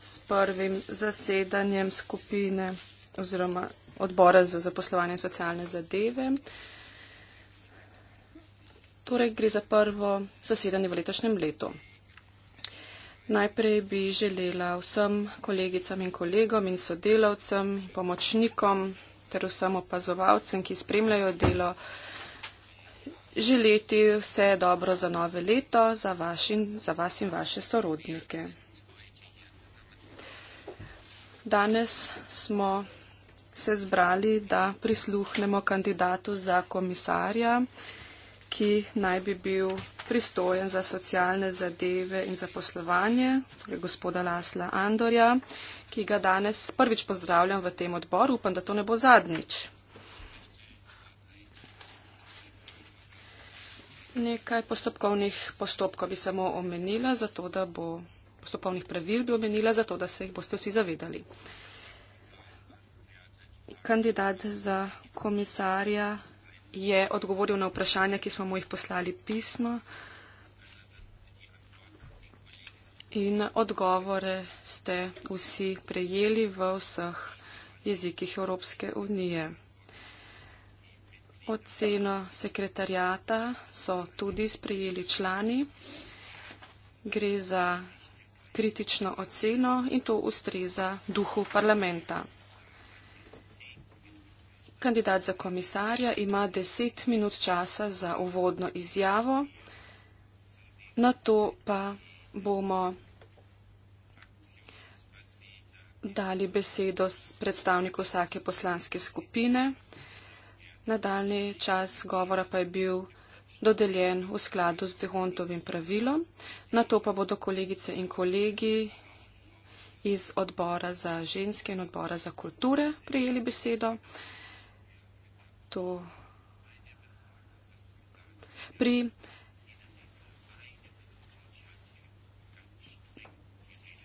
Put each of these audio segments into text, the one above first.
s prvim zasedanjem skupine oziroma odbora za zaposlovanje in socialne zadeve. Torej gre za prvo zasedanje v letošnjem letu. Najprej bi želela vsem kolegicam in kolegom in sodelavcem, pomočnikom ter vsem opazovalcem, ki spremljajo delo, želeti vse dobro za nove leto, za, vaš in, za vas in vaše sorodnike. Danes smo se zbrali, da prisluhnemo kandidatu za komisarja, ki naj bi bil pristojen za socialne zadeve in zaposlovanje, torej gospoda Lasla Andorja, ki ga danes prvič pozdravljam v tem odboru. Upam, da to ne bo zadnjič. Nekaj postopkovnih postopkov bi samo omenila, zato da bo postopovnih pravil bi omenila, zato da se jih boste vsi zavedali. Kandidat za komisarja je odgovoril na vprašanja, ki smo mu jih poslali pismo in odgovore ste vsi prejeli v vseh jezikih Evropske unije. Oceno sekretarjata so tudi sprejeli člani. Gre za kritično oceno in to ustreza duhu parlamenta. Kandidat za komisarja ima deset minut časa za uvodno izjavo, na to pa bomo dali besedo predstavniku vsake poslanske skupine. Nadaljni čas govora pa je bil dodeljen v skladu z Dehontovim pravilom. Na to pa bodo kolegice in kolegi iz odbora za ženske in odbora za kulture prijeli besedo. To pri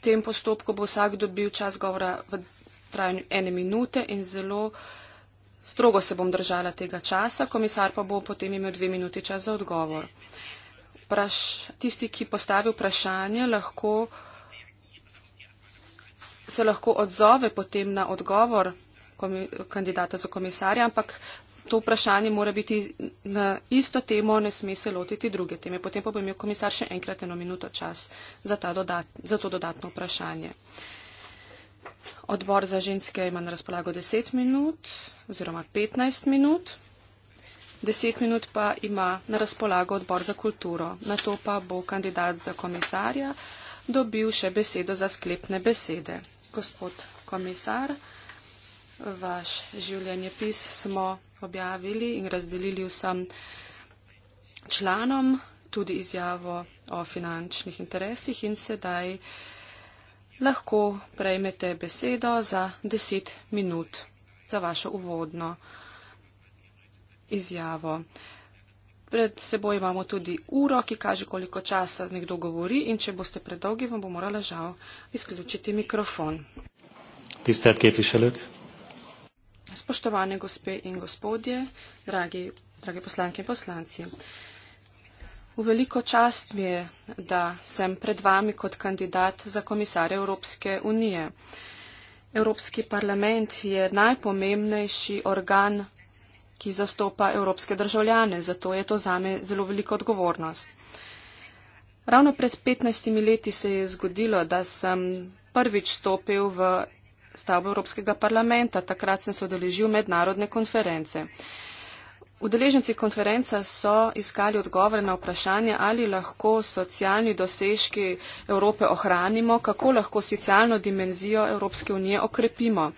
tem postopku bo vsak dobil čas govora v trajanju ene minute in zelo strogo se bom držala tega časa, komisar pa bo potem imel dve minuti čas za odgovor praš, tisti, ki postavi vprašanje, lahko, se lahko odzove potem na odgovor komi, kandidata za komisarja, ampak to vprašanje mora biti na isto temo, ne sme se lotiti druge teme. Potem pa bo imel komisar še enkrat eno minuto čas za, dodat, za to dodatno vprašanje. Odbor za ženske ima na razpolago 10 minut oziroma 15 minut deset minut pa ima na razpolago odbor za kulturo. Na to pa bo kandidat za komisarja dobil še besedo za sklepne besede. Gospod komisar, vaš življenjepis smo objavili in razdelili vsem članom, tudi izjavo o finančnih interesih in sedaj lahko prejmete besedo za deset minut za vašo uvodno izjavo. Pred seboj imamo tudi uro, ki kaže, koliko časa nekdo govori in če boste predolgi, vam bo morala žal izključiti mikrofon. Spoštovane gospe in gospodje, dragi, dragi poslanke in poslanci. V veliko čast mi je, da sem pred vami kot kandidat za komisarja Evropske unije. Evropski parlament je najpomembnejši organ ki zastopa evropske državljane, zato je to zame zelo veliko odgovornost. Ravno pred 15 leti se je zgodilo, da sem prvič stopil v stavbo Evropskega parlamenta, takrat sem se odeležil mednarodne konference. Udeleženci konferenca so iskali odgovore na vprašanje, ali lahko socialni dosežki Evrope ohranimo, kako lahko socialno dimenzijo Evropske unije okrepimo.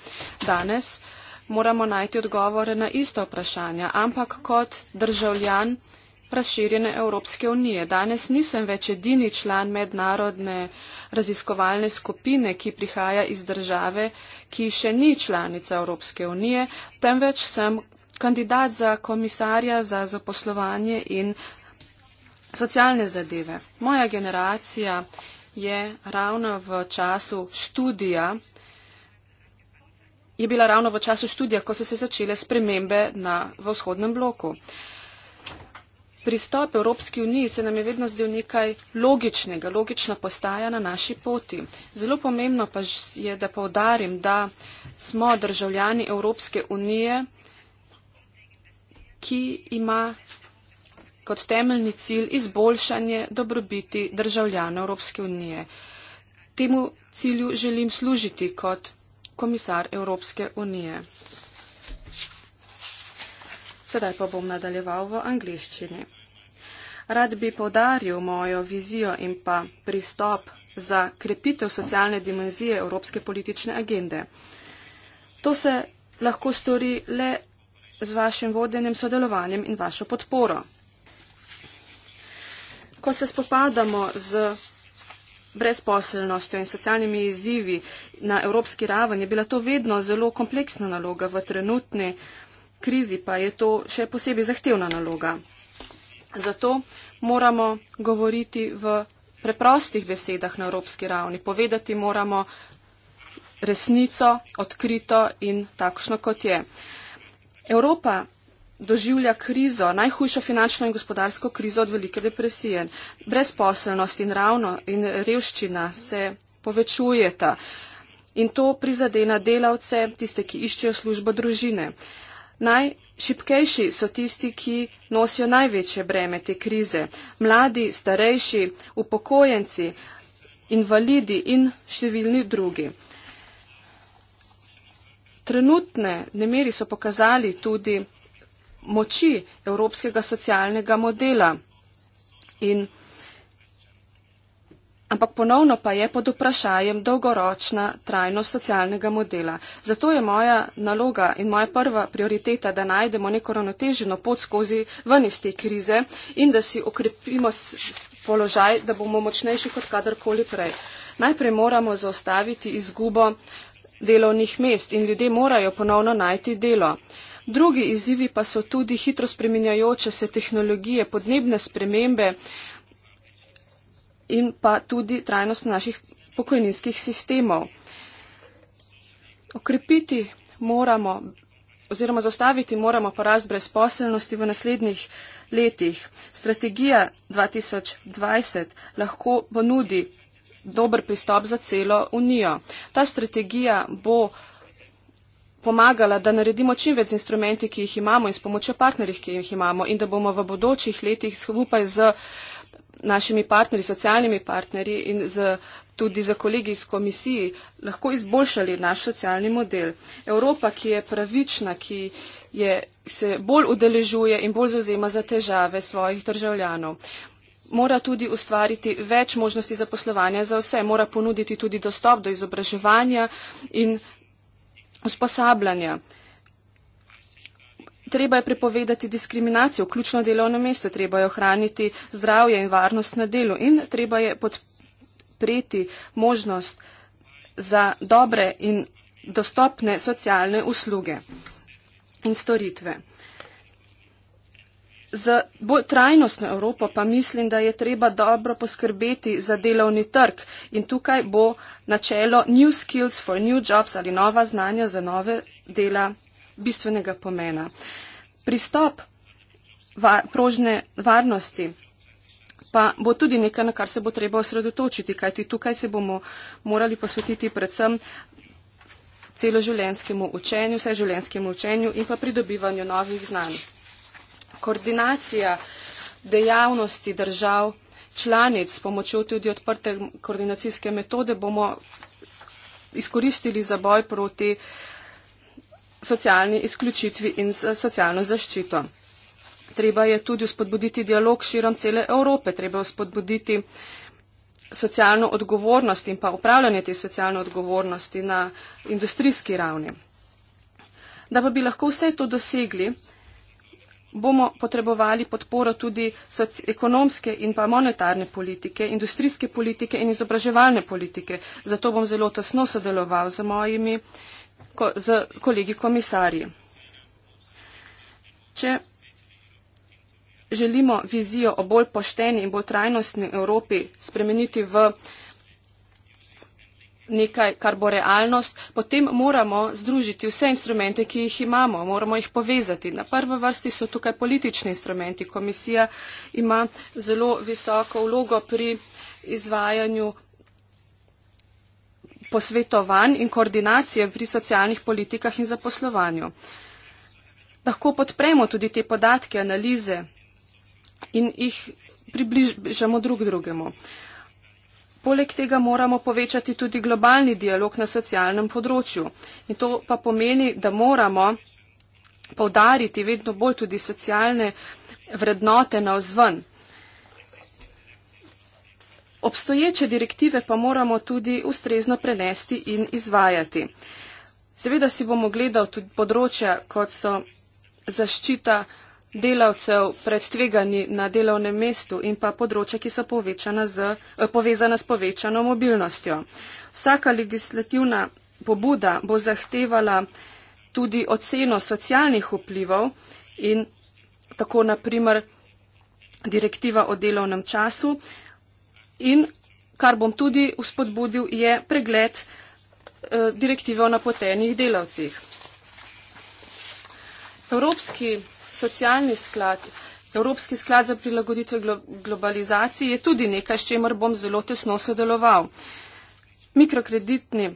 Danes uh, moramo najti odgovore na isto vprašanje, ampak kot državljan razširjene Evropske unije. Danes nisem več edini član mednarodne raziskovalne skupine, ki prihaja iz države, ki še ni članica Evropske unije, temveč sem kandidat za komisarja za zaposlovanje in socialne zadeve. Moja generacija je ravno v času študija je bila ravno v času študija, ko so se začele spremembe na, v vzhodnem bloku. Pristop Evropski uniji se nam je vedno zdel nekaj logičnega, logična postaja na naši poti. Zelo pomembno pa je, da povdarim, da smo državljani Evropske unije, ki ima kot temeljni cilj izboljšanje dobrobiti državljana Evropske unije. Temu cilju želim služiti kot komisar Evropske unije. Sedaj pa bom nadaljeval v angliščini. Rad bi povdaril mojo vizijo in pa pristop za krepitev socialne dimenzije Evropske politične agende. To se lahko stori le z vašim vodenjem, sodelovanjem in vašo podporo. Ko se spopadamo z brezposelnostjo in socialnimi izzivi na evropski raven je bila to vedno zelo kompleksna naloga, v trenutni krizi pa je to še posebej zahtevna naloga. Zato moramo govoriti v preprostih besedah na evropski ravni. Povedati moramo resnico, odkrito in takšno, kot je. Evropa doživlja krizo, najhujšo finančno in gospodarsko krizo od velike depresije. Brezposelnost in ravno in revščina se povečujeta in to prizadena delavce, tiste, ki iščejo službo družine. Najšipkejši so tisti, ki nosijo največje breme te krize. Mladi, starejši, upokojenci, invalidi in številni drugi. Trenutne nemiri so pokazali tudi, moči evropskega socialnega modela. In, ampak ponovno pa je pod vprašanjem dolgoročna trajnost socialnega modela. Zato je moja naloga in moja prva prioriteta, da najdemo neko ravnoteženo pot skozi ven iz te krize in da si okrepimo položaj, da bomo močnejši kot kadarkoli prej. Najprej moramo zaustaviti izgubo delovnih mest in ljudje morajo ponovno najti delo. Uh, Drugi izzivi pa so tudi hitro spreminjajoče se tehnologije, podnebne spremembe in pa tudi trajnost naših pokojninskih sistemov. Okrepiti moramo oziroma zastaviti moramo porast brezposelnosti v naslednjih letih. Strategija 2020 lahko ponudi dober pristop za celo unijo. Ta strategija bo pomagala, da naredimo čim več z instrumenti, ki jih imamo in s pomočjo partnerjih, ki jih imamo in da bomo v bodočih letih skupaj z našimi partnerji, socialnimi partnerji in z, tudi z kolegi iz komisiji lahko izboljšali naš socialni model. Evropa, ki je pravična, ki je, se bolj udeležuje in bolj zauzema za težave svojih državljanov mora tudi ustvariti več možnosti zaposlovanja za vse, mora ponuditi tudi dostop do izobraževanja in usposabljanja. Treba je prepovedati diskriminacijo, vključno delovno mesto, treba je ohraniti zdravje in varnost na delu in treba je podpreti možnost za dobre in dostopne socialne usluge in storitve. Za bolj trajnostno Evropo pa mislim, da je treba dobro poskrbeti za delovni trg in tukaj bo načelo New Skills for New Jobs ali nova znanja za nove dela bistvenega pomena. Pristop va prožne varnosti pa bo tudi nekaj, na kar se bo treba osredotočiti, kajti tukaj se bomo morali posvetiti predvsem celoživljenjskemu učenju, vseživljenjskemu učenju in pa pridobivanju novih znanj koordinacija dejavnosti držav članic s pomočjo tudi odprte koordinacijske metode bomo izkoristili za boj proti socialni izključitvi in za socialno zaščito. Treba je tudi spodbuditi dialog širom cele Evrope, treba je spodbuditi socialno odgovornost in pa upravljanje te socialne odgovornosti na industrijski ravni. Da pa bi lahko vse to dosegli, bomo potrebovali podporo tudi ekonomske in pa monetarne politike, industrijske politike in izobraževalne politike. Zato bom zelo tesno sodeloval z mojimi ko z kolegi komisarji. Če želimo vizijo o bolj pošteni in bolj trajnostni Evropi spremeniti v nekaj, kar bo realnost, potem moramo združiti vse instrumente, ki jih imamo, moramo jih povezati. Na prvi vrsti so tukaj politični instrumenti. Komisija ima zelo visoko vlogo pri izvajanju posvetovanj in koordinacije pri socialnih politikah in zaposlovanju. Lahko podpremo tudi te podatke, analize in jih približamo drug drugemu. Uh, Poleg tega moramo povečati tudi globalni dialog na socialnem področju. In to pa pomeni, da moramo povdariti vedno bolj tudi socialne vrednote na vzven. Obstoječe direktive pa moramo tudi ustrezno prenesti in izvajati. Seveda si bomo gledali tudi področja, kot so zaščita delavcev pred tveganji na delovnem mestu in pa področja, ki so z, eh, povezana s povečano mobilnostjo. Vsaka legislativna pobuda bo zahtevala tudi oceno socialnih vplivov in tako naprimer direktiva o delovnem času in kar bom tudi uspodbudil je pregled eh, direktive o napotenih delavcih. Evropski socialni sklad, Evropski sklad za prilagoditve glo globalizaciji je tudi nekaj, s čemer bom zelo tesno sodeloval. Mikrokreditni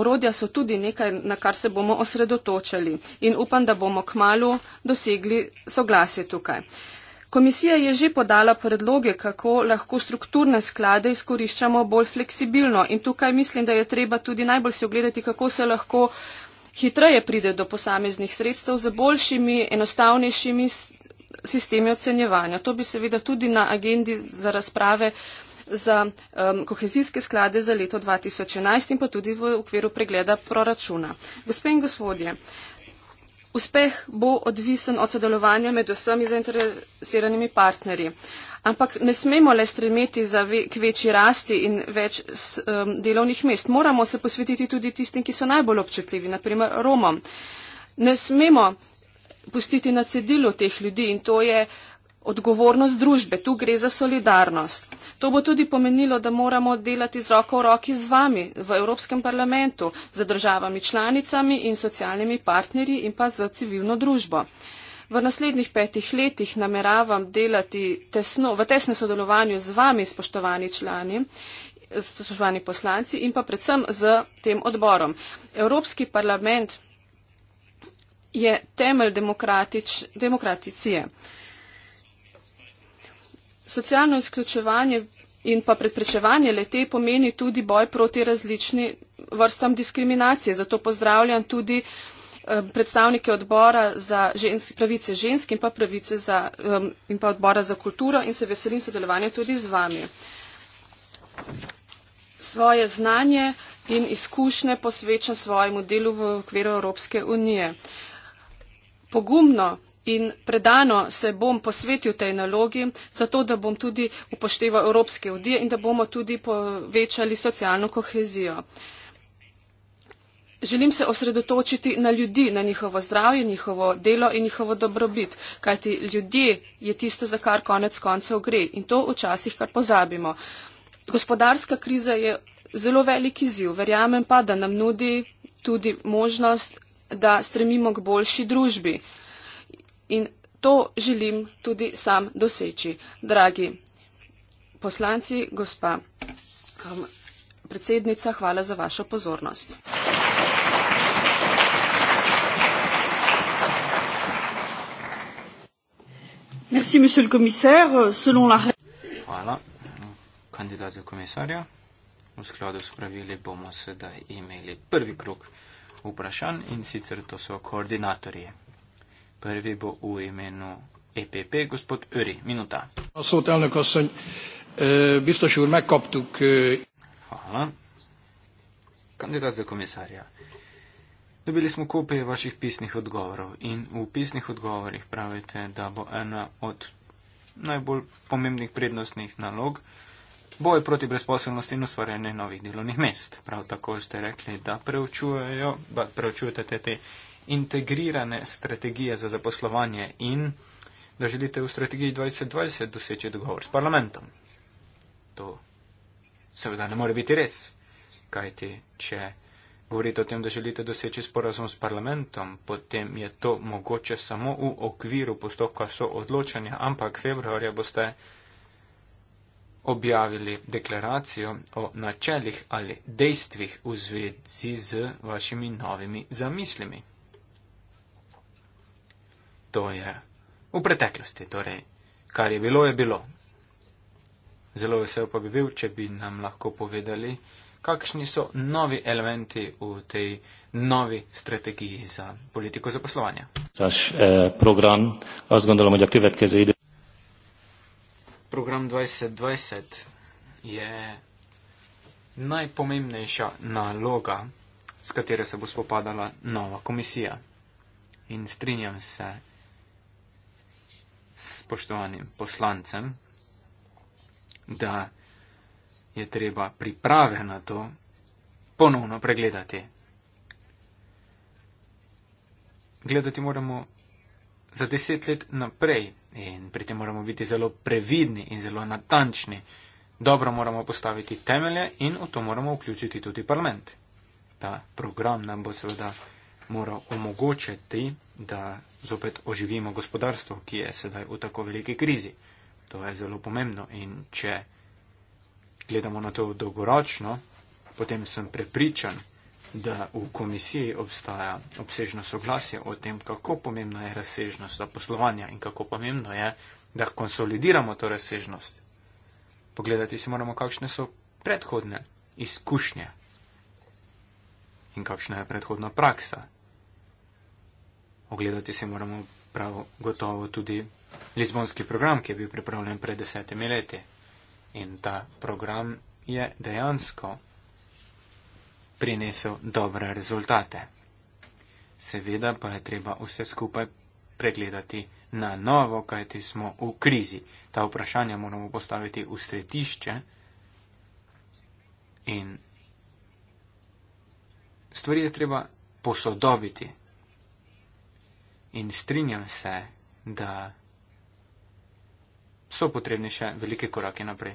urodja so tudi nekaj, na kar se bomo osredotočali in upam, da bomo k malu dosegli soglasje tukaj. Komisija je že podala predloge, kako lahko strukturne sklade izkoriščamo bolj fleksibilno in tukaj mislim, da je treba tudi najbolj se ogledati, kako se lahko hitreje pride do posameznih sredstev za boljšimi, enostavnejšimi sistemi ocenjevanja. To bi seveda tudi na agendi za razprave za um, kohezijske sklade za leto 2011 in pa tudi v okviru pregleda proračuna. Gospe in gospodje, uspeh bo odvisen od sodelovanja med vsemi zainteresiranimi partnerji. Uh, Ampak ne smemo le stremeti ve k večji rasti in več s, um, delovnih mest. Moramo se posvetiti tudi tistim, ki so najbolj občutljivi, naprimer Romom. Ne smemo pustiti na cedilu teh ljudi in to je odgovornost družbe. Tu gre za solidarnost. To bo tudi pomenilo, da moramo delati z roko v roki z vami v Evropskem parlamentu, z državami članicami in socialnimi partnerji in pa z civilno družbo. Uh, V naslednjih petih letih nameravam delati tesno, v tesnem sodelovanju z vami, spoštovani člani, spoštovani poslanci in pa predvsem z tem odborom. Evropski parlament je temelj demokratič, demokraticije. Socialno izključevanje in pa predprečevanje lete pomeni tudi boj proti različnim vrstam diskriminacije. Zato pozdravljam tudi uh, Eh, predstavnike odbora za žensk, pravice žensk in pa, pravice za, in pa odbora za kulturo in se veselim sodelovanja tudi z vami. Svoje znanje in izkušnje posvečam svojemu delu v okviru Evropske unije. Pogumno in predano se bom posvetil tej nalogi, zato da bom tudi upošteval Evropske unije in da bomo tudi povečali socialno kohezijo. Želim se osredotočiti na ljudi, na njihovo zdravje, njihovo delo in njihovo dobrobit, kajti ljudje je tisto, za kar konec koncev gre in to včasih kar pozabimo. Gospodarska kriza je zelo velik izziv, verjamem pa, da nam nudi tudi možnost, da stremimo k boljši družbi. In to želim tudi sam doseči. Dragi poslanci, gospa. Um, Predsednica, hvala za vašo pozornost. Merci, hvala, kandidat za komisarja. V skladu s pravili bomo sedaj imeli prvi krok vprašanj in sicer to so koordinatorji. Prvi bo v imenu EPP gospod Uri. Minuta. Köszöny, eh, biztos úr, megkaptuk. Eh, Hvala. Kandidat za komisarja. Dobili smo kopije vaših pisnih odgovorov in v pisnih odgovorih pravite, da bo ena od najbolj pomembnih prednostnih nalog boj proti brezposobnosti in ustvarjanje novih delovnih mest. Prav tako ste rekli, da preučujete te, te integrirane strategije za zaposlovanje in da želite v strategiji 2020 doseči dogovor s parlamentom. To seveda ne more biti res. Kajti, če govorite o tem, da želite doseči sporazum s parlamentom, potem je to mogoče samo v okviru postopka soodločanja, ampak februarja boste objavili deklaracijo o načelih ali dejstvih v zvezi z vašimi novimi zamislimi. To je v preteklosti, torej, kar je bilo, je bilo. Zelo vesel pa bi bil, če bi nam lahko povedali, kakšni so novi elementi v tej novi strategiji za politiko zaposlovanja. Zaš, eh, program, gondolom, program 2020 je najpomembnejša naloga, s katero se bo spopadala nova komisija. In strinjam se s spoštovanim poslancem, da je treba priprave na to ponovno pregledati. Gledati moramo za deset let naprej in pri tem moramo biti zelo previdni in zelo natančni. Dobro moramo postaviti temelje in v to moramo vključiti tudi parlament. Ta program nam bo seveda moral omogočiti, da zopet oživimo gospodarstvo, ki je sedaj v tako veliki krizi. To je zelo pomembno in če gledamo na to dolgoročno, potem sem prepričan, da v komisiji obstaja obsežno soglasje o tem, kako pomembna je razsežnost zaposlovanja in kako pomembno je, da konsolidiramo to razsežnost. Pogledati si moramo, kakšne so predhodne izkušnje in kakšna je predhodna praksa. Ogledati si moramo prav gotovo tudi Lizbonski program, ki je bil pripravljen pred desetimi leti. In ta program je dejansko prinesel dobre rezultate. Seveda pa je treba vse skupaj pregledati na novo, kajti smo v krizi. Ta vprašanja moramo postaviti v središče in stvari je treba posodobiti. In strinjam se, da so potrebni še velike korake naprej.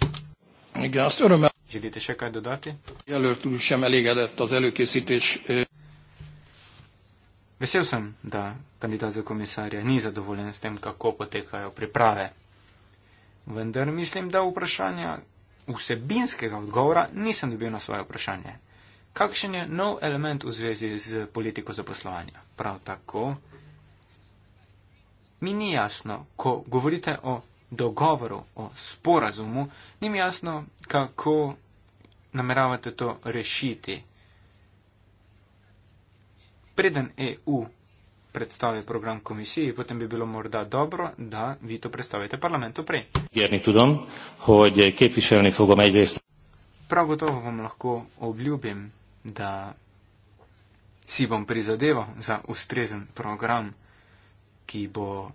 Želite še kaj dodati? Vesel sem, da kandidat za komisarja ni zadovoljen s tem, kako potekajo priprave. Vendar mislim, da vprašanja vsebinskega odgovora nisem dobil na svoje vprašanje. Kakšen je nov element v zvezi z politiko zaposlovanja? Prav tako mi ni jasno, ko govorite o dogovoru, o sporazumu, ni mi jasno, kako nameravate to rešiti. Preden EU predstavi program komisiji, potem bi bilo morda dobro, da vi to predstavite parlamentu prej. Prav gotovo vam lahko obljubim, da si bom prizadeval za ustrezen program, ki bo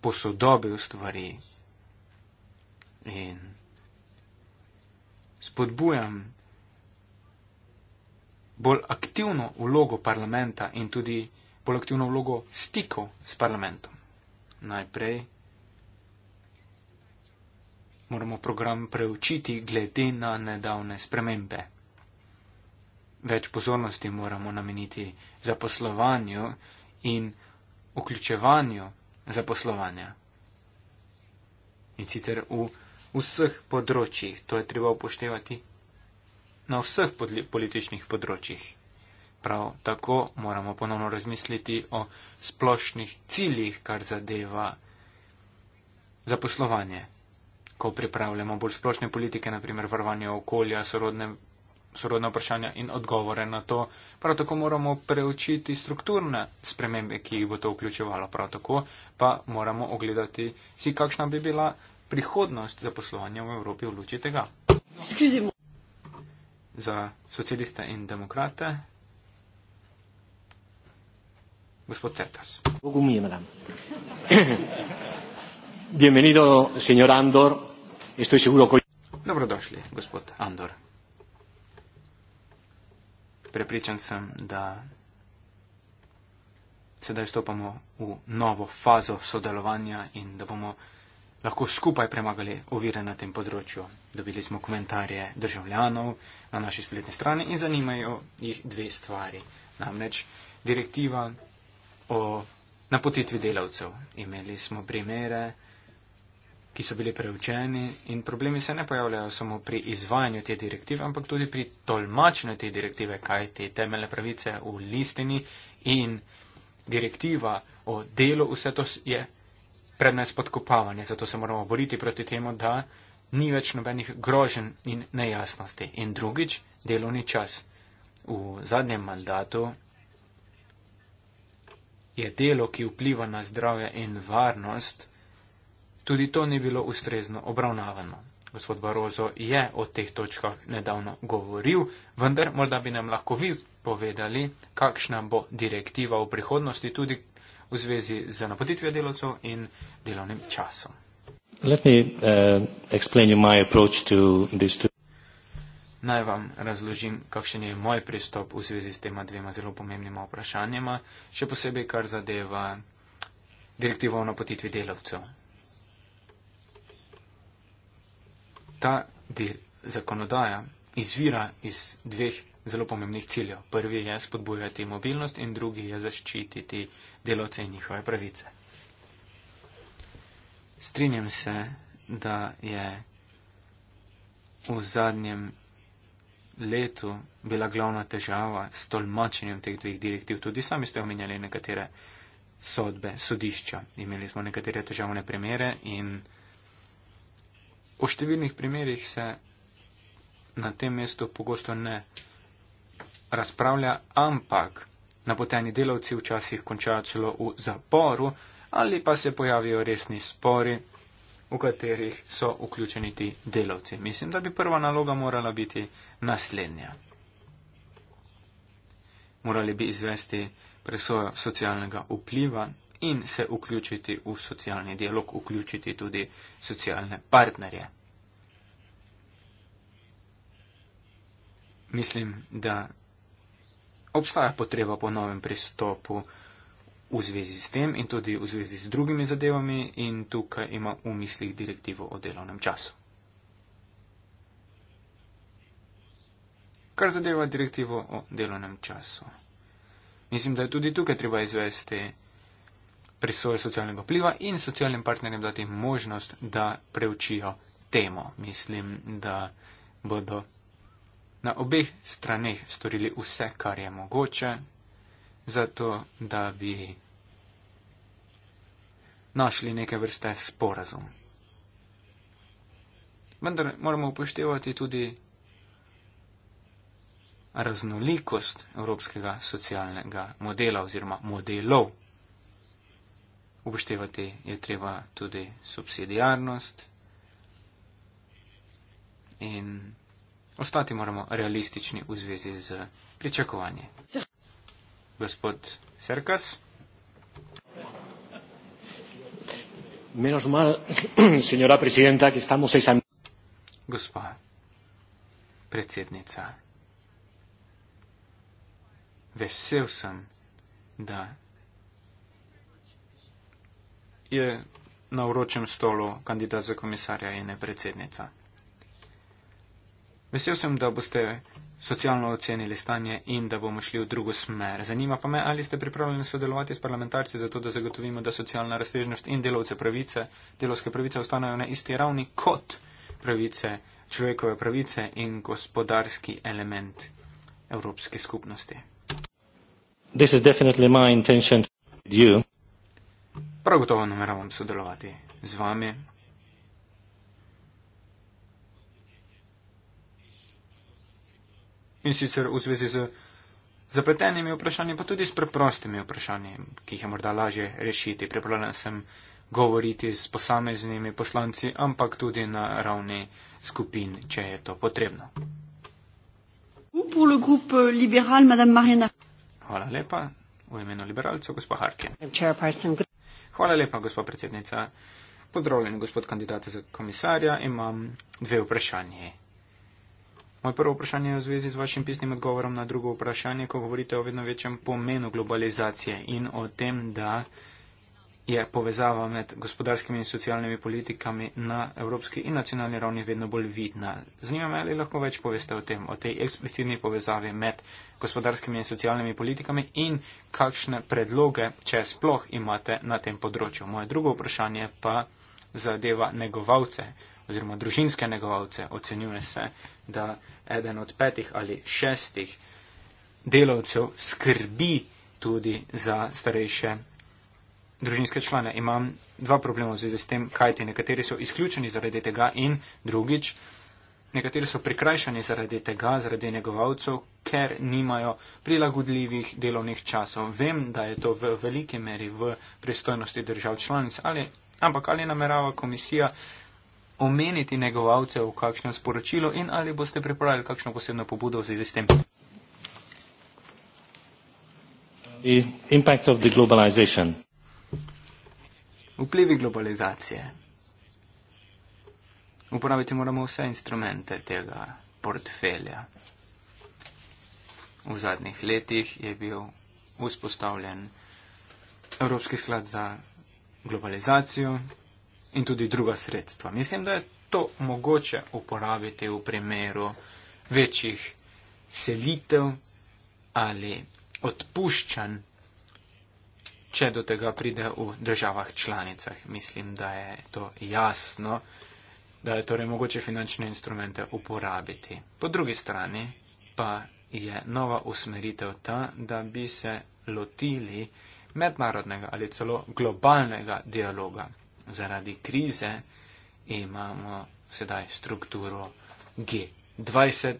posodobil stvari. In spodbujam bolj aktivno vlogo parlamenta in tudi bolj aktivno vlogo stikov s parlamentom. Najprej moramo program preučiti glede na nedavne spremembe. Več pozornosti moramo nameniti zaposlovanju in vključevanju zaposlovanja. In sicer v vseh področjih, to je treba upoštevati, na vseh političnih področjih. Prav tako moramo ponovno razmisliti o splošnih ciljih, kar zadeva zaposlovanje. Ko pripravljamo bolj splošne politike, naprimer varovanje okolja, sorodne sorodna vprašanja in odgovore na to. Prav tako moramo preučiti strukturne spremembe, ki jih bo to vključevalo. Prav tako pa moramo ogledati si, kakšna bi bila prihodnost za poslovanje v Evropi v luči tega. Skuzimo. Za socialiste in demokrate. Gospod Cerkas. Bienvenido, señor Andor. Estoy seguro que. Dobrodošli, gospod Andor prepričan sem, da sedaj stopamo v novo fazo sodelovanja in da bomo lahko skupaj premagali ovire na tem področju. Dobili smo komentarje državljanov na naši spletni strani in zanimajo jih dve stvari. Namreč direktiva o napotitvi delavcev. Imeli smo primere, ki so bili preučeni in problemi se ne pojavljajo samo pri izvajanju te direktive, ampak tudi pri tolmačenju te direktive, kaj te temeljne pravice v listini in direktiva o delu, vse to je prednes podkopavanje, zato se moramo boriti proti temu, da ni več nobenih grožen in nejasnosti. In drugič, delovni čas. V zadnjem mandatu je delo, ki vpliva na zdravje in varnost, Tudi to ni bilo ustrezno obravnavano. Gospod Barozo je o teh točkah nedavno govoril, vendar morda bi nam lahko vi povedali, kakšna bo direktiva v prihodnosti tudi v zvezi z napotitvijo delovcev in delovnim časom. Me, uh, Naj vam razložim, kakšen je moj pristop v zvezi s tema dvema zelo pomembnima vprašanjima, še posebej kar zadeva direktivo o napotitvi delovcev. ta zakonodaja izvira iz dveh zelo pomembnih ciljev. Prvi je spodbujati mobilnost in drugi je zaščititi delovce in njihove pravice. Strinjam se, da je v zadnjem letu bila glavna težava s tolmačenjem teh dveh direktiv. Tudi sami ste omenjali nekatere sodbe, sodišča. Imeli smo nekatere težavne primere in O številnih primerjih se na tem mestu pogosto ne razpravlja, ampak napoteni delavci včasih končajo celo v zaporu ali pa se pojavijo resni spori, v katerih so vključeni ti delavci. Mislim, da bi prva naloga morala biti naslednja. Morali bi izvesti presojo socialnega vpliva in se vključiti v socialni dialog, vključiti tudi socialne partnerje. Mislim, da obstaja potreba po novem pristopu v zvezi s tem in tudi v zvezi z drugimi zadevami in tukaj ima v mislih direktivo o delovnem času. Kar zadeva direktivo o delovnem času. Mislim, da je tudi tukaj treba izvesti presojo socialnega vpliva in socialnim partnerjem dati možnost, da preučijo temo. Mislim, da bodo na obeh straneh storili vse, kar je mogoče, zato da bi našli neke vrste sporazum. Vendar moramo upoštevati tudi raznolikost evropskega socialnega modela oziroma modelov. Upoštevati je treba tudi subsidijarnost in ostati moramo realistični v zvezi z pričakovanje. Gospod Serkas. Mal, Gospa predsednica, vesel sem, da je na vročem stolu kandidat za komisarja in ne predsednica. Vesel sem, da boste socialno ocenili stanje in da bomo šli v drugo smer. Zanima pa me, ali ste pripravljeni sodelovati s parlamentarci za to, da zagotovimo, da socialna razsežnost in delovce pravice, delovske pravice ostanejo na isti ravni kot pravice, človekove pravice in gospodarski element Evropske skupnosti. Prav gotovo nameravam sodelovati z vami. In sicer v zvezi z zapletenimi vprašanji, pa tudi s preprostimi vprašanji, ki jih je morda lažje rešiti. Pripravljen sem govoriti s posameznimi poslanci, ampak tudi na ravni skupin, če je to potrebno. Hvala lepa. V imenu liberalcev, gospod Harkin. Hvala lepa, gospod predsednica. Pozdravljen, gospod kandidat za komisarja. Imam dve vprašanje. Moje prvo vprašanje je v zvezi z vašim pisnim odgovorom na drugo vprašanje, ko govorite o vedno večjem pomenu globalizacije in o tem, da je povezava med gospodarskimi in socialnimi politikami na evropski in nacionalni ravni vedno bolj vidna. Zanima me, ali lahko več poveste o tem, o tej eksplicitni povezavi med gospodarskimi in socialnimi politikami in kakšne predloge, če sploh imate na tem področju. Moje drugo vprašanje pa zadeva negovalce oziroma družinske negovalce. Ocenjuje se, da eden od petih ali šestih delavcev skrbi tudi za starejše družinske člane. Imam dva problema v zvezi s tem, kaj ti nekateri so izključeni zaradi tega in drugič, nekateri so prikrajšani zaradi tega, zaradi negovalcev, ker nimajo prilagodljivih delovnih časov. Vem, da je to v veliki meri v pristojnosti držav članic, ali, ampak ali namerava komisija omeniti negovalce v kakšnem sporočilu in ali boste pripravili kakšno posebno pobudo v zvezi s tem. The impact of the globalization vplivi globalizacije. Uporabiti moramo vse instrumente tega portfelja. V zadnjih letih je bil vzpostavljen Evropski sklad za globalizacijo in tudi druga sredstva. Mislim, da je to mogoče uporabiti v primeru večjih selitev ali odpuščanj če do tega pride v državah članicah. Mislim, da je to jasno, da je torej mogoče finančne instrumente uporabiti. Po drugi strani pa je nova usmeritev ta, da bi se lotili mednarodnega ali celo globalnega dialoga. Zaradi krize imamo sedaj strukturo G20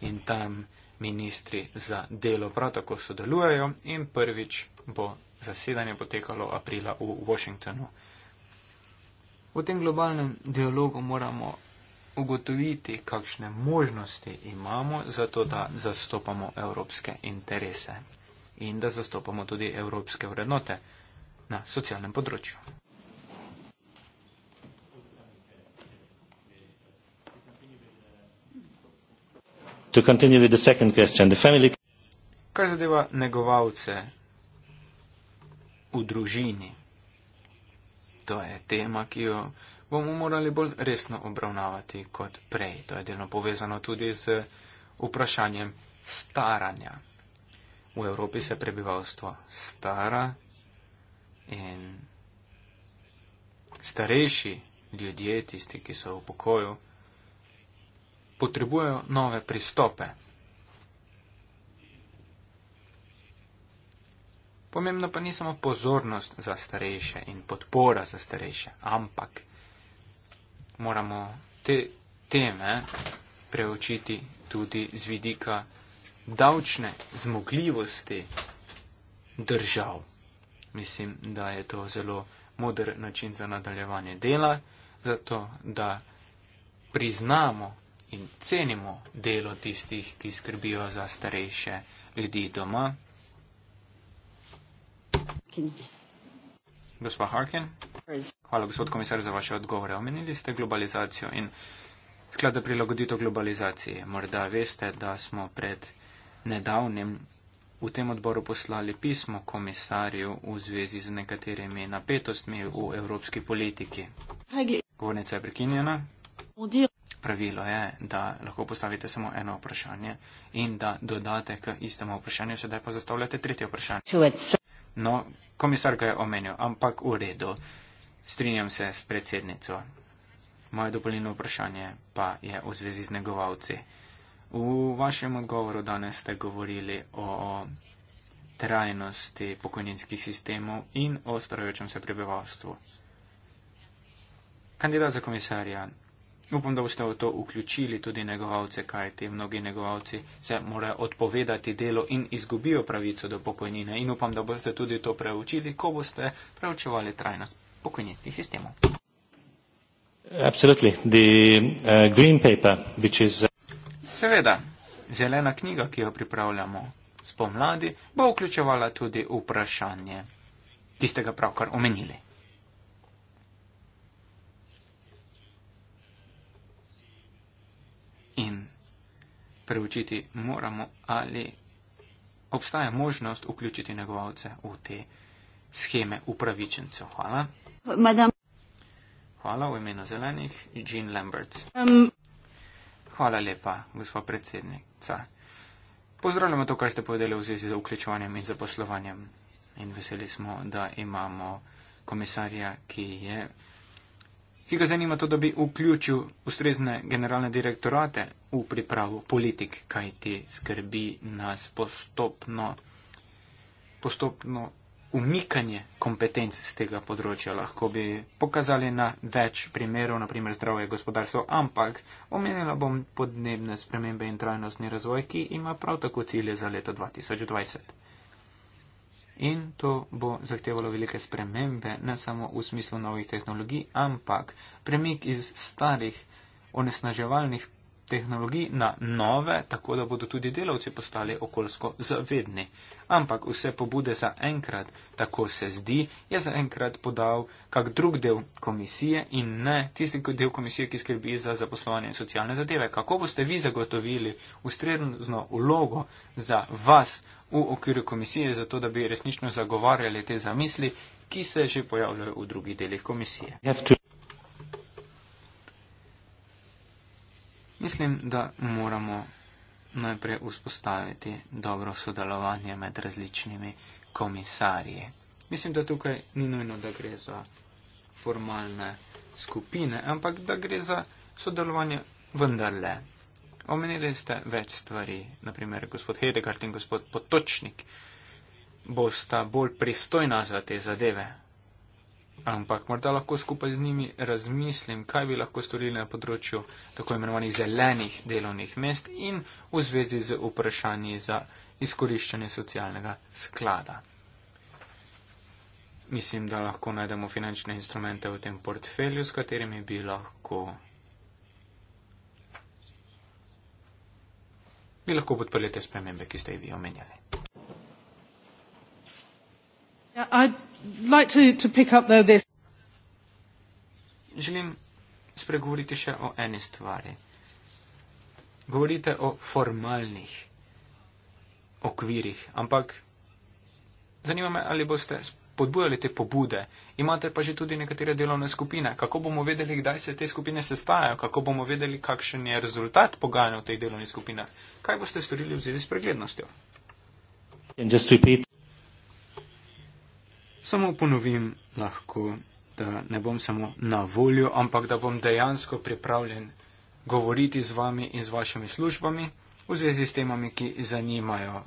in tam ministri za delo prav tako sodelujejo in prvič bo zasedanje potekalo aprila v Washingtonu. V tem globalnem dialogu moramo ugotoviti, kakšne možnosti imamo za to, da zastopamo evropske interese in da zastopamo tudi evropske vrednote na socialnem področju. Kar zadeva negovalce v družini. To je tema, ki jo bomo morali bolj resno obravnavati kot prej. To je delno povezano tudi z vprašanjem staranja. V Evropi se prebivalstvo stara in starejši ljudje, tisti, ki so v pokoju, potrebujejo nove pristope. Pomembno pa ni samo pozornost za starejše in podpora za starejše, ampak moramo te teme preučiti tudi z vidika davčne zmogljivosti držav. Mislim, da je to zelo modr način za nadaljevanje dela, zato da priznamo in cenimo delo tistih, ki skrbijo za starejše ljudi doma. Harkin. Gospa Harkin, hvala gospod komisar za vaše odgovore. Omenili ste globalizacijo in sklad za prilagoditev globalizaciji. Morda veste, da smo pred nedavnim v tem odboru poslali pismo komisarju v zvezi z nekaterimi napetostmi v evropski politiki. Govornica je prekinjena. Pravilo je, da lahko postavite samo eno vprašanje in da dodate k istemu vprašanju, sedaj pa zastavljate tretje vprašanje. No, komisarka je omenil, ampak v redu. Strinjam se s predsednico. Moje dopolnilno vprašanje pa je v zvezi z negovalci. V vašem odgovoru danes ste govorili o trajnosti pokojninskih sistemov in o starajočem se prebivalstvu. Kandidat za komisarja, Upam, da boste v to vključili tudi negovalce, kaj te mnogi negovalci se morajo odpovedati delo in izgubijo pravico do pokojnine. In upam, da boste tudi to preučili, ko boste preučevali trajnost pokojninskih sistemov. Uh, uh, Seveda, zelena knjiga, ki jo pripravljamo spomladi, bo vključevala tudi vprašanje tistega pravkar omenili. preučiti moramo, ali obstaja možnost vključiti negovalce v te scheme upravičencev. Hvala. Hvala v imenu zelenih, Jean Lambert. Um. Hvala lepa, gospa predsednica. Pozdravljamo to, kar ste povedali v zvezi z vključevanjem in zaposlovanjem. In veseli smo, da imamo komisarja, ki je ki ga zanima to, da bi vključil ustrezne generalne direktorate v pripravo politik, kaj ti skrbi nas postopno, postopno umikanje kompetenc z tega področja. Lahko bi pokazali na več primerov, naprimer zdravje gospodarstvo, ampak omenila bom podnebne spremembe in trajnostni razvoj, ki ima prav tako cilje za leto 2020. In to bo zahtevalo velike spremembe, ne samo v smislu novih tehnologij, ampak premik iz starih onesnaževalnih tehnologij na nove, tako da bodo tudi delavci postali okoljsko zavedni. Ampak vse pobude za enkrat, tako se zdi, je za enkrat podal kak drug del komisije in ne tisti del komisije, ki skrbi za zaposlovanje in socialne zadeve. Kako boste vi zagotovili ustrezno vlogo za vas v okviru komisije, zato da bi resnično zagovarjali te zamisli, ki se že pojavljajo v drugih delih komisije. Mislim, da moramo najprej vzpostaviti dobro sodelovanje med različnimi komisarji. Mislim, da tukaj ni nujno, da gre za formalne skupine, ampak da gre za sodelovanje vendarle Omenili ste več stvari, naprimer gospod Hedegard in gospod Potočnik bosta bolj pristojna za te zadeve. Ampak morda lahko skupaj z njimi razmislim, kaj bi lahko storili na področju tako imenovanih zelenih delovnih mest in v zvezi z vprašanji za izkoriščanje socialnega sklada. Mislim, da lahko najdemo finančne instrumente v tem portfelju, s katerimi bi lahko bi lahko podprli te spremembe, ki ste jih vi omenjali. Like to, to up, though, Želim spregovoriti še o eni stvari. Govorite o formalnih okvirih, ampak zanima me, ali boste spregovorili podbujali te pobude. Imate pa že tudi nekatere delovne skupine. Kako bomo vedeli, kdaj se te skupine sestajajo? Kako bomo vedeli, kakšen je rezultat pogajanja v teh delovnih skupinah? Kaj boste storili v zvezi s preglednostjo? Samo ponovim lahko, da ne bom samo na voljo, ampak da bom dejansko pripravljen govoriti z vami in z vašimi službami v zvezi s temami, ki zanimajo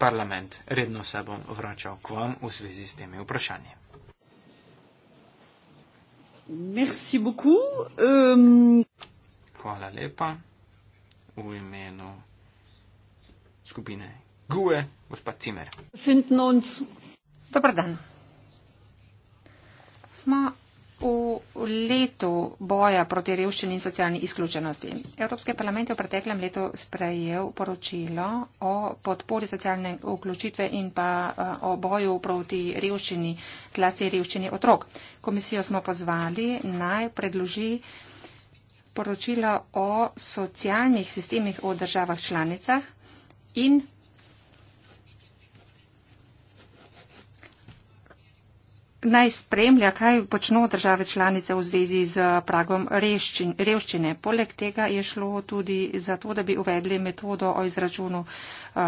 parlament. Redno se bom vračal k vam v zvezi s temi vprašanji. Merci beaucoup. Um... Hvala lepa. V imenu skupine GUE, gospod Cimer. Dobar dan. Smo v letu boja proti revščini in socialni izključenosti. Evropski parlament je v preteklem letu sprejel poročilo o podpori socialne vključitve in pa eh, o boju proti revščini, zlasti revščini otrok. Komisijo smo pozvali naj predloži poročilo o socialnih sistemih v državah članicah in naj spremlja, kaj počno države članice v zvezi z pragom reščin, revščine. Poleg tega je šlo tudi za to, da bi uvedli metodo o izračunu uh,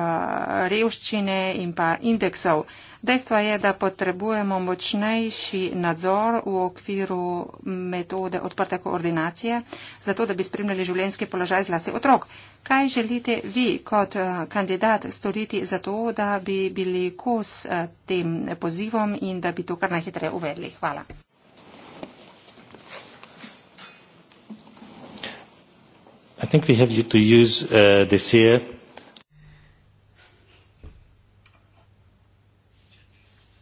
revščine in pa indeksov. Dejstvo je, da potrebujemo močnejši nadzor v okviru metode odprte koordinacije, zato da bi spremljali življenjski položaj zlasti otrok. Kaj želite vi kot eh, kandidat storiti za to, da bi bili kos eh, tem pozivom in da bi to kar najhitreje uvedli? Hvala. Eh,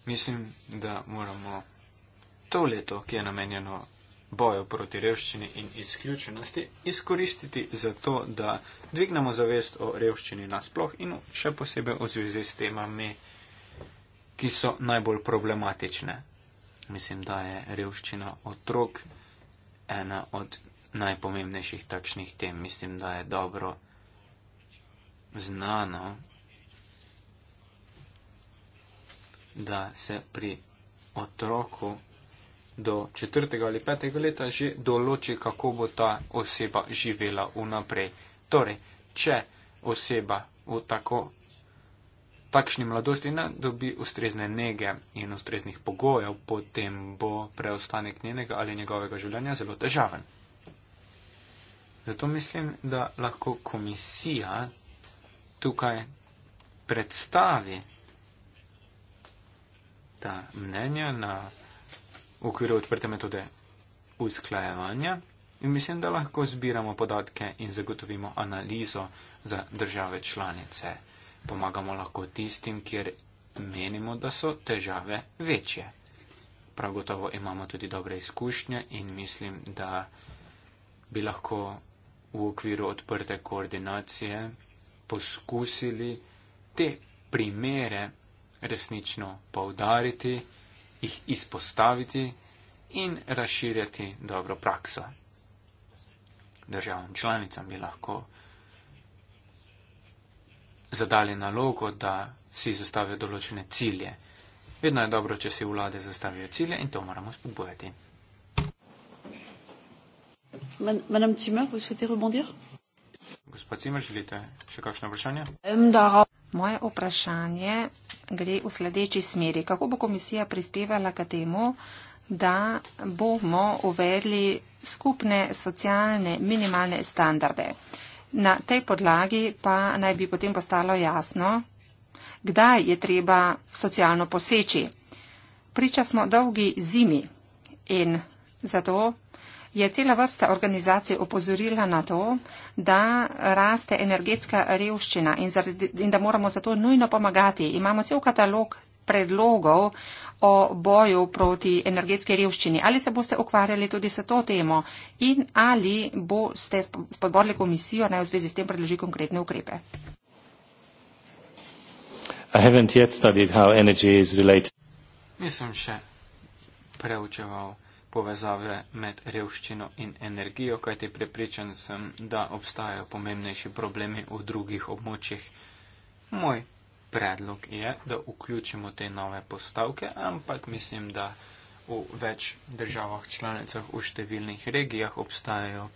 Mislim, da moramo to leto, ki je namenjeno boju proti revščini in izključenosti izkoristiti za to, da dvignemo zavest o revščini nasploh in še posebej v zvezi s temami, ki so najbolj problematične. Mislim, da je revščina otrok ena od najpomembnejših takšnih tem. Mislim, da je dobro znano, da se pri otroku do četrtega ali petega leta že določi, kako bo ta oseba živela vnaprej. Torej, če oseba v tako, takšni mladosti ne dobi ustrezne nege in ustreznih pogojev, potem bo preostanek njenega ali njegovega življenja zelo težaven. Zato mislim, da lahko komisija tukaj predstavi ta mnenja na v okviru odprte metode usklajevanja in mislim, da lahko zbiramo podatke in zagotovimo analizo za države članice. Pomagamo lahko tistim, kjer menimo, da so težave večje. Prav gotovo imamo tudi dobre izkušnje in mislim, da bi lahko v okviru odprte koordinacije poskusili te primere resnično poudariti jih izpostaviti in razširjati dobro prakso. Državam članicam bi lahko zadali nalogo, da si zastavijo določene cilje. Vedno je dobro, če si vlade zastavijo cilje in to moramo spodbujati. Madame Cimer, vous souhaitez rebondir? Gospod Cimer, želite še kakšno vprašanje? Moje vprašanje gre v sledeči smeri. Kako bo komisija prispevala k temu, da bomo uvedli skupne socialne minimalne standarde? Na tej podlagi pa naj bi potem postalo jasno, kdaj je treba socialno poseči. Priča smo dolgi zimi in zato je cela vrsta organizacij opozorila na to, da raste energetska revščina in, zaradi, in da moramo zato nujno pomagati. Imamo cel katalog predlogov o boju proti energetske revščini. Ali se boste ukvarjali tudi s to temo in ali boste spodborili komisijo naj v zvezi s tem predloži konkretne ukrepe? Nisem še preučeval povezave med revščino in energijo, kajti prepričan sem, da obstajajo pomembnejši problemi v drugih območjih. Moj predlog je, da vključimo te nove postavke, ampak mislim, da v več državah članicah v številnih regijah obstajajo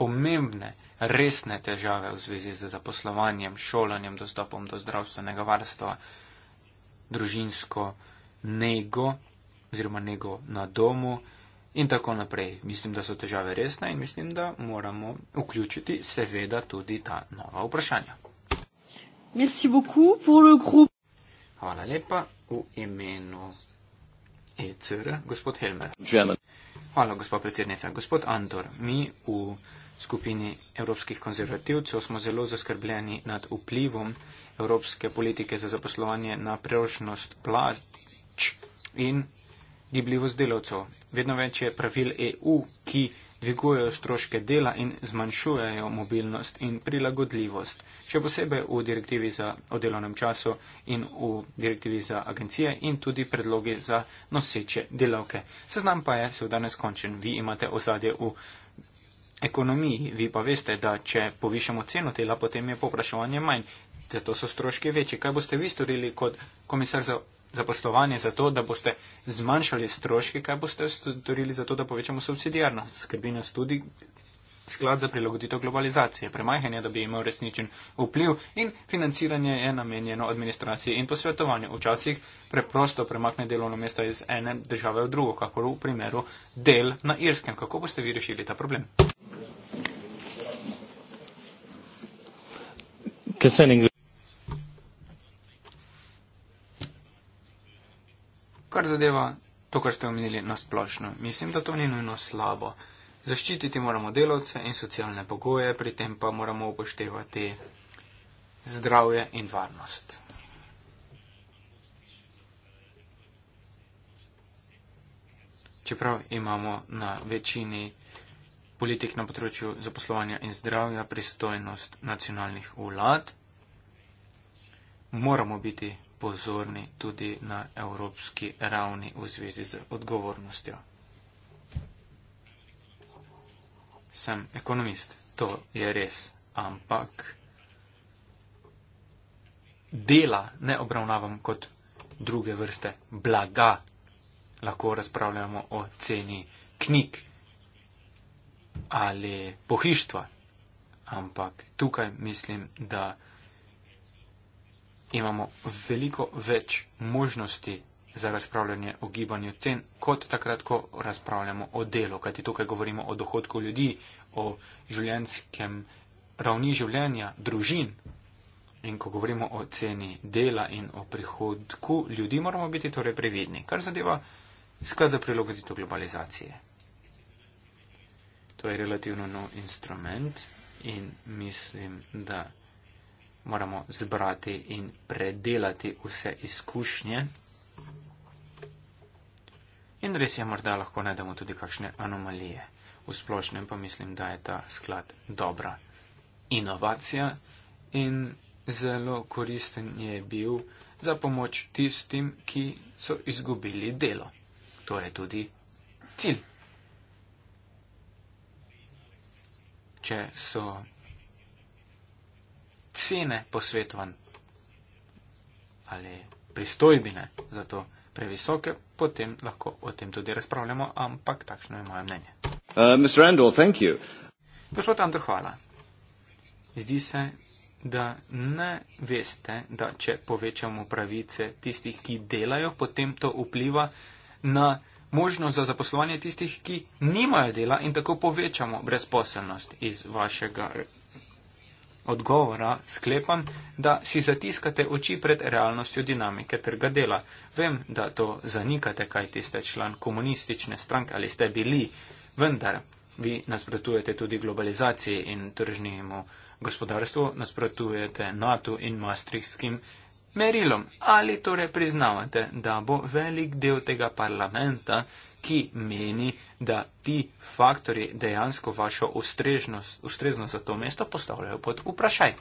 pomembne, resne težave v zvezi z zaposlovanjem, šolanjem, dostopom do zdravstvenega varstva, družinsko nego oziroma nego na domu in tako naprej. Mislim, da so težave resne in mislim, da moramo vključiti seveda tudi ta nova vprašanja. Hvala lepa v imenu ECR, gospod Helmer. German. Hvala, gospod predsednica. Gospod Antor, mi v skupini evropskih konzervativcev smo zelo zaskrbljeni nad vplivom evropske politike za zaposlovanje na preročnost plač in gibljivost delavcev. Vedno več je pravil EU, ki dvigujejo stroške dela in zmanjšujejo mobilnost in prilagodljivost. Še posebej v direktivi za odelovnem času in v direktivi za agencije in tudi predlogi za noseče delavke. Seznam pa je se v danes končen. Vi imate ozadje v ekonomiji. Vi pa veste, da če povišamo ceno dela, potem je povpraševanje manj. Zato so stroški večji. Kaj boste vi storili kot komisar za zaposlovanje za to, da boste zmanjšali stroške, kaj boste storili za to, da povečamo subsidijarnost. Skrbi nas tudi sklad za prilagoditev globalizacije, premajhanje, da bi imel resničen vpliv in financiranje je namenjeno administraciji in posvetovanju. Včasih preprosto premakne delovno mesto iz ene države v drugo, kako v primeru del na Irskem. Kako boste vi rešili ta problem? Kaj se ni? kar zadeva to, kar ste omenili na splošno. Mislim, da to ni nujno slabo. Zaščititi moramo delovce in socialne pogoje, pri tem pa moramo upoštevati zdravje in varnost. Čeprav imamo na večini politik na področju zaposlovanja in zdravja pristojnost nacionalnih vlad, moramo biti pozorni tudi na evropski ravni v zvezi z odgovornostjo. Sem ekonomist, to je res, ampak dela ne obravnavam kot druge vrste blaga. Lahko razpravljamo o ceni knjig ali pohištva, ampak tukaj mislim, da imamo veliko več možnosti za razpravljanje o gibanju cen, kot takrat, ko razpravljamo o delu. Kajti tukaj govorimo o dohodku ljudi, o življenskem ravni življenja, družin. In ko govorimo o ceni dela in o prihodku ljudi, moramo biti torej previdni, kar zadeva sklad za prilagoditev globalizacije. To je relativno nov instrument in mislim, da moramo zbrati in predelati vse izkušnje. In res je, morda lahko najdemo tudi kakšne anomalije. V splošnem pa mislim, da je ta sklad dobra inovacija in zelo koristen je bil za pomoč tistim, ki so izgubili delo. To je tudi cilj. Če so cene posvetovanj ali pristojbine za to previsoke, potem lahko o tem tudi razpravljamo, ampak takšno je moje mnenje. Uh, Randall, Gospod Andor, hvala. Zdi se, da ne veste, da če povečamo pravice tistih, ki delajo, potem to vpliva na možnost za zaposlovanje tistih, ki nimajo dela in tako povečamo brezposelnost iz vašega odgovora sklepam, da si zatiskate oči pred realnostjo dinamike trga dela. Vem, da to zanikate, kaj ti ste član komunistične stranke ali ste bili, vendar vi nasprotujete tudi globalizaciji in tržnemu gospodarstvu, nasprotujete NATO in maastrichskim merilom. Ali torej priznavate, da bo velik del tega parlamenta ki meni, da ti faktori dejansko vašo ustreznost, ustreznost za to mesto postavljajo pod vprašaj.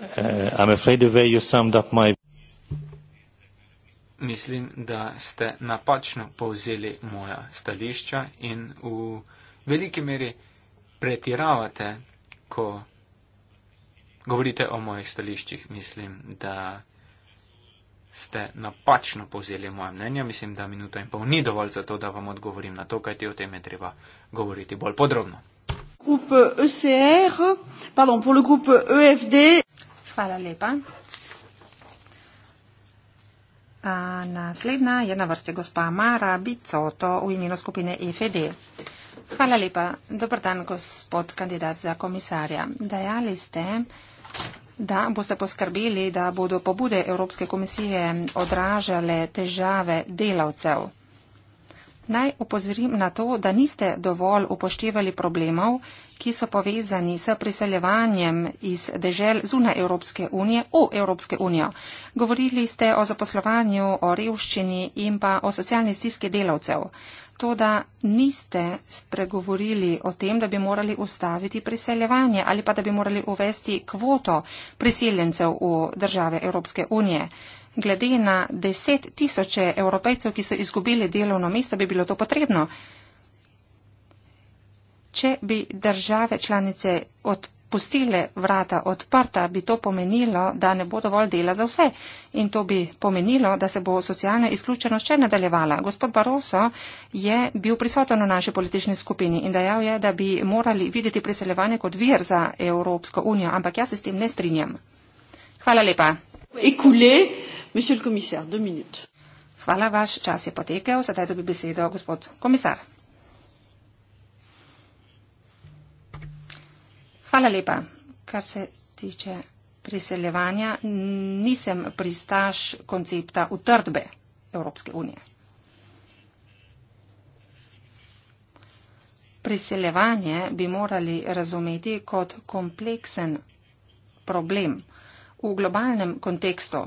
Uh, my... Mislim, da ste napačno povzeli moja stališča in v veliki meri pretiravate, ko govorite o mojih stališčih. Mislim, da ste napačno povzeli moja mnenja. Mislim, da minuta in pol ni dovolj za to, da vam odgovorim na to, kaj ti o tem je treba govoriti bolj podrobno. ECR, e pardon, EFD. E Hvala lepa. A naslednja je na vrsti gospa Mara Bicoto v imenu skupine EFD. Hvala lepa. Dobar dan, gospod kandidat za komisarja. Dajali ste da boste poskrbeli, da bodo pobude Evropske komisije odražale težave delavcev. Naj upozorim na to, da niste dovolj upoštevali problemov, ki so povezani s priseljevanjem iz dežel zunaj Evropske unije v Evropske unijo. Govorili ste o zaposlovanju, o revščini in pa o socialni stiski delavcev. To, da niste spregovorili o tem, da bi morali ustaviti priseljevanje ali pa da bi morali uvesti kvoto priseljencev v države Evropske unije. Glede na deset tisoče evropejcev, ki so izgubili delovno mesto, bi bilo to potrebno. Če bi države članice odprli, pustile vrata odprta, bi to pomenilo, da ne bo dovolj dela za vse. In to bi pomenilo, da se bo socialna izključenost še nadaljevala. Gospod Barroso je bil prisoten v naši politični skupini in dejal je, da bi morali videti priseljevanje kot vir za Evropsko unijo, ampak jaz se s tem ne strinjam. Hvala lepa. Ekule, monsieur le commissaire, deux minutes. Hvala, vaš čas je potekel, sedaj dobi besedo gospod komisar. Hvala lepa. Kar se tiče priseljevanja, nisem pristaš koncepta utrdbe Evropske unije. Priseljevanje bi morali razumeti kot kompleksen problem v globalnem kontekstu,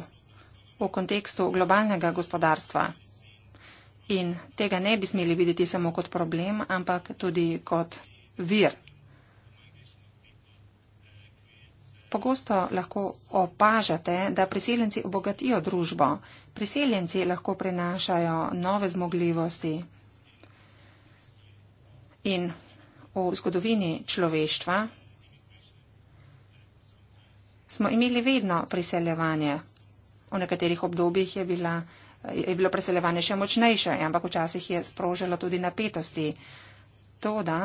v kontekstu globalnega gospodarstva. In tega ne bi smeli videti samo kot problem, ampak tudi kot vir Pogosto lahko opažate, da priseljenci obogatijo družbo. Priseljenci lahko prinašajo nove zmogljivosti. In v zgodovini človeštva smo imeli vedno priseljevanje. V nekaterih obdobjih je, bila, je bilo priseljevanje še močnejše, ampak včasih je sprožilo tudi napetosti. To, da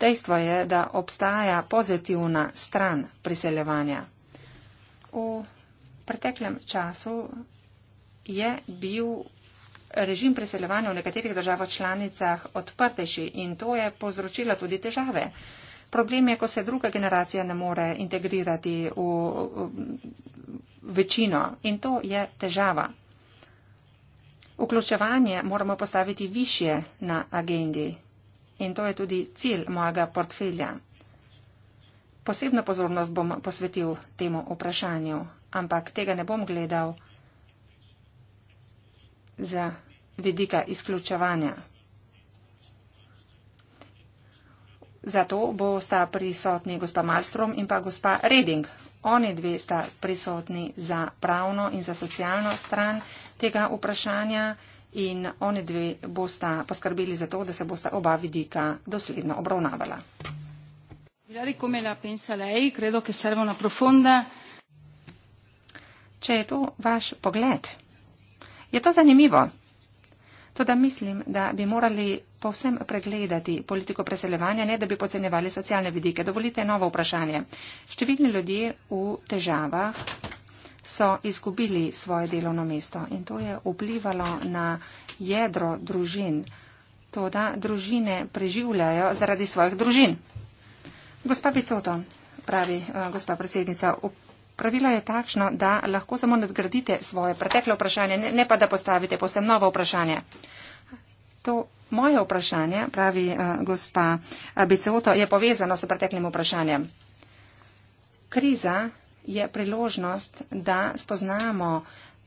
Dejstvo je, da obstaja pozitivna stran priseljevanja. V preteklem času je bil režim priseljevanja v nekaterih državah članicah odprtejši in to je povzročilo tudi težave. Problem je, ko se druga generacija ne more integrirati v večino in to je težava. Vključevanje moramo postaviti više na agendi in to je tudi cilj mojega portfelja. Posebno pozornost bom posvetil temu vprašanju, ampak tega ne bom gledal z vidika izključevanja. Zato bo sta prisotni gospa Malstrom in pa gospa Reding. Oni dve sta prisotni za pravno in za socialno stran tega vprašanja in oni dve bosta poskrbeli za to, da se bosta oba vidika dosledno obravnavala. Če je to vaš pogled, je to zanimivo. Toda mislim, da bi morali povsem pregledati politiko preseljevanja, ne da bi pocenjevali socialne vidike. Dovolite novo vprašanje. Številni ljudje v težavah so izgubili svoje delovno mesto in to je vplivalo na jedro družin. To, da družine preživljajo zaradi svojih družin. Gospa Picoto, pravi eh, gospa predsednica, pravilo je takšno, da lahko samo nadgradite svoje preteklo vprašanje, ne pa da postavite posem novo vprašanje. To moje vprašanje, pravi eh, gospa Picoto, je povezano s preteklim vprašanjem. Kriza je priložnost, da spoznamo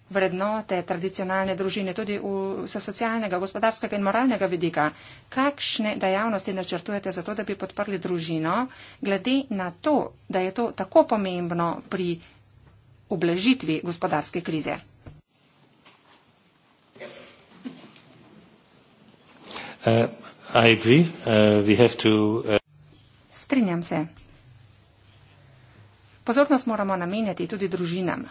vrednote tradicionalne družine tudi v, s socialnega, gospodarskega in moralnega vidika. Kakšne dejavnosti načrtujete za to, da bi podprli družino, glede na to, da je to tako pomembno pri ublažitvi gospodarske krize? Uh, I agree. Uh, we have to, uh... Strinjam se. Pozornost moramo namenjati tudi družinam.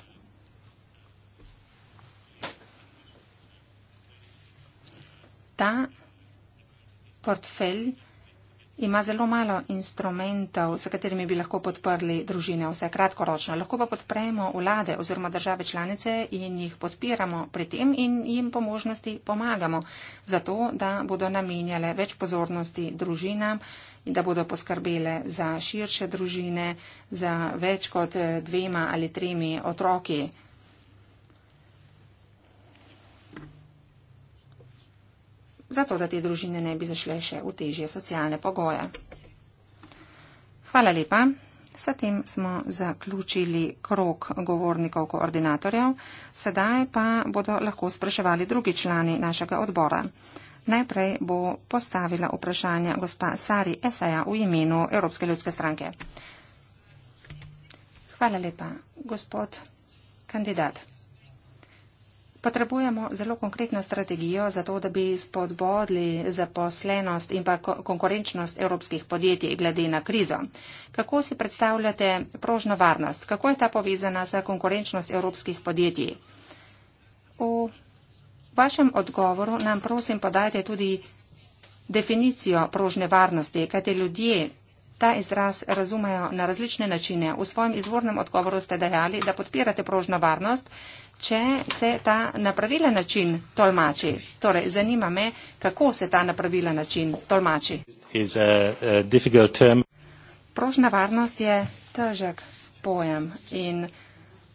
Ta portfelj ima zelo malo instrumentov, s katerimi bi lahko podprli družine vse kratkoročno. Lahko pa podpremo vlade oziroma države članice in jih podpiramo pri tem in jim po možnosti pomagamo, zato da bodo namenjale več pozornosti družinam in da bodo poskrbele za širše družine, za več kot dvema ali tremi otroki. zato da te družine ne bi zašle še v težje socialne pogoje. Hvala lepa. S tem smo zaključili krok govornikov koordinatorjev. Sedaj pa bodo lahko spraševali drugi člani našega odbora. Najprej bo postavila vprašanje gospa Sari Esaja v imenu Evropske ljudske stranke. Hvala lepa, gospod kandidat. Potrebujemo zelo konkretno strategijo za to, da bi spodbodli zaposlenost in pa konkurenčnost evropskih podjetij glede na krizo. Kako si predstavljate prožno varnost? Kako je ta povezana z konkurenčnost evropskih podjetij? V vašem odgovoru nam prosim podajte tudi definicijo prožne varnosti, kajte ljudje ta izraz razumejo na različne načine. V svojem izvornem odgovoru ste dejali, da podpirate prožno varnost če se ta napravila način tolmači. Torej, zanima me, kako se ta napravila način tolmači. Prožna varnost je težek pojem in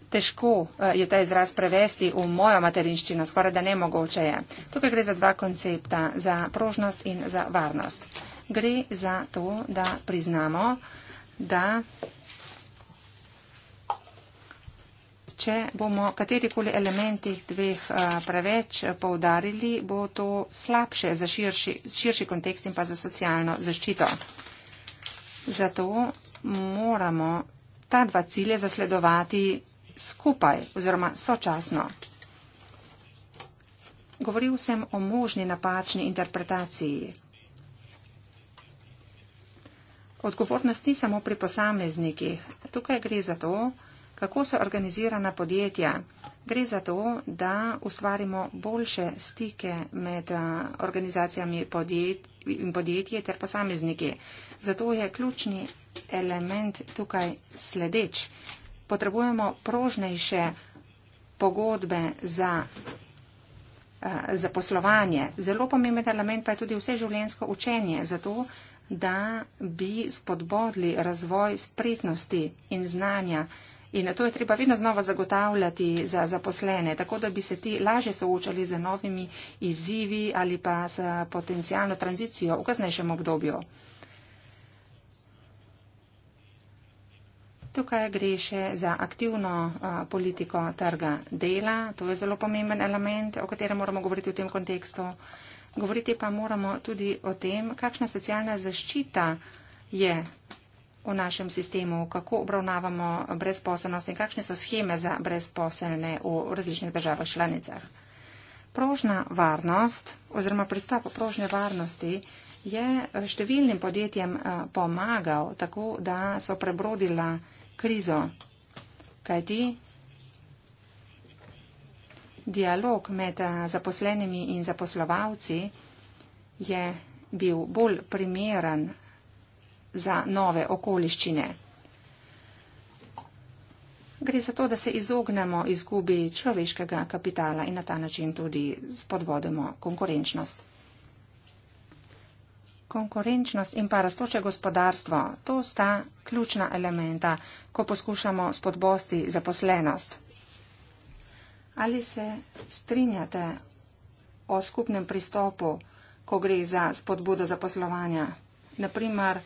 težko eh, je ta izraz prevesti v mojo materinščino, skoraj da ne mogoče je. Tukaj gre za dva koncepta, za prožnost in za varnost. Gre za to, da priznamo, da če bomo katerikoli elementih dveh preveč poudarili, bo to slabše za širši, širši kontekst in pa za socialno zaščito. Zato moramo ta dva cilje zasledovati skupaj oziroma sočasno. Govoril sem o možni napačni interpretaciji. Odgovornost ni samo pri posameznikih. Tukaj gre za to, kako so organizirana podjetja. Gre za to, da ustvarimo boljše stike med organizacijami podjet, podjetje ter posamezniki. Zato je ključni element tukaj sledeč. Potrebujemo prožnejše pogodbe za, za poslovanje. Zelo pomemben element pa je tudi vseživljenjsko učenje, zato da bi spodbodli razvoj spretnosti in znanja In to je treba vedno znova zagotavljati za zaposlene, tako da bi se ti lažje soočali z novimi izzivi ali pa s potencijalno tranzicijo v kasnejšem obdobju. Tukaj gre še za aktivno politiko trga dela. To je zelo pomemben element, o katerem moramo govoriti v tem kontekstu. Govoriti pa moramo tudi o tem, kakšna socialna zaščita je o našem sistemu, kako obravnavamo brezposelnost in kakšne so scheme za brezposelne v različnih državah članicah. Prožna varnost oziroma pristop prožne varnosti je številnim podjetjem eh, pomagal tako, da so prebrodila krizo. Kajti dialog med eh, zaposlenimi in zaposlovalci je bil bolj primeren za nove okoliščine. Gre za to, da se izognemo izgubi človeškega kapitala in na ta način tudi spodbodemo konkurenčnost. Konkurenčnost in pa rastoče gospodarstvo, to sta ključna elementa, ko poskušamo spodbosti zaposlenost. Ali se strinjate o skupnem pristopu, ko gre za spodbudo zaposlovanja? Naprimer,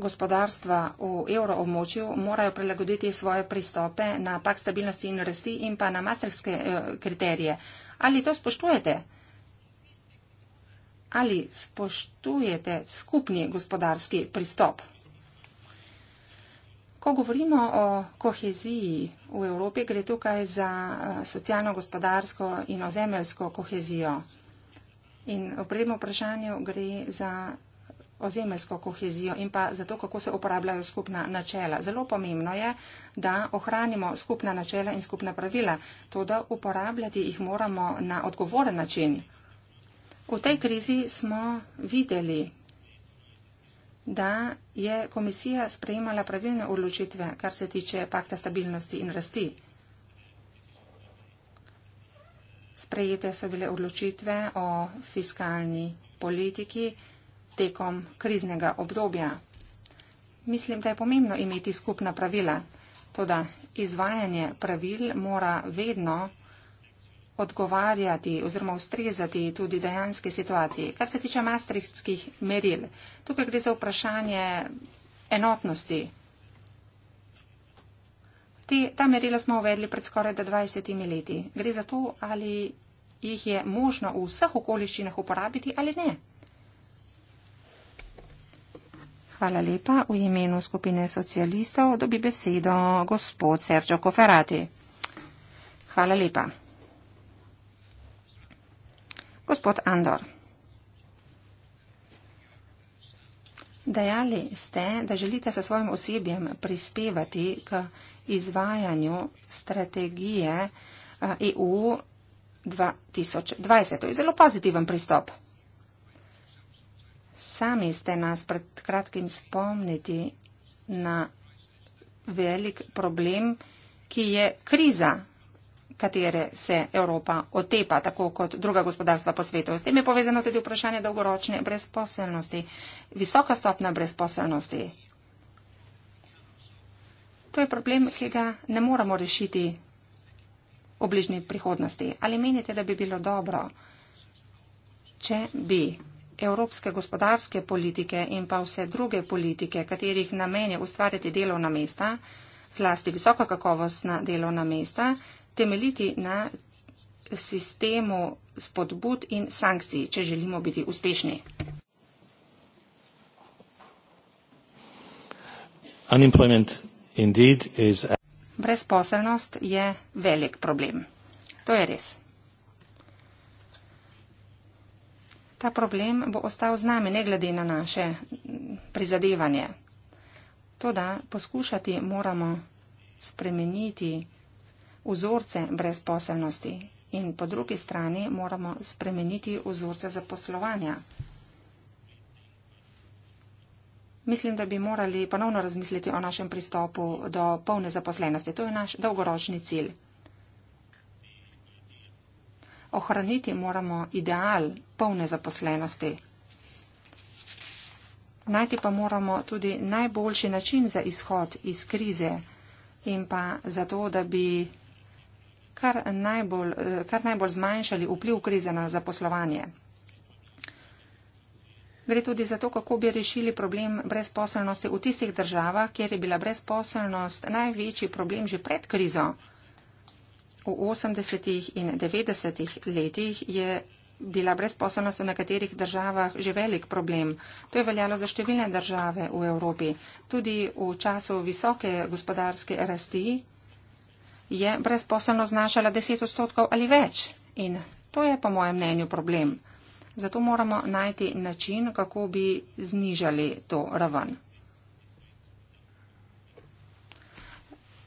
gospodarstva v euroomočju morajo prilagoditi svoje pristope na pak stabilnosti in rasti in pa na masterske e, kriterije. Ali to spoštujete? Ali spoštujete skupni gospodarski pristop? Ko govorimo o koheziji v Evropi, gre tukaj za e, socialno, gospodarsko in ozemeljsko kohezijo. In v prednjem vprašanju gre za ozemeljsko kohezijo in pa za to, kako se uporabljajo skupna načela. Zelo pomembno je, da ohranimo skupna načela in skupna pravila, to, da uporabljati jih moramo na odgovoren način. V tej krizi smo videli, da je komisija sprejemala pravilne odločitve, kar se tiče pakta stabilnosti in rasti. Sprejete so bile odločitve o fiskalni politiki, tekom kriznega obdobja. Mislim, da je pomembno imeti skupna pravila, tudi izvajanje pravil mora vedno odgovarjati oziroma ustrezati tudi dejanske situacije. Kar se tiče maastrichtskih meril, tukaj gre za vprašanje enotnosti. Te, ta merila smo uvedli pred skoraj 20 leti. Gre za to, ali jih je možno v vseh okoliščinah uporabiti ali ne. Hvala lepa. V imenu skupine socialistov dobi besedo gospod Sergio Koferati. Hvala lepa. Gospod Andor. Dejali ste, da želite sa svojim osebjem prispevati k izvajanju strategije EU eh, e 2020. To je zelo pozitiven pristop. Sami ste nas pred kratkim spomnili na velik problem, ki je kriza, katere se Evropa otepa, tako kot druga gospodarstva po svetu. S tem je povezano tudi vprašanje dolgoročne brezposelnosti, visoka stopna brezposelnosti. To je problem, ki ga ne moramo rešiti v bližnji prihodnosti. Ali menite, da bi bilo dobro, če bi evropske gospodarske politike in pa vse druge politike, katerih namen je ustvarjati delovna mesta, zlasti visoka kakovostna delovna mesta, temeljiti na sistemu spodbud in sankcij, če želimo biti uspešni. Unemployment indeed is. Brezposelnost je velik problem. To je res. Ta problem bo ostal z nami, ne glede na naše prizadevanje. To, da poskušati moramo spremeniti vzorce brezposelnosti in po drugi strani moramo spremeniti vzorce zaposlovanja. Mislim, da bi morali ponovno razmisliti o našem pristopu do polne zaposlenosti. To je naš dolgoročni cilj. Ohraniti moramo ideal polne zaposlenosti. Najti pa moramo tudi najboljši način za izhod iz krize in pa za to, da bi kar najbolj, eh, kar najbolj zmanjšali vpliv krize na zaposlovanje. Gre tudi za to, kako bi rešili problem brezposelnosti v tistih državah, kjer je bila brezposelnost največji problem že pred krizo. V 80. in 90. letih je bila brezposobnost v nekaterih državah že velik problem. To je veljalo za številne države v Evropi. Tudi v času visoke gospodarske rasti je brezposobnost znašala 10 odstotkov ali več. In to je, po mojem mnenju, problem. Zato moramo najti način, kako bi znižali to raven.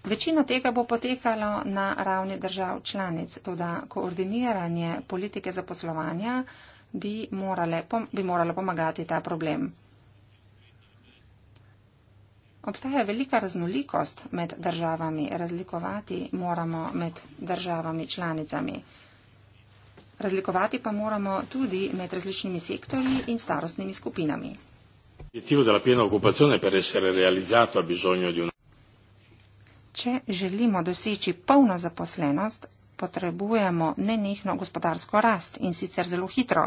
Večino tega bo potekalo na ravni držav članic, tudi koordiniranje politike zaposlovanja bi, bi moralo pomagati ta problem. Obstaja velika raznolikost med državami, razlikovati moramo med državami članicami. Razlikovati pa moramo tudi med različnimi sektorji in starostnimi skupinami. L'obiettivo della piena occupazione per essere realizzato ha bisogno di un če želimo doseči polno zaposlenost, potrebujemo nenehno gospodarsko rast in sicer zelo hitro.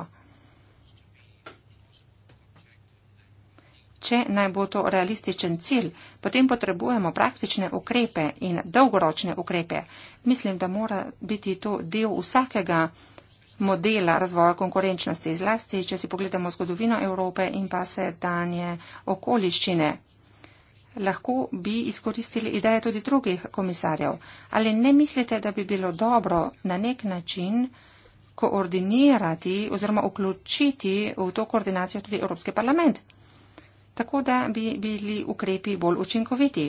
Če naj bo to realističen cilj, potem potrebujemo praktične ukrepe in dolgoročne ukrepe. Mislim, da mora biti to del vsakega modela razvoja konkurenčnosti, zlasti če si pogledamo zgodovino Evrope in pa sedanje okoliščine lahko bi izkoristili ideje tudi drugih komisarjev. Ali ne mislite, da bi bilo dobro na nek način koordinirati oziroma vključiti v to koordinacijo tudi Evropski parlament, tako da bi bili ukrepi bolj učinkoviti?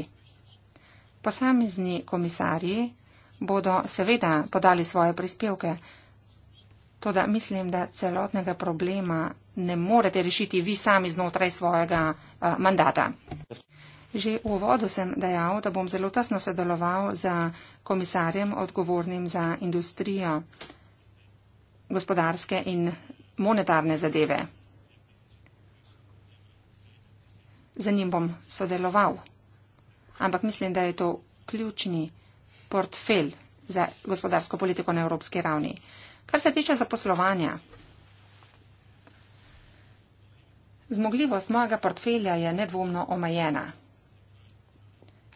Posamezni komisarji bodo seveda podali svoje prispevke, to da mislim, da celotnega problema ne morete rešiti vi sami znotraj svojega uh, mandata. Že v uvodu sem dejal, da bom zelo tasno sodeloval z komisarjem odgovornim za industrijo, gospodarske in monetarne zadeve. Za njim bom sodeloval, ampak mislim, da je to ključni portfelj za gospodarsko politiko na evropski ravni. Kar se tiče zaposlovanja, zmogljivost mojega portfelja je nedvomno omejena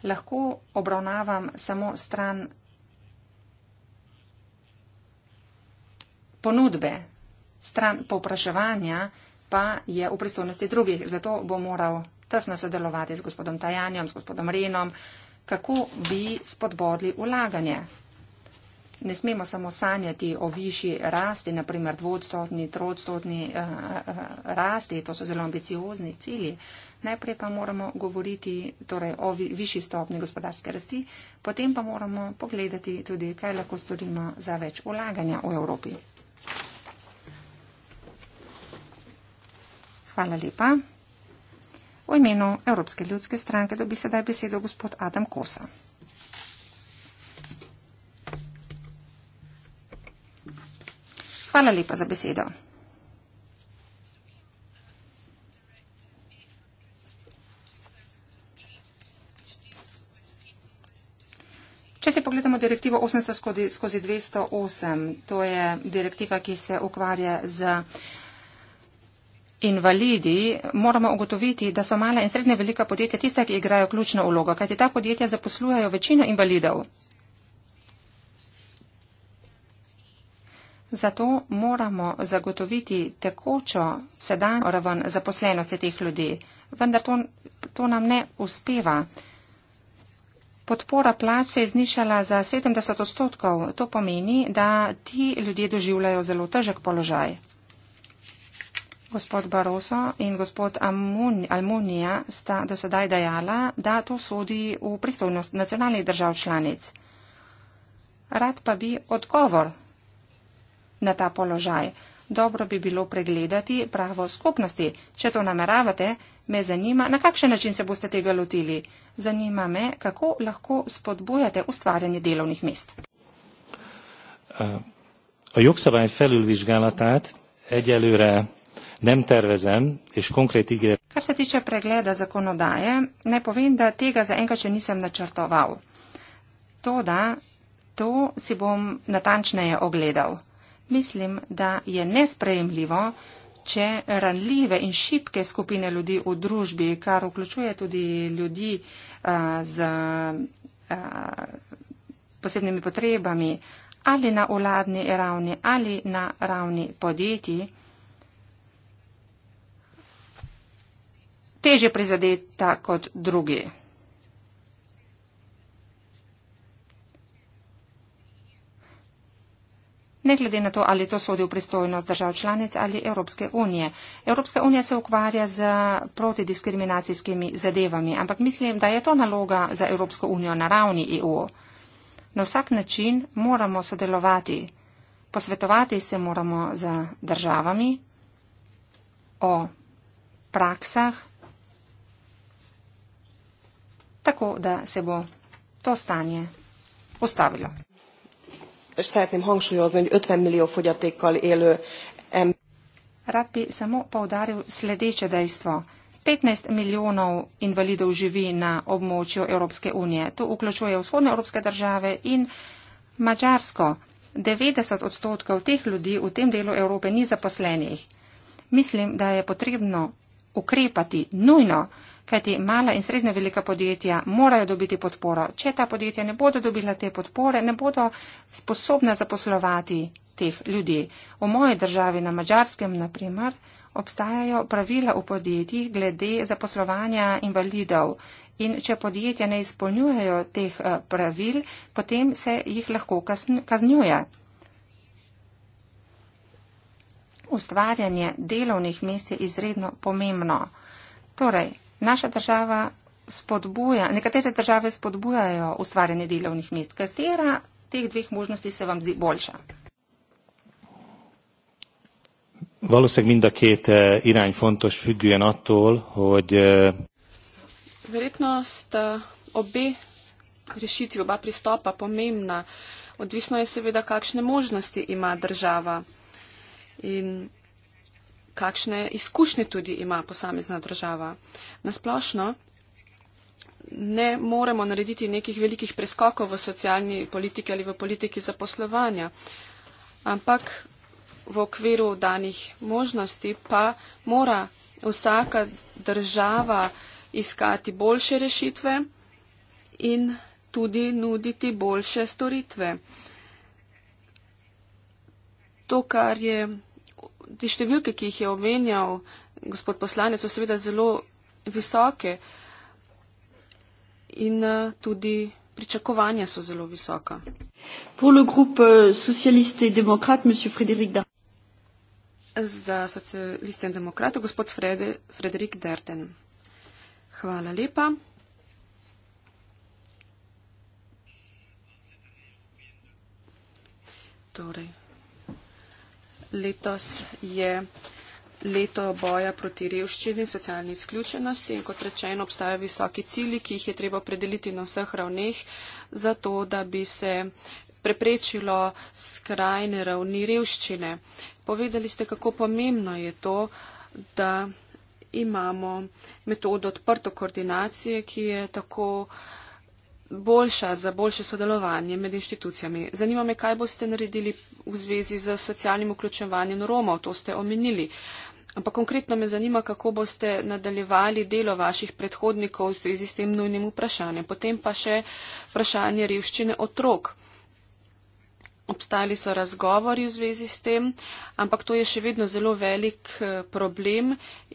lahko obravnavam samo stran ponudbe, stran povpraševanja pa je v pristojnosti drugih. Zato bo moral tesno sodelovati z gospodom Tajanjem, z gospodom Renom, kako bi spodbodli ulaganje. Ne smemo samo sanjati o višji rasti, naprimer dvodstotni, trodstotni uh, eh, uh, eh, rasti, to so zelo ambiciozni cilji. Najprej pa moramo govoriti torej, o vi, višji stopni gospodarske rasti, potem pa moramo pogledati tudi, kaj lahko storimo za več ulaganja v Evropi. Hvala lepa. V imenu Evropske ljudske stranke dobi sedaj besedo gospod Adam Kosa. Hvala lepa za besedo. Če si pogledamo direktivo 800 skozi, skozi 208, to je direktiva, ki se ukvarja z invalidi, moramo ugotoviti, da so mala in srednje velika podjetja tista, ki igrajo ključno vlogo, kajti ta podjetja zaposlujejo večino invalidov. Zato moramo zagotoviti tekočo sedanjo raven zaposlenosti teh ljudi, vendar to, to nam ne uspeva. Podpora plač se je znišala za 70 odstotkov. To pomeni, da ti ljudje doživljajo zelo težek položaj. Gospod Baroso in gospod Almunija sta do sedaj dejala, da to sodi v pristojnost nacionalnih držav članic. Rad pa bi odgovor na ta položaj. Dobro bi bilo pregledati pravo skupnosti. Če to nameravate, me zanima, na kakšen način se boste tega lotili. Zanima me, kako lahko spodbujate ustvarjanje delovnih mest. A jogszabály felülvizsgálatát egyelőre nem tervezem, és konkrét ígéret. Kar se tiče pregleda zakonodaje, ne povem, da tega zaenkrat še nisem načrtoval. To, da to si bom natančneje ogledal. Mislim, da je nesprejemljivo, če ranljive in šibke skupine ljudi v družbi, kar vključuje tudi ljudi uh, z uh, posebnimi potrebami ali na vladni ravni ali na ravni podjetij, težje prizadeta kot drugi. ne glede na to, ali to sodi v pristojnost držav članic ali Evropske unije. Evropska unija se ukvarja z protidiskriminacijskimi zadevami, ampak mislim, da je to naloga za Evropsko unijo na ravni EU. Na vsak način moramo sodelovati, posvetovati se moramo z državami o praksah, tako da se bo to stanje ustavilo szeretném hangsúlyozni, hogy 50 millió fogyatékkal élő ember. Rád bi samo poudaril sledeče dejstvo. 15 milijonov invalidov živi na območju Evropske unije. To vključuje vzhodne evropske države in Mačarsko. 90 odstotkov teh ljudi v tem delu Evrope ni zaposlenih. Mislim, da je potrebno ukrepati nujno kajti mala in srednja velika podjetja morajo dobiti podporo. Če ta podjetja ne bodo dobila te podpore, ne bodo sposobna zaposlovati teh ljudi. V moji državi, na Mačarskem, naprimer, obstajajo pravila v podjetjih glede zaposlovanja invalidov. In če podjetja ne izpolnjujejo teh eh, pravil, potem se jih lahko kaznjuje. Ustvarjanje delovnih mest je izredno pomembno. Torej, Naša država spodbuja, nekatere države spodbujajo ustvarjanje delovnih mest. Katera teh dveh možnosti se vam zdi boljša? Valószínűleg mind a két eh, irány fontos függően attól, hogy eh, Verjetnost eh, obe rešitvi, oba pristopa pomembna. Odvisno je seveda, kakšne možnosti ima država. In kakšne izkušnje tudi ima posamezna država. Nasplošno ne moremo narediti nekih velikih preskokov v socialni politiki ali v politiki zaposlovanja, ampak v okviru danih možnosti pa mora vsaka država iskati boljše rešitve in tudi nuditi boljše storitve. To, kar je te številke, ki jih je omenjal gospod poslanec, so seveda zelo visoke in eh, tudi pričakovanja so zelo visoka. Euh, Za socialiste in demokrate, gospod Frede, Frederik Derden. Hvala lepa. Torej letos je leto boja proti revščini, socialni izključenosti in kot rečeno obstajajo visoki cili, ki jih je treba predeliti na vseh ravneh, zato da bi se preprečilo skrajne ravni revščine. Povedali ste, kako pomembno je to, da imamo metodo odprto koordinacije, ki je tako boljša, za boljše sodelovanje med inštitucijami. Zanima me, kaj boste naredili v zvezi z socialnim vključevanjem Romov, to ste omenili. Ampak konkretno me zanima, kako boste nadaljevali delo vaših predhodnikov v zvezi s tem nujnim vprašanjem. Potem pa še vprašanje revščine otrok obstali so razgovori v zvezi s tem, ampak to je še vedno zelo velik eh, problem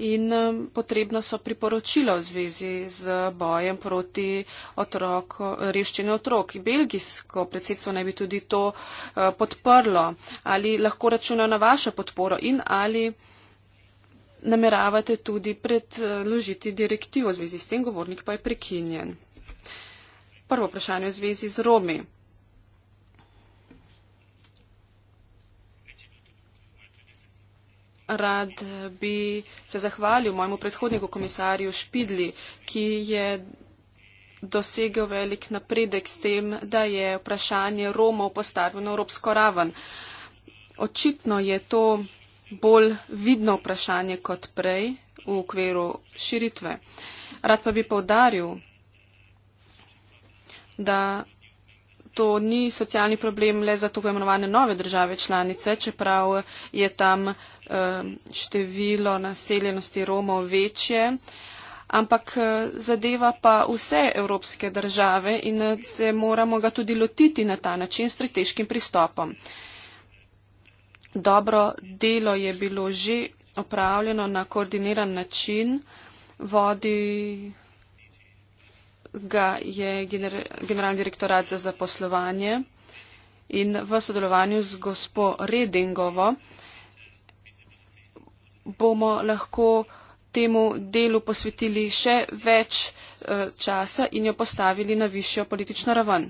in eh, potrebno so priporočila v zvezi z bojem proti otroko, reščine otrok. Belgijsko predsedstvo naj bi tudi to eh, podprlo. Ali lahko računajo na vašo podporo in ali nameravate tudi predložiti direktivo v zvezi s tem, govornik pa je prekinjen. Prvo vprašanje v zvezi z Romi. Rad bi se zahvalil mojemu predhodniku komisarju Špidli, ki je dosegel velik napredek s tem, da je vprašanje Romov postavil na evropsko raven. Očitno je to bolj vidno vprašanje kot prej v okviru širitve. Rad pa bi povdaril, da to ni socialni problem le za tako imenovane nove države članice, čeprav je tam uh, Eh, število naseljenosti Romov večje, ampak eh, zadeva pa vse evropske države in eh, se moramo ga tudi lotiti na ta način s strateškim pristopom. Dobro delo je bilo že opravljeno na koordiniran način, vodi ga je gener generalni direktorat za zaposlovanje in v sodelovanju z gospo Redingovo bomo lahko temu delu posvetili še več eh, časa in jo postavili na višjo politično raven.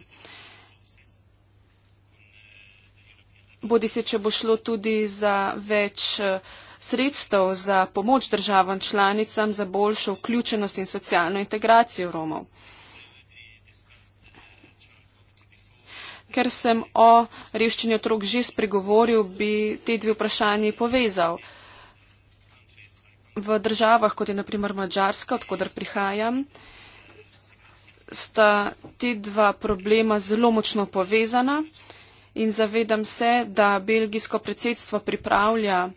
Bodi se, če bo šlo tudi za več eh, sredstev za pomoč državam članicam za boljšo vključenost in socialno integracijo Romov. Ker sem o reščenju otrok že spregovoril, bi te dve vprašanje povezal v državah, kot je naprimer Mačarska, odkudar prihajam, sta ti dva problema zelo močno povezana in zavedam se, da belgijsko predsedstvo pripravlja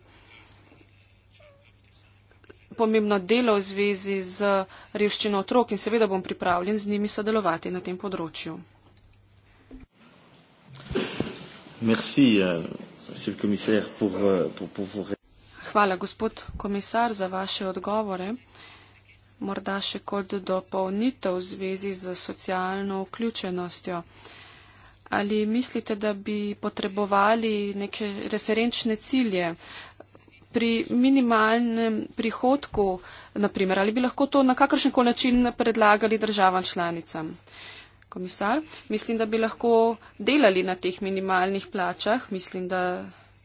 pomembno delo v zvezi z revščino otrok in seveda bom pripravljen z njimi sodelovati na tem področju. Merci, uh, Hvala, gospod komisar, za vaše odgovore. Morda še kot dopolnitev v zvezi z socialno vključenostjo. Ali mislite, da bi potrebovali neke referenčne cilje pri minimalnem prihodku, naprimer, ali bi lahko to na kakršen koli način predlagali državam članicam? Komisar, mislim, da bi lahko delali na teh minimalnih plačah, mislim, da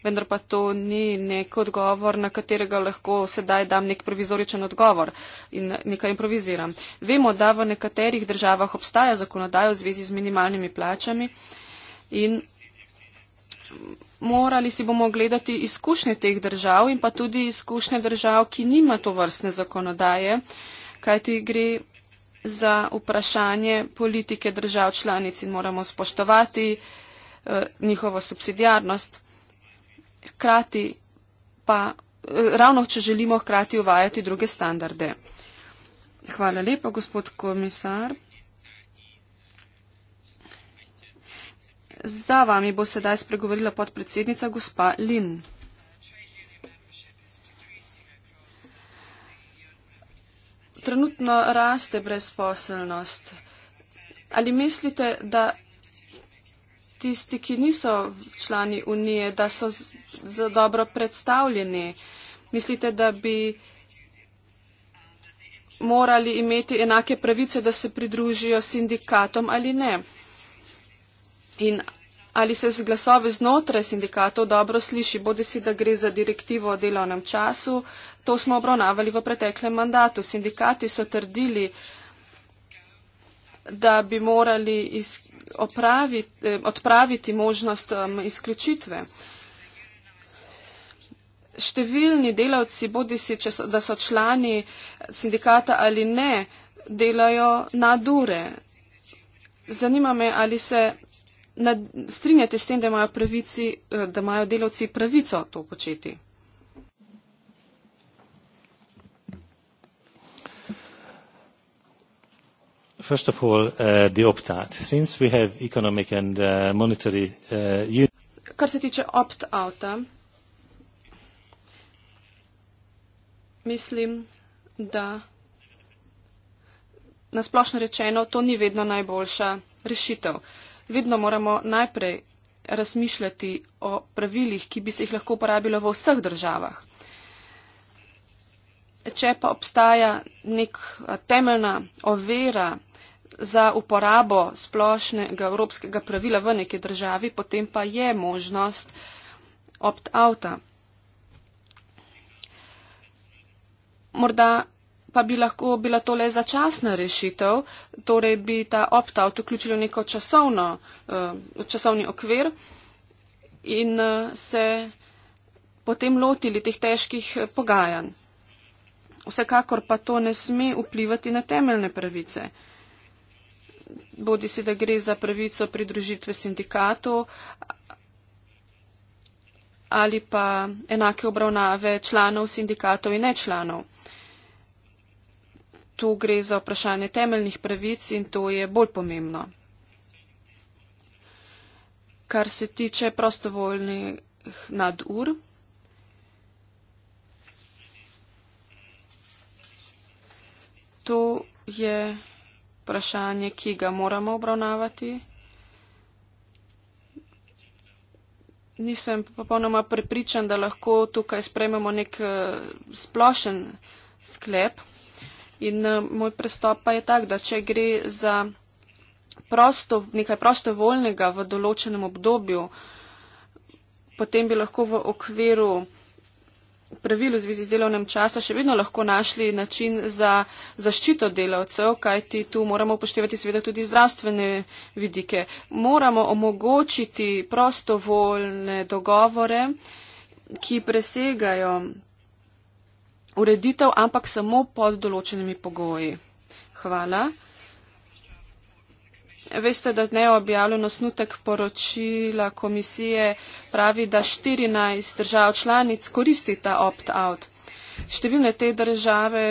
vendar pa to ni nek odgovor, na katerega lahko sedaj dam nek provizoričen odgovor in nekaj improviziram. Vemo, da v nekaterih državah obstaja zakonodaja v zvezi z minimalnimi plačami in morali si bomo gledati izkušnje teh držav in pa tudi izkušnje držav, ki nima to vrstne zakonodaje, kajti gre za vprašanje politike držav članic in moramo spoštovati eh, njihovo subsidijarnost hkrati pa, eh, ravno če želimo hkrati uvajati druge standarde. Hvala lepa, gospod komisar. Za vami bo sedaj spregovorila podpredsednica gospa Lin. Trenutno raste brezposelnost. Ali mislite, da tisti, ki niso člani unije, da so za dobro predstavljeni? Mislite, da bi morali imeti enake pravice, da se pridružijo sindikatom ali ne? In ali se z glasove znotraj sindikatov dobro sliši, bodi si, da gre za direktivo o delovnem času, to smo obravnavali v preteklem mandatu. Sindikati so trdili, da bi morali opraviti, eh, odpraviti možnost um, izključitve. Številni delavci, bodi si, so, da so člani sindikata ali ne, delajo na dure. Zanima me, ali se nad, strinjate s tem, da imajo, pravici, eh, da imajo delavci pravico to početi. first of all uh, the opt out since we have economic and uh, monetary uh, kar se tiče opt outa mislim da na splošno rečeno to ni vedno najboljša rešitev vedno moramo najprej razmišljati o pravilih ki bi se jih lahko uporabilo v vseh državah Če pa obstaja nek temeljna ovira za uporabo splošnega evropskega pravila v neki državi, potem pa je možnost opt-outa. Morda pa bi lahko bila to le začasna rešitev, torej bi ta opt-out vključil v neko časovno, eh, časovni okvir in eh, se potem lotili teh težkih eh, pogajanj. Vsekakor pa to ne sme vplivati na temeljne pravice bodi si, da gre za pravico pridružitve sindikatu ali pa enake obravnave članov sindikatov in nečlanov. Tu gre za vprašanje temeljnih pravic in to je bolj pomembno. Kar se tiče prostovoljnih nadur, to je vprašanje, ki ga moramo obravnavati. Nisem popolnoma prepričan, da lahko tukaj sprememo nek eh, splošen sklep. In eh, moj prestop pa je tak, da če gre za prosto, nekaj prostovoljnega v določenem obdobju, potem bi lahko v okviru pravil v zvezi z delovnem času še vedno lahko našli način za zaščito delavcev, kajti tu moramo upoštevati seveda tudi zdravstvene vidike. Moramo omogočiti prostovoljne dogovore, ki presegajo ureditev, ampak samo pod določenimi pogoji. Hvala. Veste, da neobjavljen osnutek poročila komisije pravi, da 14 držav članic koristi ta opt-out. Številne te države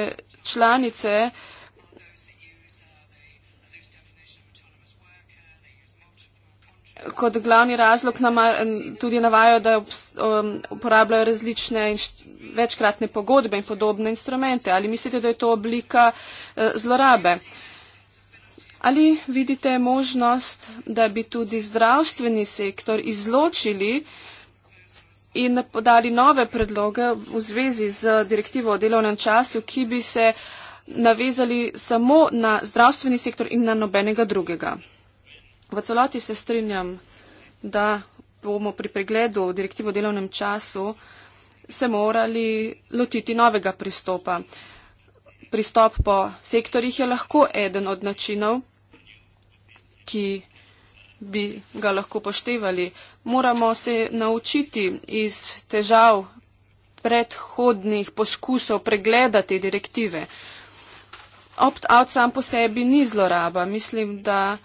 članice kot glavni razlog nama, tudi navajo, da uporabljajo različne večkratne pogodbe in podobne instrumente. Ali mislite, da je to oblika eh, zlorabe? Ali vidite možnost, da bi tudi zdravstveni sektor izločili in podali nove predloge v zvezi z direktivo o delovnem času, ki bi se navezali samo na zdravstveni sektor in na nobenega drugega? V celoti se strinjam, da bomo pri pregledu direktivo o delovnem času se morali lotiti novega pristopa. Pristop po sektorjih je lahko eden od načinov, ki bi ga lahko poštevali. Moramo se naučiti iz težav predhodnih poskusov pregledati direktive. Opt-out sam po sebi ni zloraba. Mislim, da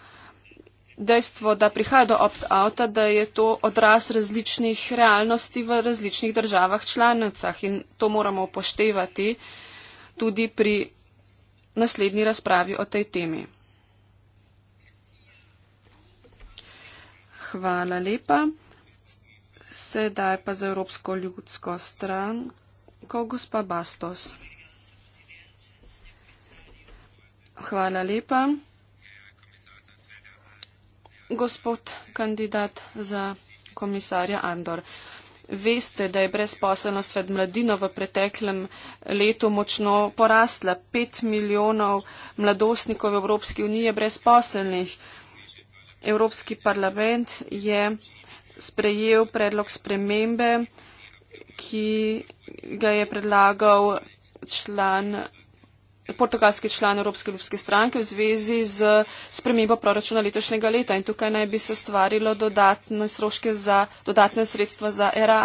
dejstvo, da prihaja do opt-outa, da je to odraz različnih realnosti v različnih državah članicah in to moramo upoštevati tudi pri naslednji razpravi o tej temi. Hvala lepa. Sedaj pa za Evropsko ljudsko stran, ko gospa Bastos. Hvala lepa. Gospod kandidat za komisarja Andor. Veste, da je brezposelnost med mladino v preteklem letu močno porastla. 5 milijonov mladostnikov v Evropski uniji je brezposelnih. Evropski parlament je sprejel predlog spremembe, ki ga je predlagal član, portugalski član Evropske ljubske stranke v zvezi z spremembo proračuna letošnjega leta. In tukaj naj bi se ustvarilo dodatne stroške za dodatne sredstva za era,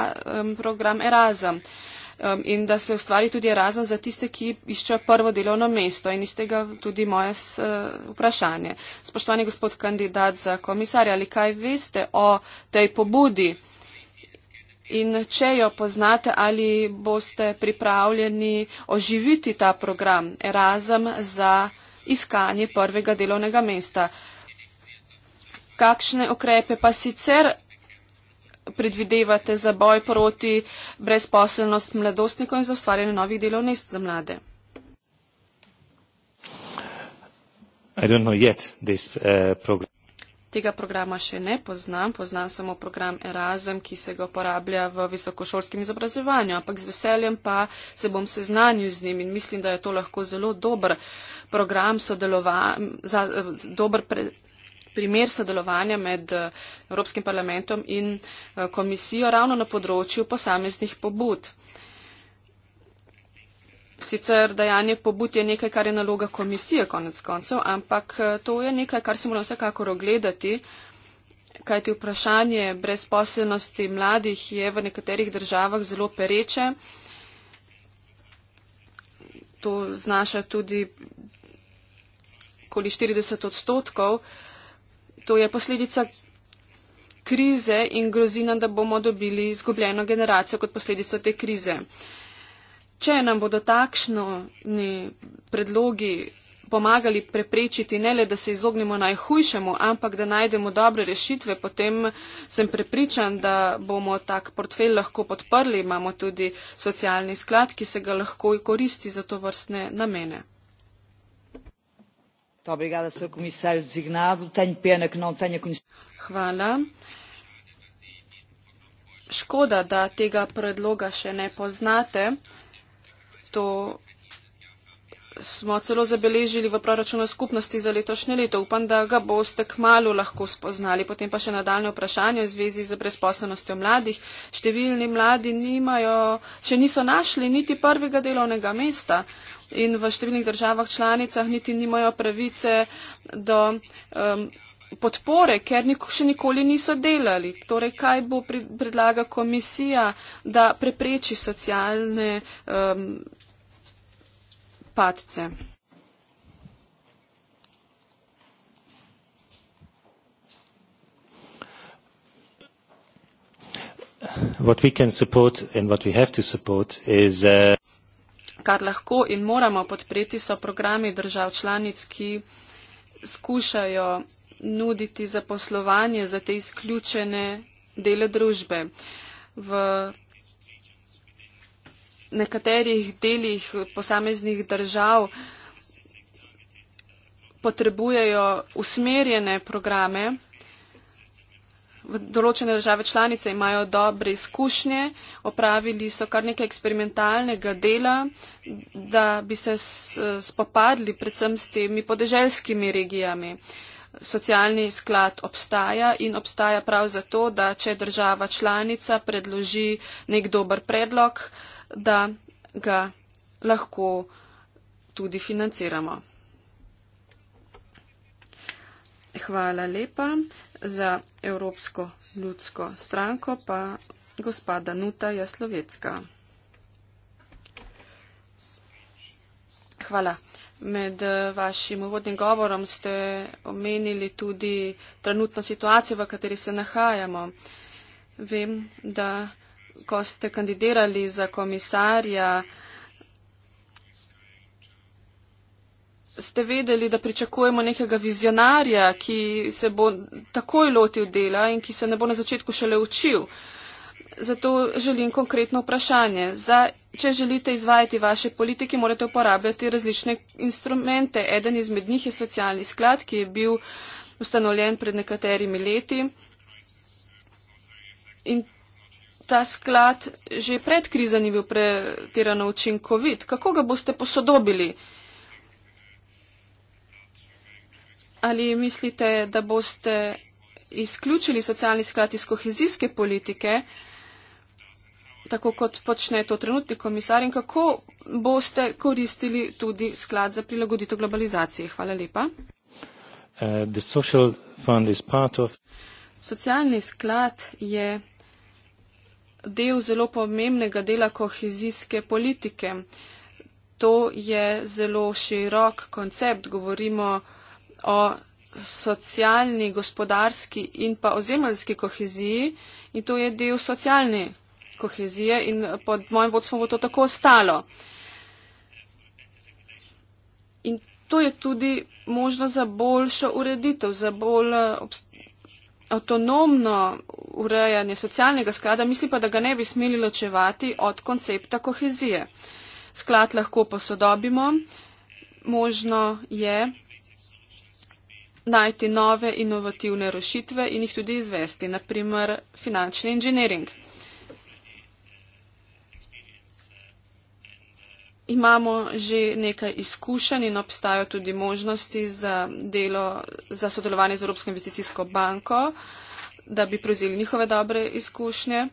program Erasmus um, in da se ustvari tudi razen za tiste, ki iščejo prvo delovno mesto. In iz tega tudi moje s, uh, vprašanje. Spoštovani gospod kandidat za komisarja, ali kaj veste o tej pobudi? In če jo poznate, ali boste pripravljeni oživiti ta program razem za iskanje prvega delovnega mesta? Kakšne okrepe pa sicer predvidevate za boj proti brezposelnost mladostnikov in za ustvarjanje novih delovnih mest za mlade? This, uh, program. Tega programa še ne poznam, poznam samo program Erasm, ki se ga uporablja v visokošolskem izobraževanju, ampak z veseljem pa se bom seznanil z njim in mislim, da je to lahko zelo dober program sodelovanja, dober pre, primer sodelovanja med eh, Evropskim parlamentom in eh, komisijo ravno na področju posameznih pobud. Sicer dajanje pobud je nekaj, kar je naloga komisije konec koncev, ampak eh, to je nekaj, kar se mora vsekakor ogledati, kajti vprašanje brezposelnosti mladih je v nekaterih državah zelo pereče. To znaša tudi okoli 40 odstotkov to je posledica krize in grozina, da bomo dobili izgubljeno generacijo kot posledico te krize. Če nam bodo takšni predlogi pomagali preprečiti ne le, da se izognemo najhujšemu, ampak da najdemo dobre rešitve, potem sem prepričan, da bomo tak portfelj lahko podprli. Imamo tudi socialni sklad, ki se ga lahko koristi za to vrstne namene obrigada senhor comissário designado tenho pena que não tenha conhecido Škoda, da tega predloga še ne poznate. To smo celo zabeležili v proračunu skupnosti za letošnje leto. Upam, da ga boste k malu lahko spoznali. Potem pa še nadaljne vprašanje v zvezi z brezposobnostjo mladih. Številni mladi nimajo, še niso našli niti prvega delovnega mesta in v številnih državah članicah niti nimajo pravice do um, podpore, ker niko, še nikoli niso delali. Torej, kaj bo predlaga komisija, da prepreči socialne um, padce? What we can support and what we have to support is. Uh Kar lahko in moramo podpreti so programi držav članic, ki skušajo nuditi zaposlovanje za te izključene dele družbe. V nekaterih delih posameznih držav potrebujejo usmerjene programe določene države članice imajo dobre izkušnje, opravili so kar nekaj eksperimentalnega dela, da bi se spopadli predvsem s temi podeželskimi regijami. Socialni sklad obstaja in obstaja prav zato, da če država članica predloži nek dober predlog, da ga lahko tudi financiramo. Hvala lepa za Evropsko ljudsko stranko pa gospoda Nuta Jaslovecka. Hvala. Med eh, vašim uvodnim govorom ste omenili tudi trenutno situacijo, v kateri se nahajamo. Vem, da ko ste kandidirali za komisarja, ste vedeli, da pričakujemo nekega vizionarja, ki se bo takoj lotil dela in ki se ne bo na začetku šele učil. Zato želim konkretno vprašanje. Za, če želite izvajati vaše politike, morate uporabljati različne instrumente. Eden izmed njih je socialni sklad, ki je bil ustanovljen pred nekaterimi leti. In ta sklad že pred krizo ni bil pretirano učinkovit. Kako ga boste posodobili? Uh, ali mislite, da boste izključili socialni sklad iz kohezijske politike, tako kot počne to trenutni komisar in kako boste koristili tudi sklad za prilagoditev globalizacije. Hvala lepa. Uh, of... Socialni sklad je del zelo pomembnega dela kohezijske politike. To je zelo širok koncept. Govorimo o socialni, gospodarski in pa ozemljski koheziji in to je del socialne kohezije in pod mojim vodstvom bo to tako ostalo. In to je tudi možno za boljšo ureditev, za bolj eh, avtonomno urejanje socialnega sklada, mislim pa, da ga ne bi smeli ločevati od koncepta kohezije. Sklad lahko posodobimo, možno je, najti nove inovativne rešitve in jih tudi izvesti, naprimer finančni inženiring. Imamo že nekaj izkušenj in obstajajo tudi možnosti za, delo, za sodelovanje z Evropsko investicijsko banko, da bi prevzeli njihove dobre izkušnje.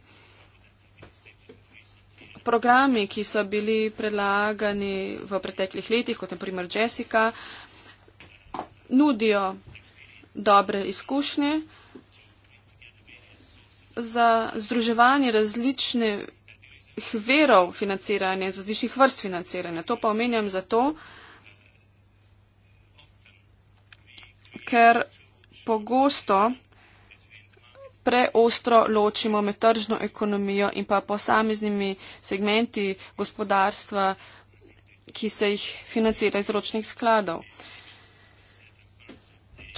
Programi, ki so bili predlagani v preteklih letih, kot je primer Jessica, uh, nudijo dobre izkušnje za združevanje različnih verov financiranja, različnih vrst financiranja. To pa omenjam zato, ker pogosto preostro ločimo med tržno ekonomijo in pa posameznimi segmenti gospodarstva, ki se jih financira iz ročnih skladov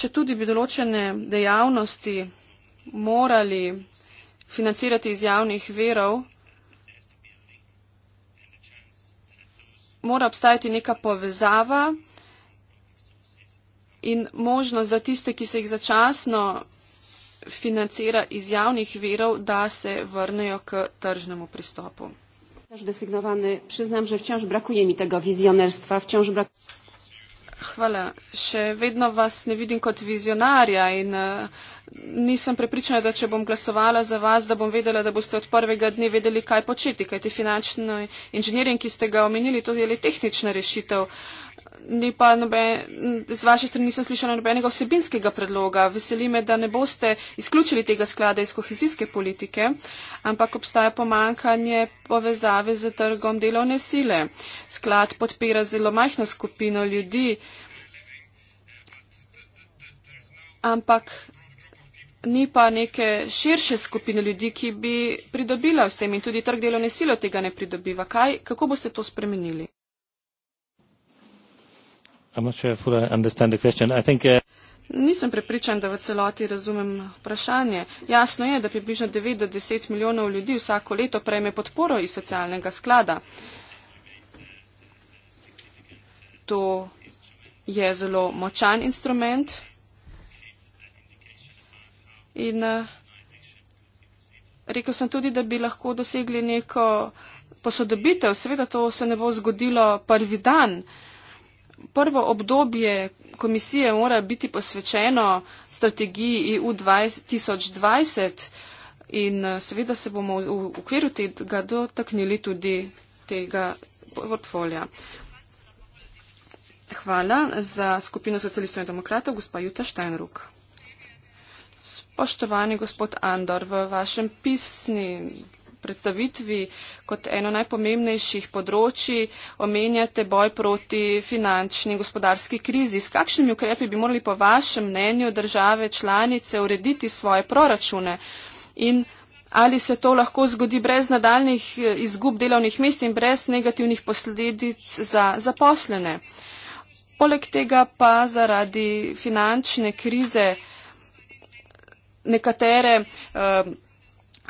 če tudi bi določene dejavnosti morali financirati iz javnih verov, mora obstajati neka povezava in možnost za tiste, ki se jih začasno financira iz javnih verov, da se vrnejo k tržnemu pristopu. Hvala. Še vedno vas ne vidim kot vizionarja in uh, nisem prepričana, da če bom glasovala za vas, da bom vedela, da boste od prvega dne vedeli, kaj početi. Kaj ti finančni inženirin, ki ste ga omenili, to je le tehnična rešitev. Uh, ni pa noben, z vaše strani nisem slišala nobenega vsebinskega predloga. Veseli me, da ne boste izključili tega sklada iz kohezijske politike, ampak obstaja pomankanje povezave z trgom delovne sile. Sklad podpira zelo majhno skupino ljudi, ampak ni pa neke širše skupine ljudi, ki bi pridobila s tem in tudi trg delovne sile tega ne pridobiva. Kaj, kako boste to spremenili? Uh, Nisem prepričan, da v celoti razumem vprašanje. Jasno je, da približno 9 do 10 milijonov ljudi vsako leto prejme podporo iz socialnega sklada. To je zelo močan instrument in uh, rekel sem tudi, da bi lahko dosegli neko posodobitev. Seveda to se ne bo zgodilo prvi dan prvo obdobje komisije mora biti posvečeno strategiji EU 2020 in eh, seveda se bomo v okviru tega dotaknili tudi tega portfolja. Hvala za skupino socialistov in demokratov, gospa Juta Steinruk. Spoštovani gospod Andor, v vašem pisni predstavitvi kot eno najpomembnejših področji omenjate boj proti finančni in gospodarski krizi. S kakšnimi ukrepi bi morali po vašem mnenju države članice urediti svoje proračune in ali se to lahko zgodi brez nadaljnih eh, izgub delovnih mest in brez negativnih posledic za zaposlene? Poleg tega pa zaradi finančne krize nekatere uh,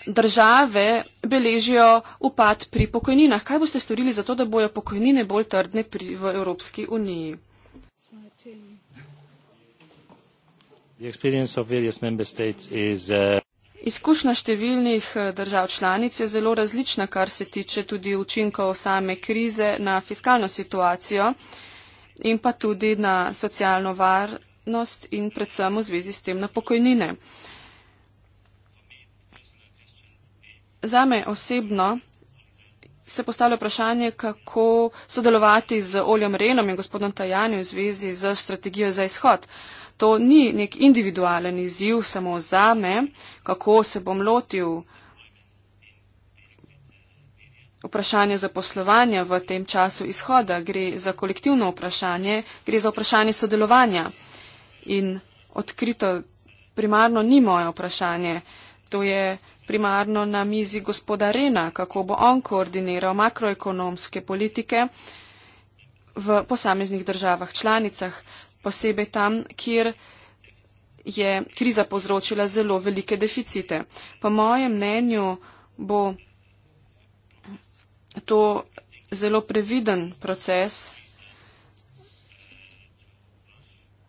države beležijo upad pri pokojninah. Kaj boste storili za to, da bojo pokojnine bolj trdne pri, v Evropski uniji? Uh, Izkušnja številnih eh, držav članic je zelo različna, kar se tiče tudi učinkov same krize na fiskalno situacijo in pa tudi na socialno varnost in predvsem v zvezi s tem na pokojnine. Uh, za me osebno se postavlja vprašanje, kako sodelovati z Oljem Renom in gospodom Tajanjem v zvezi z strategijo za izhod. To ni nek individualen izziv samo za me, kako se bom lotil vprašanje zaposlovanja v tem času izhoda. Gre za kolektivno vprašanje, gre za vprašanje sodelovanja. In odkrito, primarno ni moje vprašanje. To je primarno na mizi gospoda Rena, kako bo on koordiniral makroekonomske politike v posameznih državah članicah, posebej tam, kjer je kriza povzročila zelo velike deficite. Po mojem mnenju bo to zelo previden proces.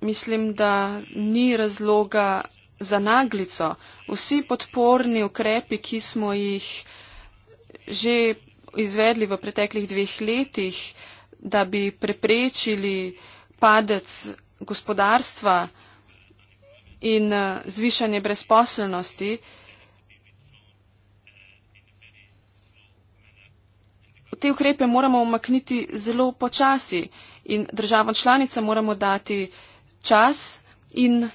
Mislim, da ni razloga za naglico. Vsi podporni ukrepi, ki smo jih že izvedli v preteklih dveh letih, da bi preprečili padec gospodarstva in eh, zvišanje brezposelnosti, te ukrepe moramo umakniti zelo počasi in državam članicam moramo dati čas in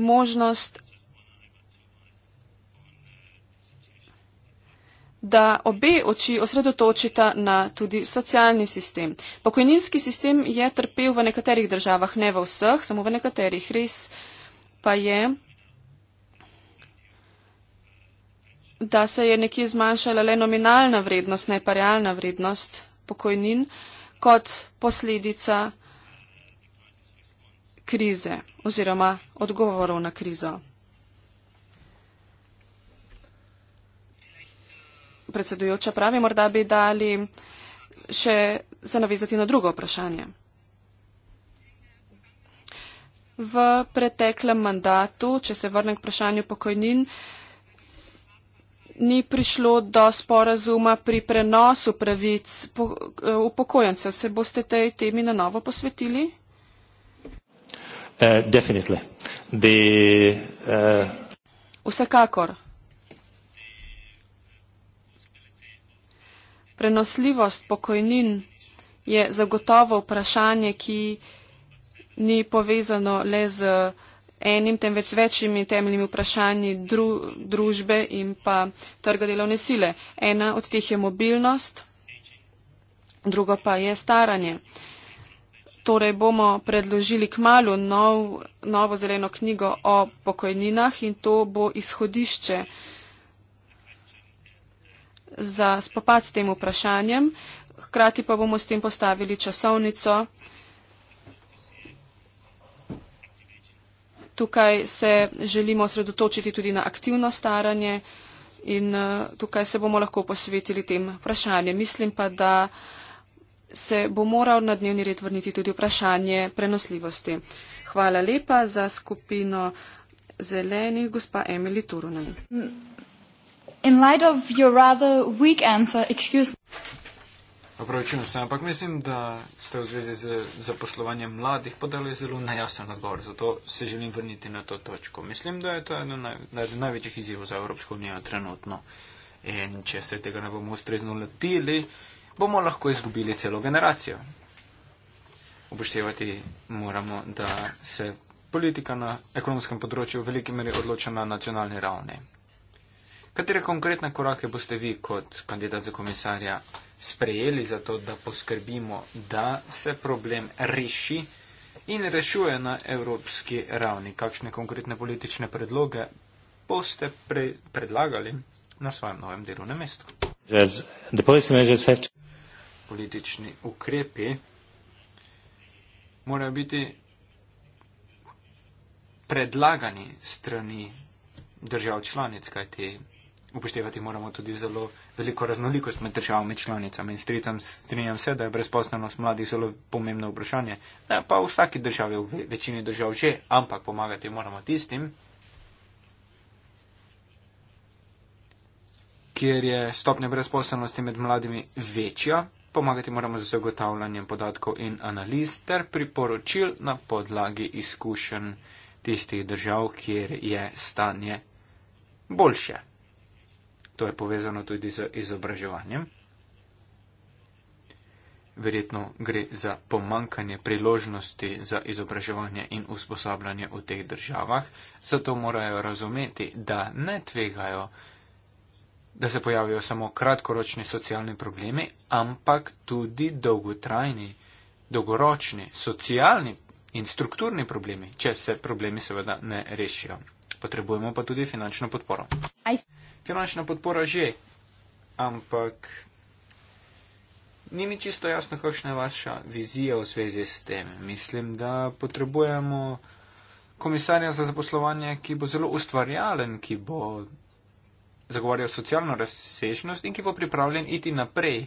možnost, da obe oči osredotočita na tudi socialni sistem. Pokojninski sistem je trpel v nekaterih državah, ne v vseh, samo v nekaterih. Res pa je, da se je nekje zmanjšala le nominalna vrednost, ne pa realna vrednost pokojnin kot posledica krize oziroma odgovorov na krizo. Predsedujoča pravi, morda bi dali še se navezati na drugo vprašanje. V preteklem mandatu, če se vrnem k vprašanju pokojnin, ni prišlo do sporazuma pri prenosu pravic eh, upokojencev. Se boste tej temi na novo posvetili? Uh, definitely. The, uh... Vsekakor. Prenosljivost pokojnin je zagotovo vprašanje, ki ni povezano le z enim, temveč z večjimi temeljnimi vprašanji dru, družbe in pa trga delovne sile. Ena od teh je mobilnost, druga pa je staranje. Uh, torej bomo predložili k malu nov, novo zeleno knjigo o pokojninah in to bo izhodišče za spopad s tem vprašanjem. Hkrati pa bomo s tem postavili časovnico. Tukaj se želimo osredotočiti tudi na aktivno staranje in eh, tukaj se bomo lahko posvetili tem vprašanjem. Mislim pa, da se bo moral na dnevni red vrniti tudi vprašanje prenosljivosti. Hvala lepa za skupino zelenih, gospa Emily Turunen. In light of your rather weak answer, excuse me. Opravičujem se, ampak mislim, da ste v zvezi z zaposlovanjem mladih podali zelo najjasen odgovor, zato se želim vrniti na to točko. Mislim, da je to eden naj, največjih izzivov za Evropsko unijo trenutno. In če se tega ne bomo ustrezno letili, bomo lahko izgubili celo generacijo. Upoštevati moramo, da se politika na ekonomskem področju v veliki meri odloča na nacionalni ravni. Katere konkretne korake boste vi kot kandidat za komisarja sprejeli za to, da poskrbimo, da se problem reši in rešuje na evropski ravni? Kakšne konkretne politične predloge boste pre predlagali na svojem novem delovnem mestu? The policymakers have to politični ukrepi morajo biti predlagani strani držav članic, kajti upoštevati moramo tudi zelo veliko raznolikost med državami članicami. In stricam, strinjam se, da je brezposlenost mladih zelo pomembno vprašanje. Ne, pa v vsaki državi, v večini držav že, ampak pomagati moramo tistim, kjer je stopnja brezposlenosti med mladimi večja Pomagati moramo z zagotavljanjem podatkov in analiz ter priporočil na podlagi izkušenj tistih držav, kjer je stanje boljše. To je povezano tudi z izobraževanjem. Verjetno gre za pomankanje priložnosti za izobraževanje in usposabljanje v teh državah, zato morajo razumeti, da ne tvegajo da se pojavijo samo kratkoročni socialni problemi, ampak tudi dolgotrajni, dolgoročni socialni in strukturni problemi, če se problemi seveda ne rešijo. Potrebujemo pa tudi finančno podporo. Finančna podpora že, ampak ni mi čisto jasno, kakšna je vaša vizija v zvezi s tem. Mislim, da potrebujemo komisarja za zaposlovanje, ki bo zelo ustvarjalen, ki bo zagovarja socialno razsežnost in ki bo pripravljen iti naprej.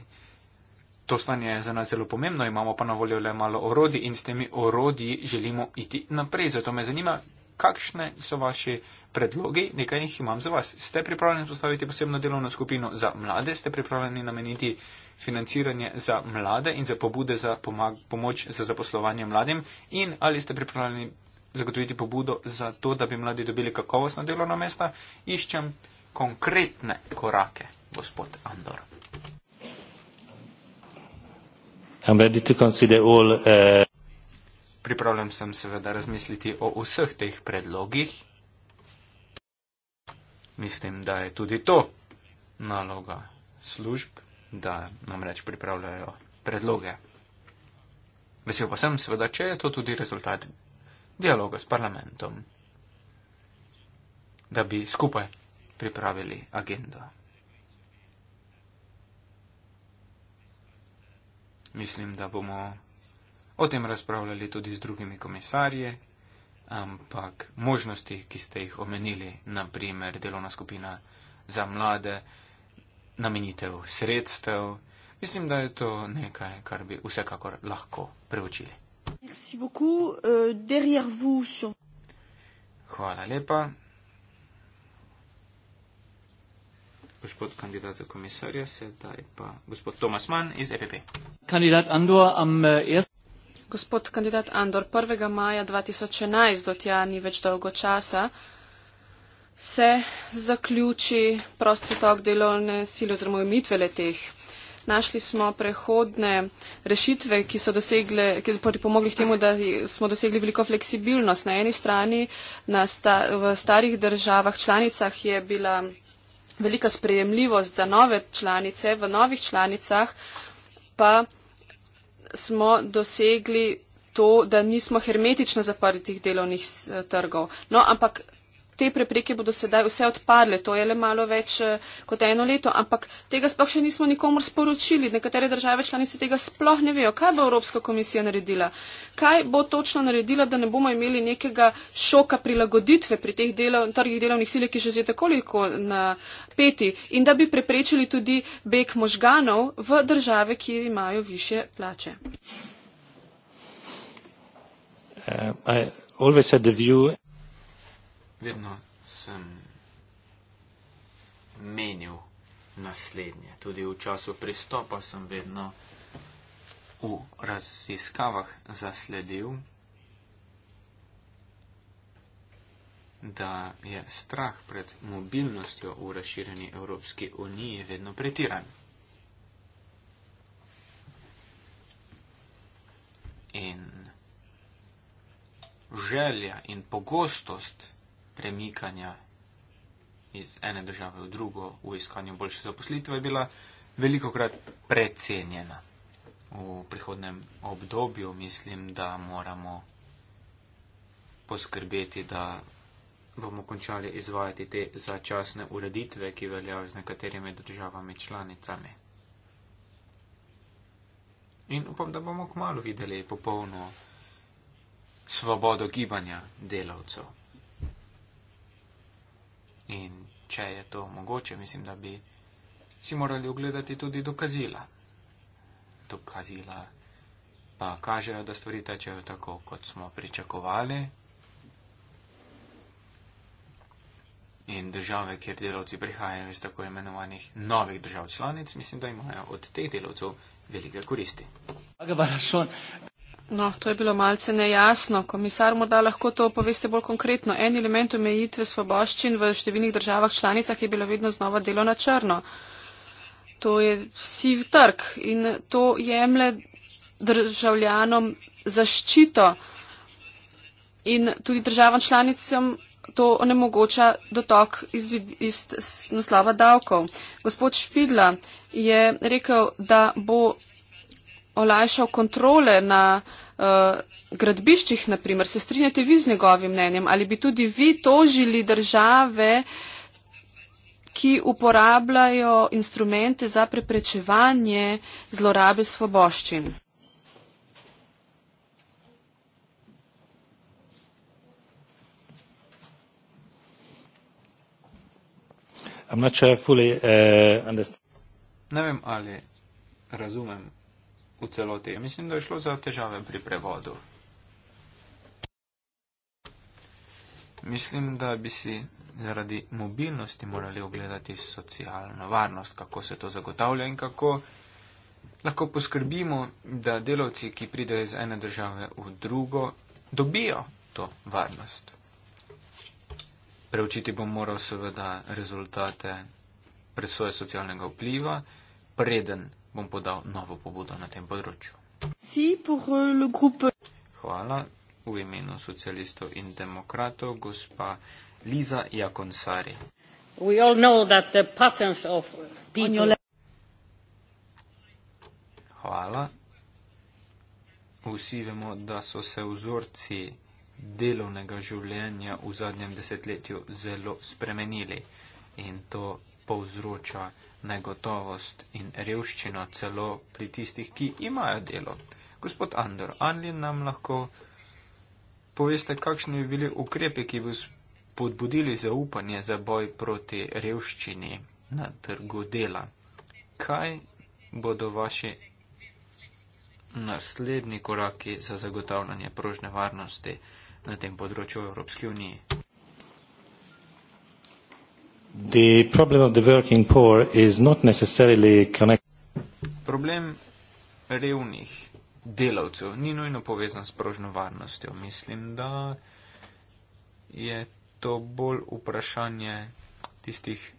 To stanje je za nas zelo pomembno, imamo pa na voljo le malo orodij in s temi orodji želimo iti naprej. Zato me zanima, kakšne so vaši predlogi, nekaj jih imam za vas. Ste pripravljeni postaviti posebno delovno skupino za mlade, ste pripravljeni nameniti financiranje za mlade in za pobude za pomag, pomoč za zaposlovanje mladim in ali ste pripravljeni zagotoviti pobudo za to, da bi mladi dobili kakovostna delovna mesta, iščem konkretne korake, gospod Andor. All, uh... Pripravljam sem seveda razmisliti o vseh teh predlogih. Mislim, da je tudi to naloga služb, da namreč pripravljajo predloge. Vesel pa sem seveda, če je to tudi rezultat dialoga s parlamentom, da bi skupaj pripravili agendo. Mislim, da bomo o tem razpravljali tudi z drugimi komisarji, ampak možnosti, ki ste jih omenili, naprimer delovna skupina za mlade, namenitev sredstev, mislim, da je to nekaj, kar bi vsekakor lahko preučili. Euh, Hvala lepa. gospod kandidat za komisarja, sedaj pa gospod Tomas Mann iz EPP. Kandidat Andor, am jaz. Eh, gospod kandidat Andor, 1. maja 2011, do tja ni več dolgo časa, se zaključi prosti tok delovne sile oziroma umitve letih. Našli smo prehodne rešitve, ki so dosegle, ki so pripomogli k temu, da smo dosegli veliko fleksibilnost. Na eni strani na sta, v starih državah, članicah je bila velika sprejemljivost za nove članice, v novih članicah pa smo dosegli to, da nismo hermetično zaprtih delovnih trgov. No, ampak te prepreke bodo sedaj vse odpadle, to je le malo več eh, kot eno leto, ampak tega sploh še nismo nikomor sporočili. Nekatere države članice tega sploh ne vejo, kaj bo Evropska komisija naredila, kaj bo točno naredila, da ne bomo imeli nekega šoka prilagoditve pri teh delov, trgih delovnih sile, ki že je takoliko napeti in da bi preprečili tudi beg možganov v države, ki imajo više plače. Uh, I always had the view vedno sem menil naslednje. Tudi v času pristopa sem vedno v raziskavah zasledil, da je strah pred mobilnostjo v razširjeni Evropski uniji vedno pretiran. In želja in pogostost premikanja iz ene države v drugo v iskanju boljše zaposlitve bila veliko krat precenjena. V prihodnem obdobju mislim, da moramo poskrbeti, da bomo končali izvajati te začasne ureditve, ki veljajo z nekaterimi državami članicami. In upam, da bomo kmalo videli popolno svobodo gibanja delavcev. In če je to mogoče, mislim, da bi si morali ogledati tudi dokazila. Dokazila pa kažejo, da stvari tečejo tako, kot smo pričakovali. In države, kjer delavci prihajajo iz tako imenovanih novih držav članic, mislim, da imajo od teh delavcev velike koristi. No, to je bilo malce nejasno. Komisar, morda lahko to poveste bolj konkretno. En element omejitve svoboščin v številnih državah članicah je bilo vedno znova delo na črno. To je siv trg in to jemlje državljanom zaščito in tudi državam članicam to onemogoča dotok iz, iz, iz naslova davkov. Gospod Špidla je rekel, da bo olajšal kontrole na uh, gradbiščih, naprimer, se strinjate vi z njegovim mnenjem ali bi tudi vi tožili države, ki uporabljajo instrumente za preprečevanje zlorabe svoboščin? Sure fully, uh, ne vem, ali razumem v celoti. Ja, mislim, da je šlo za težave pri prevodu. Mislim, da bi si zaradi mobilnosti morali ogledati socialno varnost, kako se to zagotavlja in kako lahko poskrbimo, da delavci, ki pridejo iz ene države v drugo, dobijo to varnost. Preučiti bom moral seveda rezultate presoje socialnega vpliva, preden bom podal novo pobudo na tem področju. Euh, Hvala v imenu socialistov in demokratov, gospa Liza Jakonsari. Hvala. Vsi vemo, da so se vzorci delovnega življenja v zadnjem desetletju zelo spremenili in to povzroča negotovost in revščino celo pri tistih, ki imajo delo. Gospod Andor, ali nam lahko poveste, kakšni bi bili ukrepi, ki bi spodbudili zaupanje za boj proti revščini na trgu dela? Kaj bodo vaši naslednji koraki za zagotavljanje prožne varnosti na tem področju Evropske unije? The problem of the working poor is not necessarily connected. Problem revnih delavcev ni nujno povezan s prožno varnostjo. Mislim, da je to bolj vprašanje tistih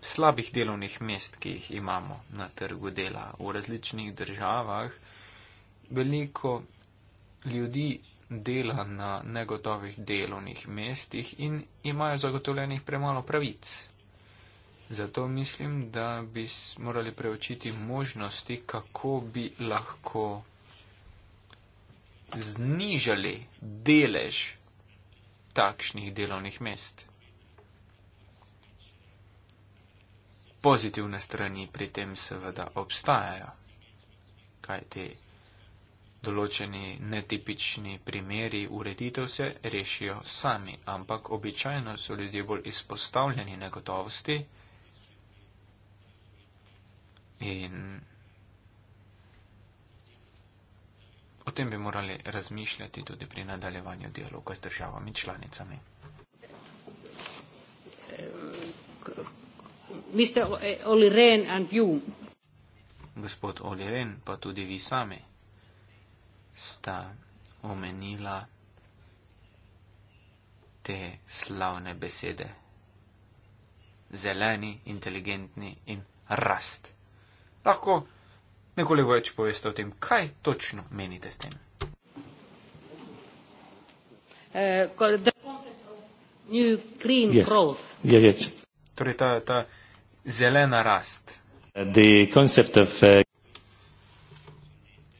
slabih delovnih mest, ki jih imamo na trgu dela. V različnih državah veliko ljudi dela na negotovih delovnih mestih in imajo zagotovljenih premalo pravic. Zato mislim, da bi morali preučiti možnosti, kako bi lahko znižali delež takšnih delovnih mest. Pozitivne strani pri tem seveda obstajajo, kaj te Določeni netipični primeri ureditev se rešijo sami, ampak običajno so ljudje bolj izpostavljeni negotovosti in o tem bi morali razmišljati tudi pri nadaljevanju dialoga z državami članicami. Gospod Oliren, pa tudi vi sami sta omenila te slavne besede. Zeleni, inteligentni in rast. Lahko nekoliko več poveste o tem, kaj točno menite s tem. Uh, New green yes. growth. Yes, yes. Torej ta, ta zelena rast. Uh, the concept of uh... Eh,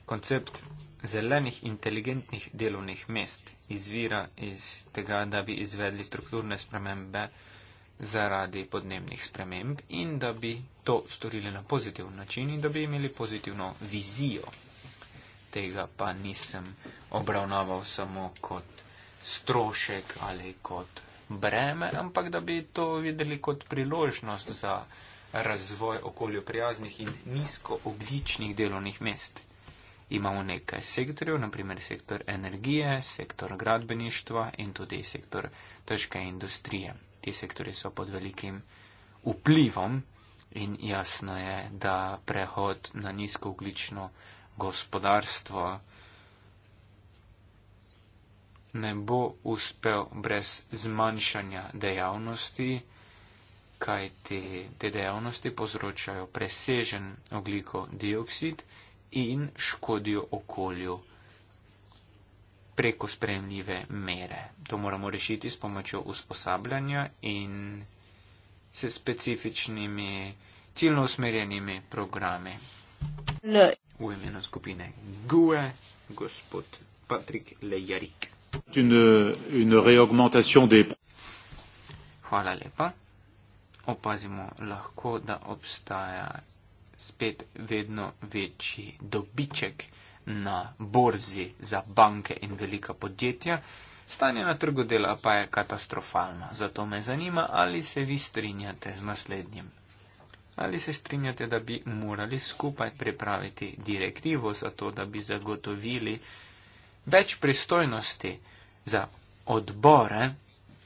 concept zelenih inteligentnih delovnih mest izvira iz tega, da bi izvedli strukturne spremembe zaradi podnebnih sprememb in da bi to storili na pozitiv način in da bi imeli pozitivno vizijo. Tega pa nisem obravnaval samo kot strošek ali kot breme, ampak da bi to videli kot priložnost za razvoj okoljoprijaznih in nizkoogličnih delovnih mest imamo nekaj sektorjev, naprimer sektor energije, sektor gradbeništva in tudi sektor težke industrije. Ti sektori so pod velikim vplivom in jasno je, da prehod na nizkooglično gospodarstvo ne bo uspel brez zmanjšanja dejavnosti, kaj te, te dejavnosti povzročajo presežen ogliko dioksid in škodijo okolju preko spremljive mere. To moramo rešiti s pomočjo usposabljanja in se specifičnimi ciljno usmerjenimi programi. V imenu skupine GUE, gospod Patrik Lejarik. Hvala lepa. Opazimo lahko, da obstaja spet vedno večji dobiček na borzi za banke in velika podjetja. Stanje na trgu dela pa je katastrofalno. Zato me zanima, ali se vi strinjate z naslednjim. Ali se strinjate, da bi morali skupaj pripraviti direktivo za to, da bi zagotovili več pristojnosti za odbore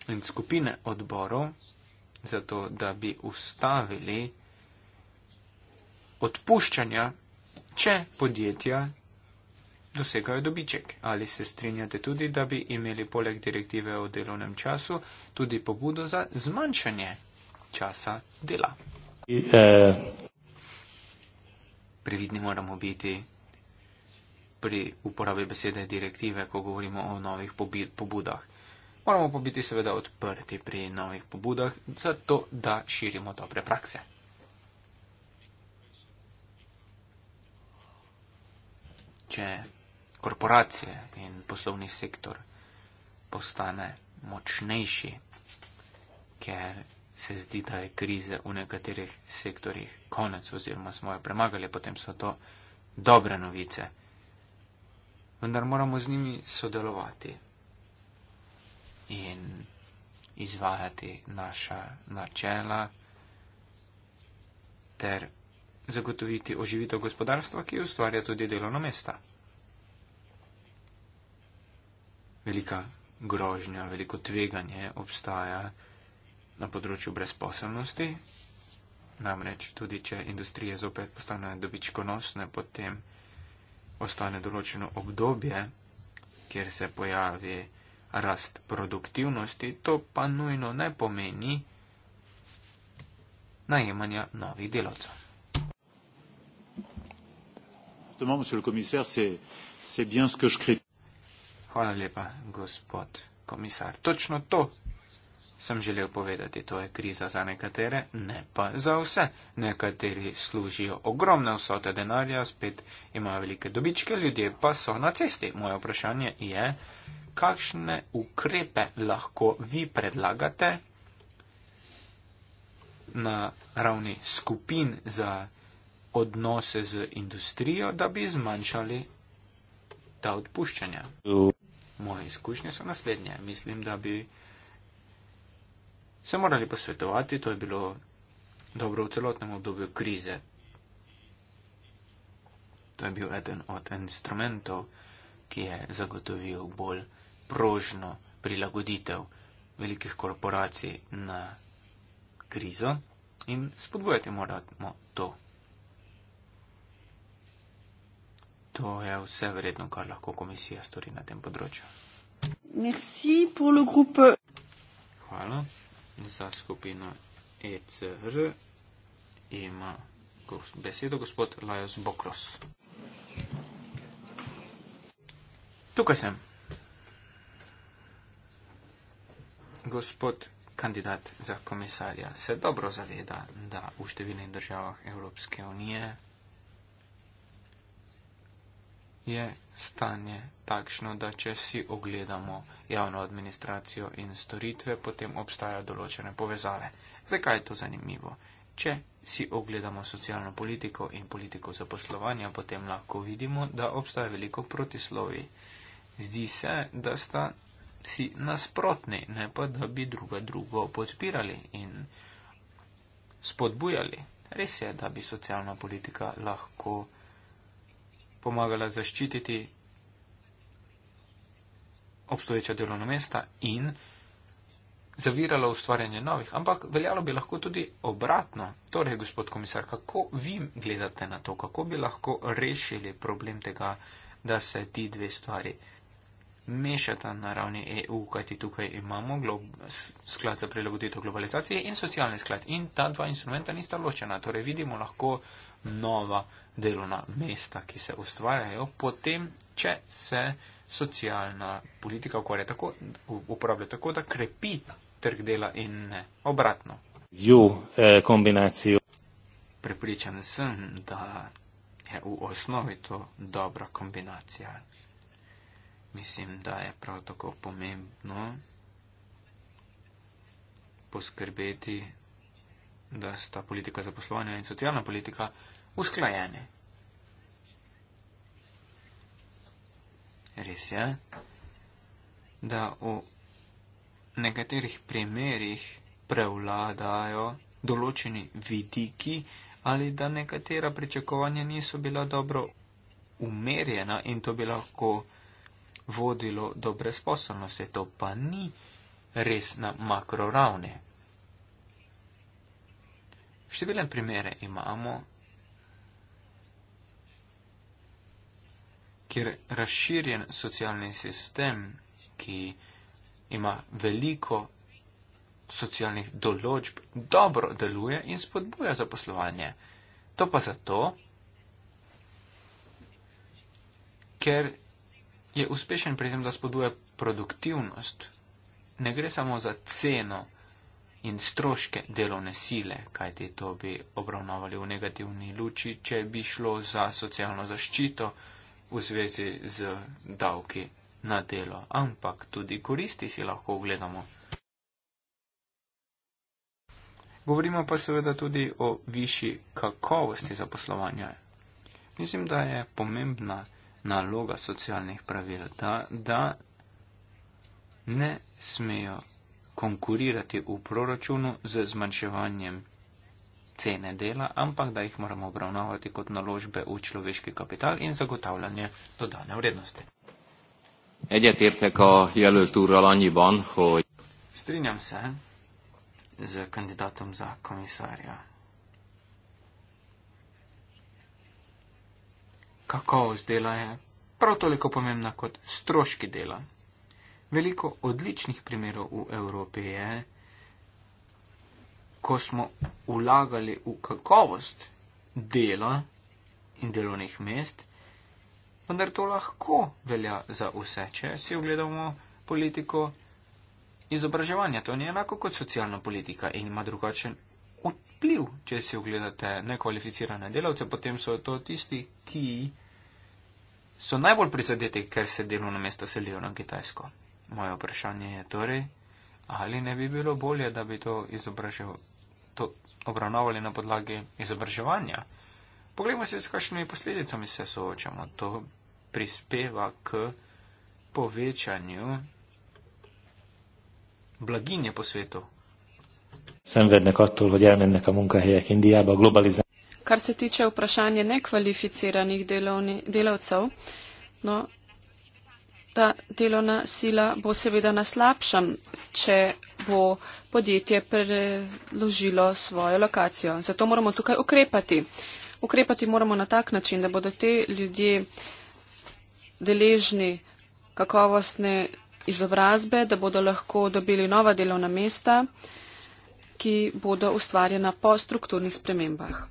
in skupine odborov, zato da bi ustavili odpuščanja, če podjetja dosegajo dobiček. Ali se strinjate tudi, da bi imeli poleg direktive o delovnem času tudi pobudo za zmanjšanje časa dela? Previdni moramo biti pri uporabi besede direktive, ko govorimo o novih pobudah. Moramo pa biti seveda odprti pri novih pobudah, zato da širimo dobre prakse. če korporacije in poslovni sektor postane močnejši, ker se zdi, da je krize v nekaterih sektorjih konec oziroma smo jo premagali, potem so to dobre novice. Vendar moramo z njimi sodelovati in izvajati naša načela ter zagotoviti oživitev gospodarstva, ki ustvarja tudi delovno mesta. Velika grožnja, veliko tveganje obstaja na področju brezposobnosti. Namreč tudi, če industrije zopet postanejo dobičkonosne, potem ostane določeno obdobje, kjer se pojavi rast produktivnosti, to pa nujno ne pomeni najemanja novih delavcev comportement, monsieur le commissaire, c'est bien ce que je crée. Hvala lepa, gospod komisar. Točno to sem želel povedati. To je kriza za nekatere, ne pa za vse. Nekateri služijo ogromne vsote denarja, spet imajo velike dobičke, ljudje pa so na cesti. Moje vprašanje je, kakšne ukrepe lahko vi predlagate na ravni skupin za odnose z industrijo, da bi zmanjšali ta odpuščanja. Moje izkušnje so naslednje. Mislim, da bi se morali posvetovati, to je bilo dobro v celotnem obdobju krize. To je bil eden od instrumentov, ki je zagotovil bolj prožno prilagoditev velikih korporacij na krizo in spodbujati moramo to. To je vse vredno, kar lahko komisija stori na tem področju. Hvala za skupino ECR. Ima besedo gospod Lajos Bokros. Tukaj sem. Gospod kandidat za komisarja se dobro zaveda, da v številnih državah Evropske unije je stanje takšno, da če si ogledamo javno administracijo in storitve, potem obstajajo določene povezave. Zakaj je to zanimivo? Če si ogledamo socialno politiko in politiko zaposlovanja, potem lahko vidimo, da obstaja veliko protislovi. Zdi se, da sta si nasprotni, ne pa da bi druga drugo podpirali in spodbujali. Res je, da bi socialna politika lahko pomagala zaščititi obstoječa delovna mesta in zavirala ustvarjanje novih. Ampak veljalo bi lahko tudi obratno. Torej, gospod komisar, kako vi gledate na to, kako bi lahko rešili problem tega, da se ti dve stvari mešata na ravni EU, kajti tukaj imamo glob, sklad za prilagoditev globalizacije in socialni sklad. In ta dva instrumenta nista ločena. Torej, vidimo lahko nova delovna mesta, ki se ustvarjajo, potem, če se socialna politika ukvarja tako, uporablja tako, da krepi trg dela in ne obratno. Ju eh, kombinacijo. Pripričan sem, da je v osnovi to dobra kombinacija. Mislim, da je prav tako pomembno poskrbeti da sta politika zaposlovanja in socialna politika usklajene. Res je, da v nekaterih primerjih prevladajo določeni vidiki ali da nekatera pričakovanja niso bila dobro umerjena in to bi lahko vodilo do brezposobnosti. To pa ni res na makroravne. Številne primere imamo, kjer razširjen socialni sistem, ki ima veliko socialnih določb, dobro deluje in spodbuja zaposlovanje. To pa zato, ker je uspešen pri tem, da spodbuja produktivnost. Ne gre samo za ceno in stroške delovne sile, kajti to bi obravnavali v negativni luči, če bi šlo za socialno zaščito v zvezi z davki na delo. Ampak tudi koristi si lahko ogledamo. Govorimo pa seveda tudi o višji kakovosti zaposlovanja. Mislim, da je pomembna naloga socialnih pravil ta, da ne smejo konkurirati v proračunu z zmanjševanjem cene dela, ampak da jih moramo obravnavati kot naložbe v človeški kapital in zagotavljanje dodane vrednosti. Strinjam se z kandidatom za komisarja. Kakovost dela je prav toliko pomembna kot stroški dela. Veliko odličnih primerov v Evropi je, ko smo vlagali v kakovost dela in delovnih mest, vendar to lahko velja za vse, če si ogledamo politiko izobraževanja. To ni enako kot socialna politika in ima drugačen vpliv, če si ogledate nekvalificirane delavce, potem so to tisti, ki so najbolj prizadeti, ker se delovna mesta selijo na Kitajsko. Moje vprašanje je torej, ali ne bi bilo bolje, da bi to, to obravnavali na podlagi izobraževanja? Poglejmo se, s kakšnimi posledicami se soočamo. To prispeva k povečanju blaginje po svetu. Kar se tiče vprašanja nekvalificiranih delovcev, no, ta delovna sila bo seveda na slabšem, če bo podjetje preložilo svojo lokacijo. Zato moramo tukaj ukrepati. Ukrepati moramo na tak način, da bodo te ljudje deležni kakovostne izobrazbe, da bodo lahko dobili nova delovna mesta, ki bodo ustvarjena po strukturnih spremembah.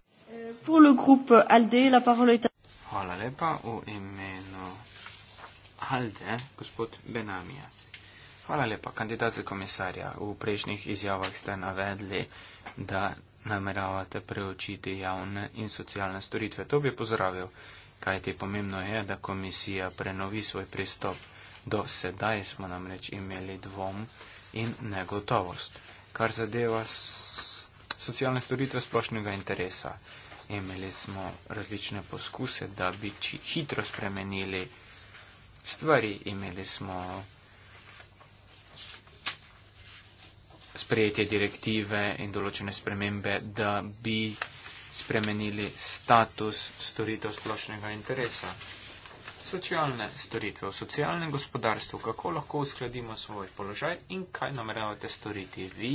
Hvala lepa v imenu Alde, gospod Benamija. Hvala lepa, kandidat za komisarja. V prejšnjih izjavah ste navedli, da nameravate preučiti javne in socialne storitve. To bi pozdravil, kajti pomembno je, da komisija prenovi svoj pristop. Do sedaj smo namreč imeli dvom in negotovost, kar zadeva socialne storitve splošnega interesa. Imeli smo različne poskuse, da bi hitro spremenili stvari. Imeli smo sprejetje direktive in določene spremembe, da bi spremenili status storitev splošnega interesa. Socialne storitve v socialnem gospodarstvu, kako lahko uskladimo svoj položaj in kaj nameravate storiti vi.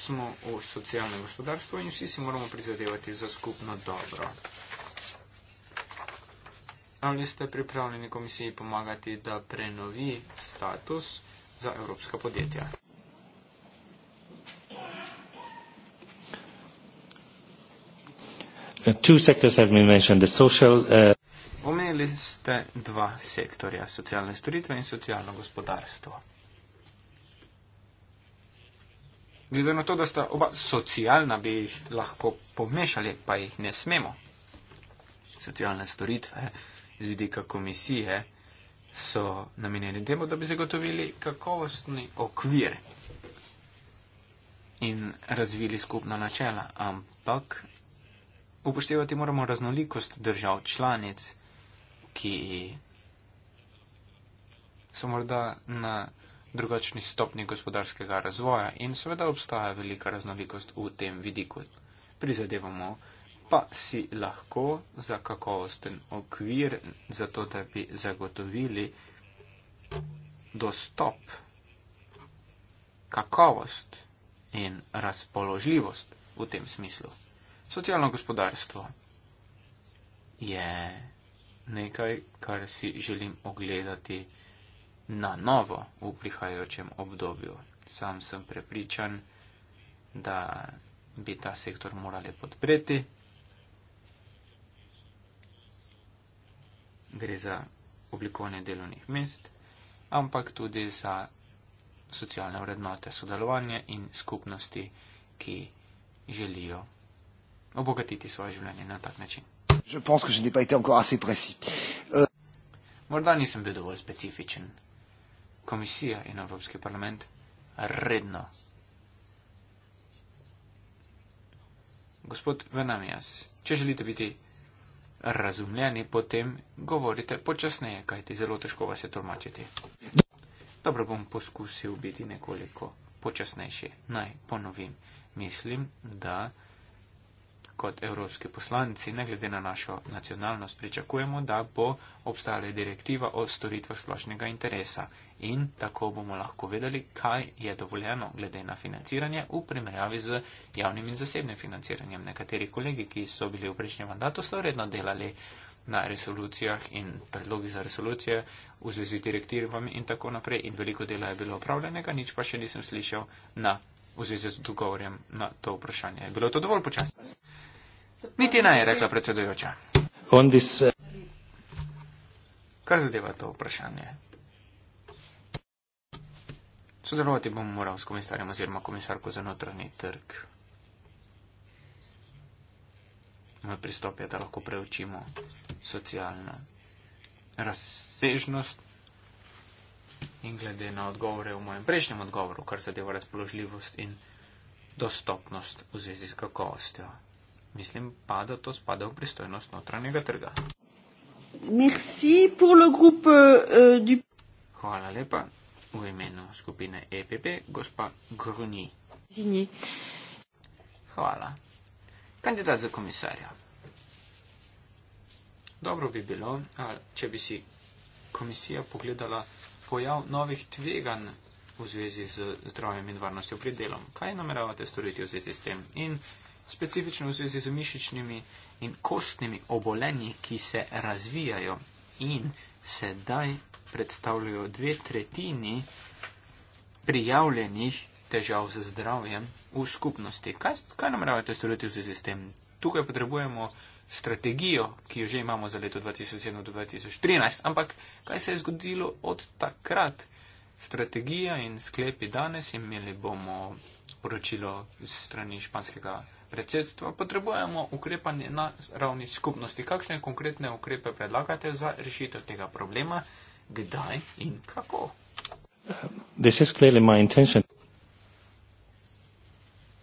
Smo v socialnem gospodarstvu in vsi si moramo prizadevati za skupno dobro. Ali ste pripravljeni komisiji pomagati, da prenovi status za evropska podjetja? Uh, uh, Omenili ste dva sektorja, socialne storitve in socialno gospodarstvo. Glede na to, da sta oba socialna, bi jih lahko pomešali, pa jih ne smemo. Socialne storitve z vidika komisije so namenjeni temu, da bi zagotovili kakovostni okvir in razvili skupna načela. Ampak upoštevati moramo raznolikost držav članic, ki so morda na drugačni stopni gospodarskega razvoja in seveda obstaja velika raznolikost v tem vidiku. Prizadevamo pa si lahko za kakovosten okvir, zato da bi zagotovili dostop, kakovost in razpoložljivost v tem smislu. Socialno gospodarstvo je nekaj, kar si želim ogledati na novo v prihajajočem obdobju. Sam sem prepričan, da bi ta sektor morali podpreti. gre za oblikovanje delovnih mest, ampak tudi za socialne vrednote sodelovanja in skupnosti, ki želijo obogatiti svoje življenje na tak način. Euh, Morda nisem bil dovolj specifičen. Komisija in Evropski parlament redno. Gospod Venamijas, če želite biti razumljeni, potem govorite počasneje, kajti zelo težko vas je tolmačiti. Dobro, bom poskusil biti nekoliko počasnejši. Naj ponovim. Mislim, da kot evropski poslanci, ne glede na našo nacionalnost, pričakujemo, da bo obstajala direktiva o storitvah splošnega interesa in tako bomo lahko vedeli, kaj je dovoljeno glede na financiranje v primerjavi z javnim in zasebnim financiranjem. Nekateri kolegi, ki so bili v prejšnjem mandatu, so redno delali na resolucijah in predlogi za resolucije v zvezi z direktivami in tako naprej in veliko dela je bilo opravljenega, nič pa še nisem slišal na. V zvezi z dogovorjem na to vprašanje. Je bilo to dovolj počasno? Niti naj, je rekla predsedujoča. Uh, kar zadeva to vprašanje? Sodelovati bom moral s komisarjem oziroma komisarko za notranji trg. Moj pristop je, da lahko preučimo socialno razsežnost in glede na odgovore v mojem prejšnjem odgovoru, kar zadeva razpoložljivost in dostopnost v zvezi s kakovostjo. Mislim pa, da to spada v pristojnost notranjega trga. Groupe, uh, du... Hvala lepa v imenu skupine EPP, gospa Gruni. Zini. Hvala. Kandidat za komisarja. Dobro bi bilo, če bi si komisija pogledala pojav novih tveganj v zvezi z zdravjem in varnostjo pri delom. Kaj nameravate storiti v zvezi s tem? In specifično v zvezi z mišičnimi in kostnimi obolenji, ki se razvijajo in sedaj predstavljajo dve tretjini prijavljenih težav z zdravjem v skupnosti. Kaj, kaj nameravate storiti v zvezi s tem? Tukaj potrebujemo strategijo, ki jo že imamo za leto 2007-2013, ampak kaj se je zgodilo od takrat? Strategija in sklepi danes imeli bomo poročilo strani španskega predsedstva potrebujemo ukrepanje na ravni skupnosti. Kakšne konkretne ukrepe predlagate za rešitev tega problema, kdaj in kako?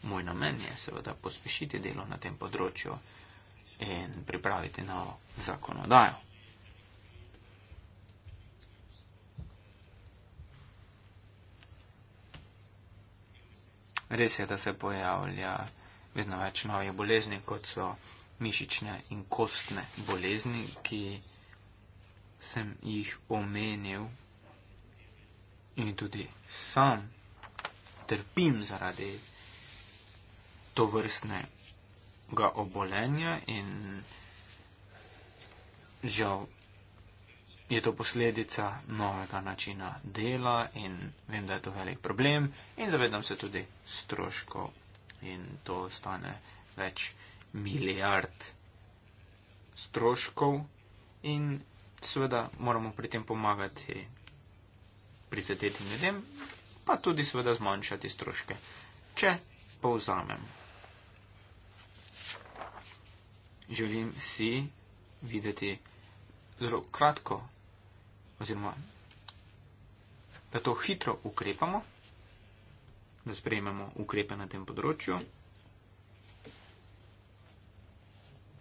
Moj namen je seveda pospešiti delo na tem področju in pripraviti novo zakonodajo. Res je, da se pojavlja vedno več novih bolezni, kot so mišične in kostne bolezni, ki sem jih omenil in tudi sam trpim zaradi to vrstnega obolenja in žal je to posledica novega načina dela in vem, da je to velik problem in zavedam se tudi stroškov in to stane več milijard stroškov in seveda moramo pri tem pomagati prizadetim ljudem, pa tudi seveda zmanjšati stroške. Če povzamem. Želim si videti zelo kratko oziroma da to hitro ukrepamo da sprejmemo ukrepe na tem področju.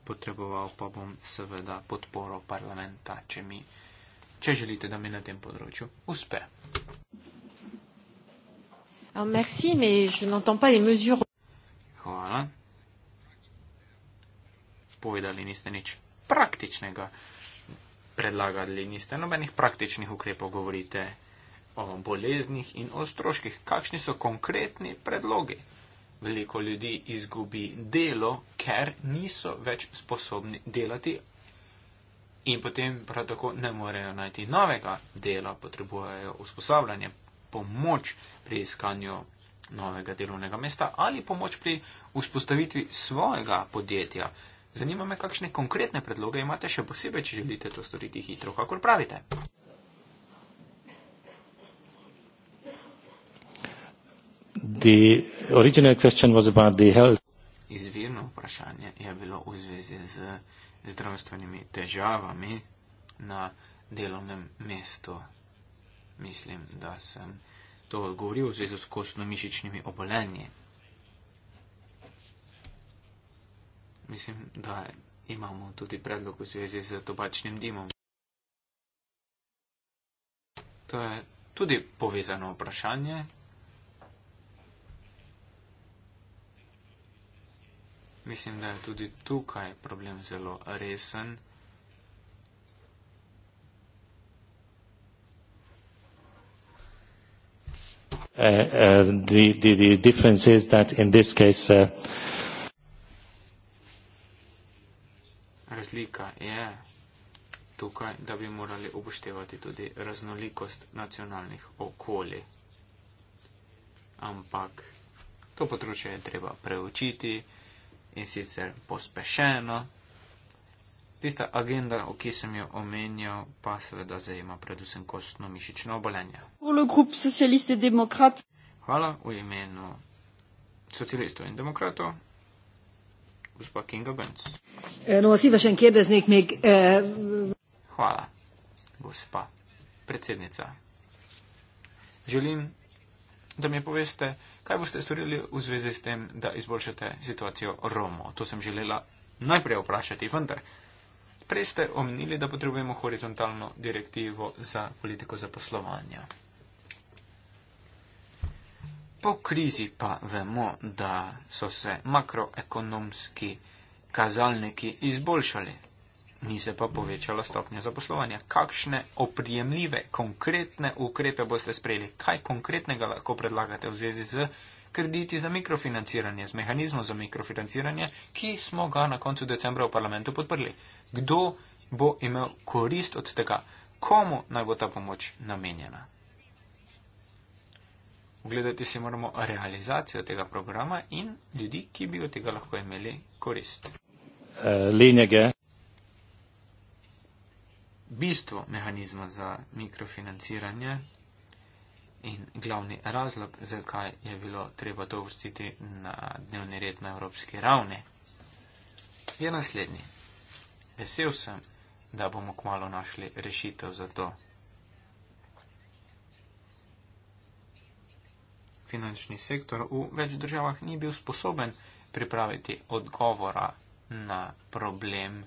Potreboval pa bom seveda podporo parlamenta, če, mi, če želite, da mi na tem področju uspe. Hvala. Povedali niste nič praktičnega, predlagali niste nobenih praktičnih ukrepov, govorite o boleznih in o stroških. Kakšni so konkretni predlogi? Veliko ljudi izgubi delo, ker niso več sposobni delati in potem prav tako ne morejo najti novega dela, potrebujejo usposabljanje, pomoč pri iskanju novega delovnega mesta ali pomoč pri vzpostavitvi svojega podjetja. Zanima me, kakšne konkretne predloge imate, še posebej, če želite to storiti hitro, kakor pravite. The original question was about the health. Izvirno vprašanje je bilo v zvezi z zdravstvenimi težavami na delovnem mestu. Mislim, da sem to odgovoril v zvezi s kostno-mišičnimi obolenji. Mislim, da imamo tudi predlog v zvezi z tobačnim dimom. To je tudi povezano vprašanje. Mislim, da je tudi tukaj problem zelo resen. Uh, uh, the, the, the difference is that in this case uh, Razlika je tukaj, da bi morali upoštevati tudi raznolikost nacionalnih okolij. Ampak to področje je treba preučiti in sicer pospešeno. Tista agenda, o ki sem jo omenjal, pa seveda zajema predvsem kostno-mišično obolenje. Hvala v imenu socialistov in demokratov. Gospod Kinga eh, no, Benz. Eh, Hvala, gospa predsednica. Želim da mi poveste, kaj boste storili v zvezi s tem, da izboljšate situacijo Romo. To sem želela najprej vprašati, vendar. Prej ste omenili, da potrebujemo horizontalno direktivo za politiko zaposlovanja. Po krizi pa vemo, da so se makroekonomski kazalniki izboljšali ni se pa povečala stopnja zaposlovanja. Kakšne oprijemljive, konkretne ukrepe boste sprejeli? Kaj konkretnega lahko predlagate v zvezi z krediti za mikrofinanciranje, z mehanizmom za mikrofinanciranje, ki smo ga na koncu decembra v parlamentu podprli? Kdo bo imel korist od tega? Komu naj bo ta pomoč namenjena? Ugledati si moramo realizacijo tega programa in ljudi, ki bi od tega lahko imeli korist. Uh, bistvo mehanizma za mikrofinanciranje in glavni razlog, zakaj je bilo treba to vrstiti na dnevni red na evropski ravni, je naslednji. Vesel sem, da bomo kmalo našli rešitev za to. Finančni sektor v več državah ni bil sposoben pripraviti odgovora na problem,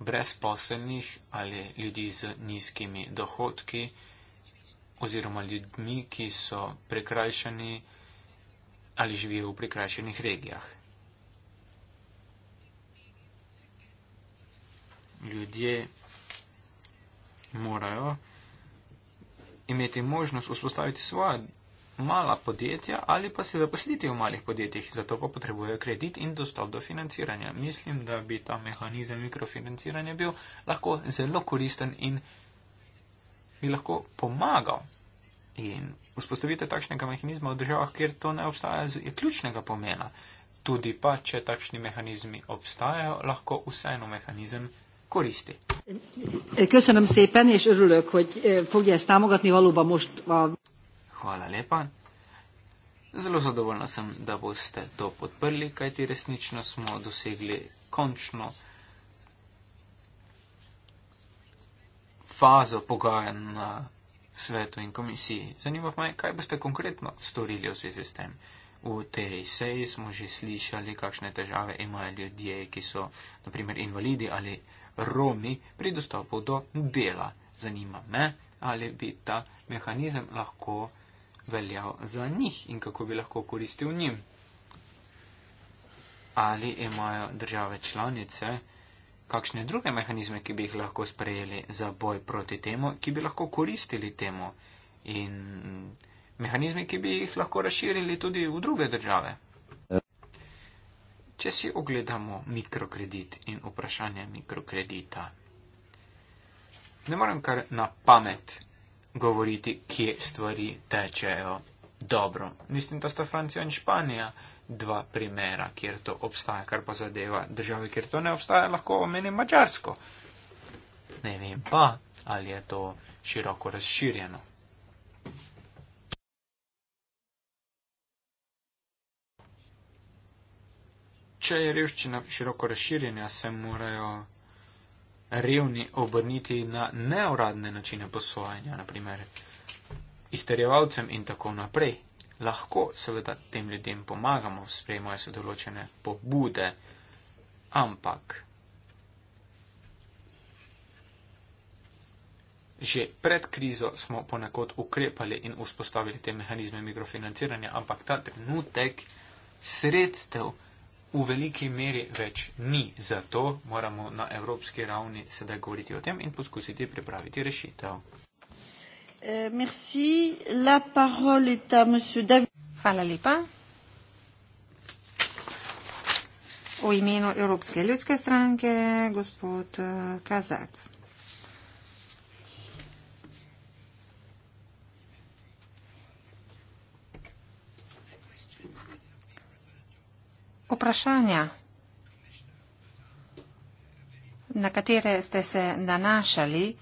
brezposelnih ali ljudi z nizkimi dohodki oziroma ljudmi, ki so prekrajšani ali živijo v prekrajšanih regijah. Ljudje morajo imeti možnost vzpostaviti svoja mala podjetja ali pa se zaposliti v malih podjetjih. Zato pa potrebujejo kredit in dostop do financiranja. Mislim, da bi ta mehanizem mikrofinanciranja bil lahko zelo koristen in bi lahko pomagal. In vzpostavitev takšnega mehanizma v državah, kjer to ne obstaja, je ključnega pomena. Tudi pa, če takšni mehanizmi obstajajo, lahko vseeno mehanizem koristi. Köszönöm szépen, és örülök, hogy eh, fogja ezt támogatni valóban most a... Hvala lepa. Zelo zadovoljna sem, da boste to podprli, kajti resnično smo dosegli končno fazo pogajanj na svetu in komisiji. Zanima me, kaj boste konkretno storili v zvezi s tem. V tej seji smo že slišali, kakšne težave imajo ljudje, ki so naprimer invalidi ali romi pri dostopu do dela. Zanima me, ali bi ta mehanizem lahko veljal za njih in kako bi lahko koristil njim. Ali imajo države članice kakšne druge mehanizme, ki bi jih lahko sprejeli za boj proti temu, ki bi lahko koristili temu in mehanizme, ki bi jih lahko razširili tudi v druge države? Če si ogledamo mikrokredit in vprašanje mikrokredita, ne morem kar na pamet govoriti, kje stvari tečejo dobro. Mislim, da sta Francija in Španija dva primera, kjer to obstaja, kar pa zadeva države, kjer to ne obstaja, lahko omenim Mačarsko. Ne vem pa, ali je to široko razširjeno. Če je revščina široko razširjena, se morajo revni obrniti na neuradne načine posojanja, naprimer izterjevalcem in tako naprej. Lahko seveda tem ljudem pomagamo, sprejmajo se določene pobude, ampak že pred krizo smo ponekod ukrepali in vzpostavili te mehanizme mikrofinanciranja, ampak ta trenutek sredstev, v veliki meri več ni. Zato moramo na evropski ravni sedaj govoriti o tem in poskusiti pripraviti rešitev. Eh, Hvala lepa. V imenu Evropske ljudske stranke, gospod eh, Kazak. vprašanja, na katere ste se nanašali,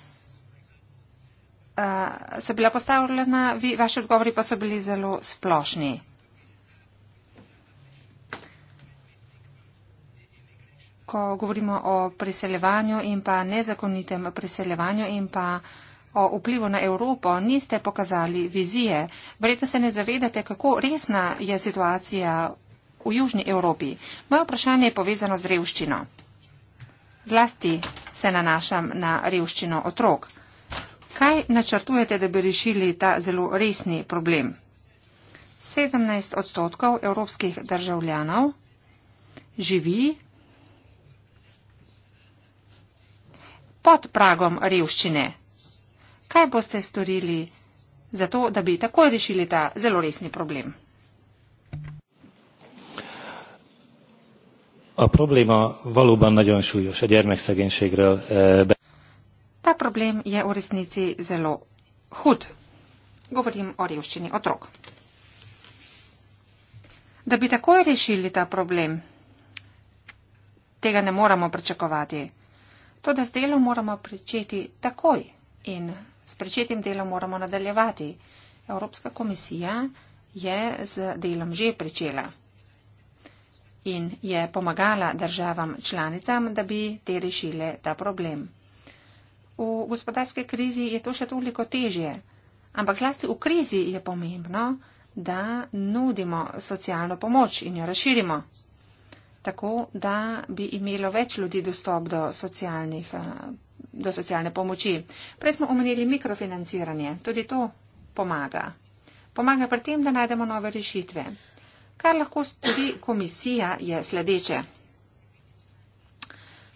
eh, so bila postavljena, vi, vaši odgovori pa so bili zelo splošni. Ko govorimo o priseljevanju in pa nezakonitem priseljevanju in pa o vplivu na Evropo, niste pokazali vizije. Verjetno se ne zavedate, kako resna je situacija v Južni Evropi. Moje vprašanje je povezano z revščino. Zlasti se nanašam na revščino otrok. Kaj načrtujete, da bi rešili ta zelo resni problem? 17 odstotkov evropskih državljanov živi pod pragom revščine. Kaj boste storili za to, da bi takoj rešili ta zelo resni problem? A probléma valóban nagyon súlyos, a gyermekszegénységről. Eh, be... Ta problém je v resnici zelo hud. Govorim o revščini otrok. Da bi takoj rešili ta problem, tega ne moramo pričakovati. To, da s delom moramo pričeti takoj in s pričetim delom moramo nadaljevati. Evropska komisija je z delom že pričela in je pomagala državam članicam, da bi te rešile ta problem. V gospodarske krizi je to še toliko težje, ampak zlasti v krizi je pomembno, da nudimo socialno pomoč in jo razširimo, tako da bi imelo več ljudi dostop do, eh, do socialne pomoči. Prej smo omenili mikrofinanciranje, tudi to pomaga. Pomaga pri tem, da najdemo nove rešitve. Kar lahko stori komisija je sledeče.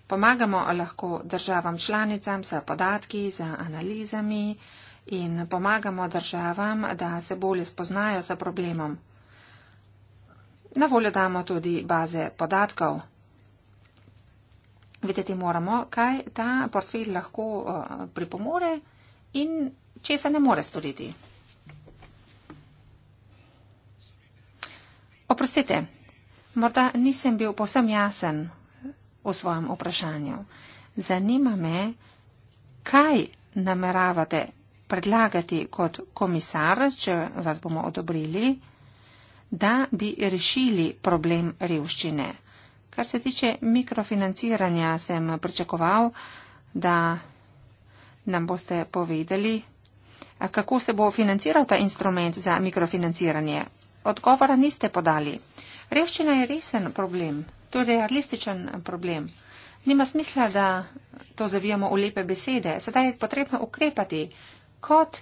Pomagamo lahko državam članicam s podatki, z analizami in pomagamo državam, da se bolje spoznajo s problemom. Na voljo damo tudi baze podatkov. Videti moramo, kaj ta portfelj lahko eh, pripomore in če se ne more storiti. Oprostite, morda nisem bil posem jasen v svojem vprašanju. Zanima me, kaj nameravate predlagati kot komisar, če vas bomo odobrili, da bi rešili problem revščine. Kar se tiče mikrofinanciranja, sem pričakoval, da nam boste povedali, kako se bo financiral ta instrument za mikrofinanciranje. Odgovora niste podali. Revščina je resen problem, tudi torej realističen problem. Nima smisla, da to zavijamo v lepe besede. Sedaj je potrebno ukrepati. Kot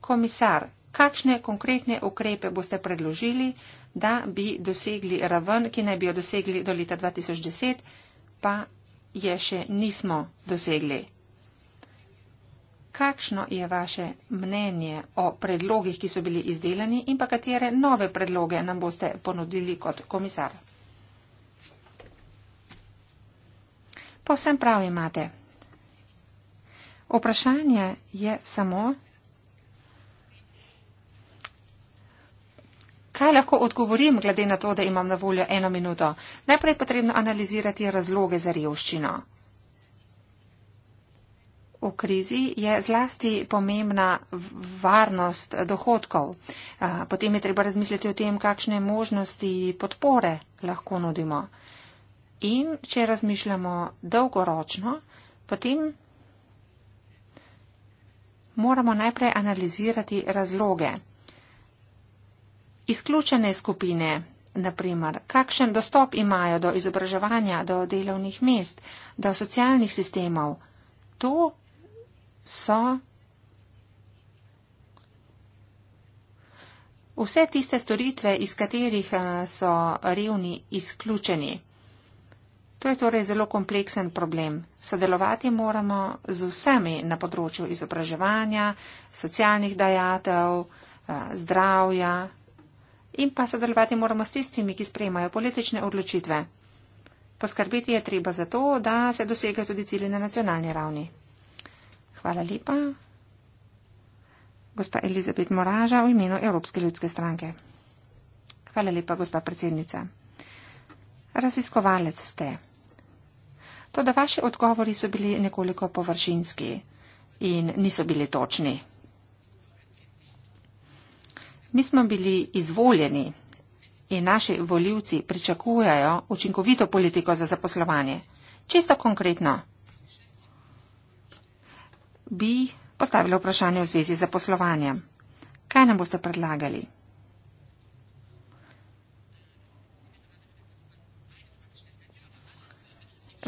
komisar, kakšne konkretne ukrepe boste predložili, da bi dosegli raven, ki naj bi jo dosegli do leta 2010, pa je še nismo dosegli kakšno je vaše mnenje o predlogih, ki so bili izdelani in pa katere nove predloge nam boste ponudili kot komisar. Povsem prav imate. Vprašanje je samo, kaj lahko odgovorim, glede na to, da imam na voljo eno minuto. Najprej je potrebno analizirati razloge za revščino v krizi je zlasti pomembna varnost dohodkov. Potem je treba razmisliti o tem, kakšne možnosti podpore lahko nudimo. In če razmišljamo dolgoročno, potem moramo najprej analizirati razloge. Izključene skupine, naprimer, kakšen dostop imajo do izobraževanja, do delovnih mest, do socialnih sistemov, to so vse tiste storitve, iz katerih eh, so revni izključeni. To je torej zelo kompleksen problem. Sodelovati moramo z vsemi na področju izobraževanja, socialnih dajatev, eh, zdravja in pa sodelovati moramo s tistimi, ki sprejmajo politične odločitve. Poskrbeti je treba za to, da se dosegajo tudi cilji na nacionalni ravni. Hvala lepa. Gospa Elizabet Moraža v imenu Evropske ljudske stranke. Hvala lepa, gospa predsednica. Raziskovalec ste. To, da vaši odgovori so bili nekoliko površinski in niso bili točni. Mi smo bili izvoljeni in naši voljivci pričakujajo učinkovito politiko za zaposlovanje. Čisto konkretno, bi postavila vprašanje v zvezi z poslovanjem. Kaj nam boste predlagali?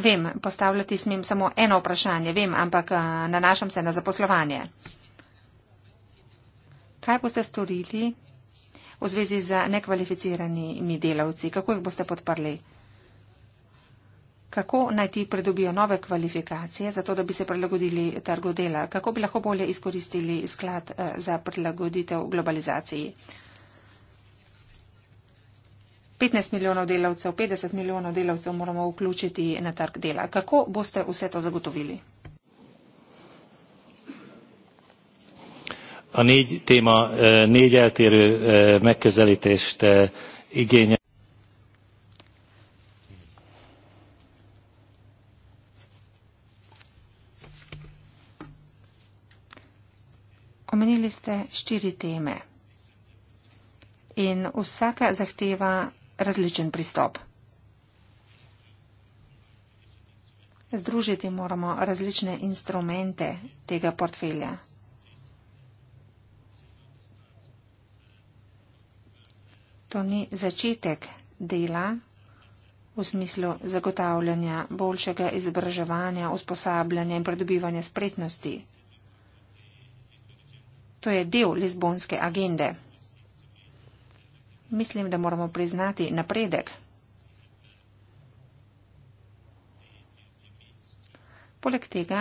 Vem, postavljati smem samo eno vprašanje, vem, ampak eh, nanašam se na zaposlovanje. Kaj boste storili v zvezi z nekvalificiranimi delavci? Kako jih boste podprli? kako naj ti predobijo nove kvalifikacije, zato da bi se prilagodili trgu dela, kako bi lahko bolje izkoristili sklad eh, za prilagoditev globalizaciji. 15 milijonov delavcev, 50 milijonov delavcev moramo vključiti na trg dela. Kako boste vse to zagotovili? A négy téma, eh, négy eltérő eh, megközelítést igényel. omenili ste štiri teme in vsaka zahteva različen pristop. Združiti moramo različne instrumente tega portfelja. To ni začetek dela v smislu zagotavljanja boljšega izobraževanja, usposabljanja in pridobivanja spretnosti. To je del lizbonske agende. Mislim, da moramo priznati napredek. Poleg tega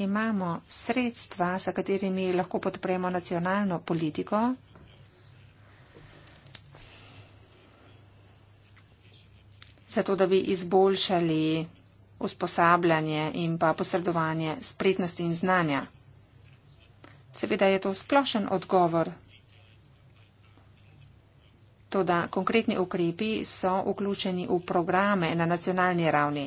imamo sredstva, sa katerimi lahko podpremo nacionalno politiko. zato da bi izboljšali usposabljanje in pa posredovanje spretnosti in znanja. Seveda je to splošen odgovor. Toda konkretni ukrepi so vključeni v programe na nacionalni ravni.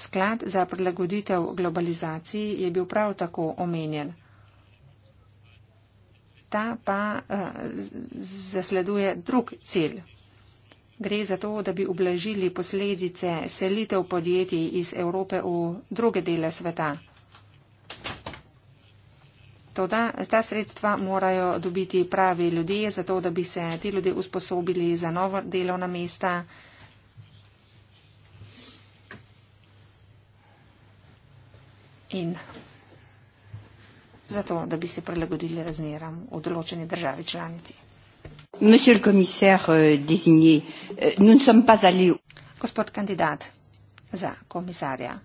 Sklad za prilagoditev globalizaciji je bil prav tako omenjen. Ta pa eh, zasleduje drug cilj. Gre za to, da bi ublažili posledice selitev podjetij iz Evrope v druge dele sveta. Toda ta sredstva morajo dobiti pravi ljudje, zato da bi se ti ljudje usposobili za novo delovna mesta. In zato, da bi se prilagodili razmeram v določeni državi članici. Euh, euh, Gospod kandidat za komisarja,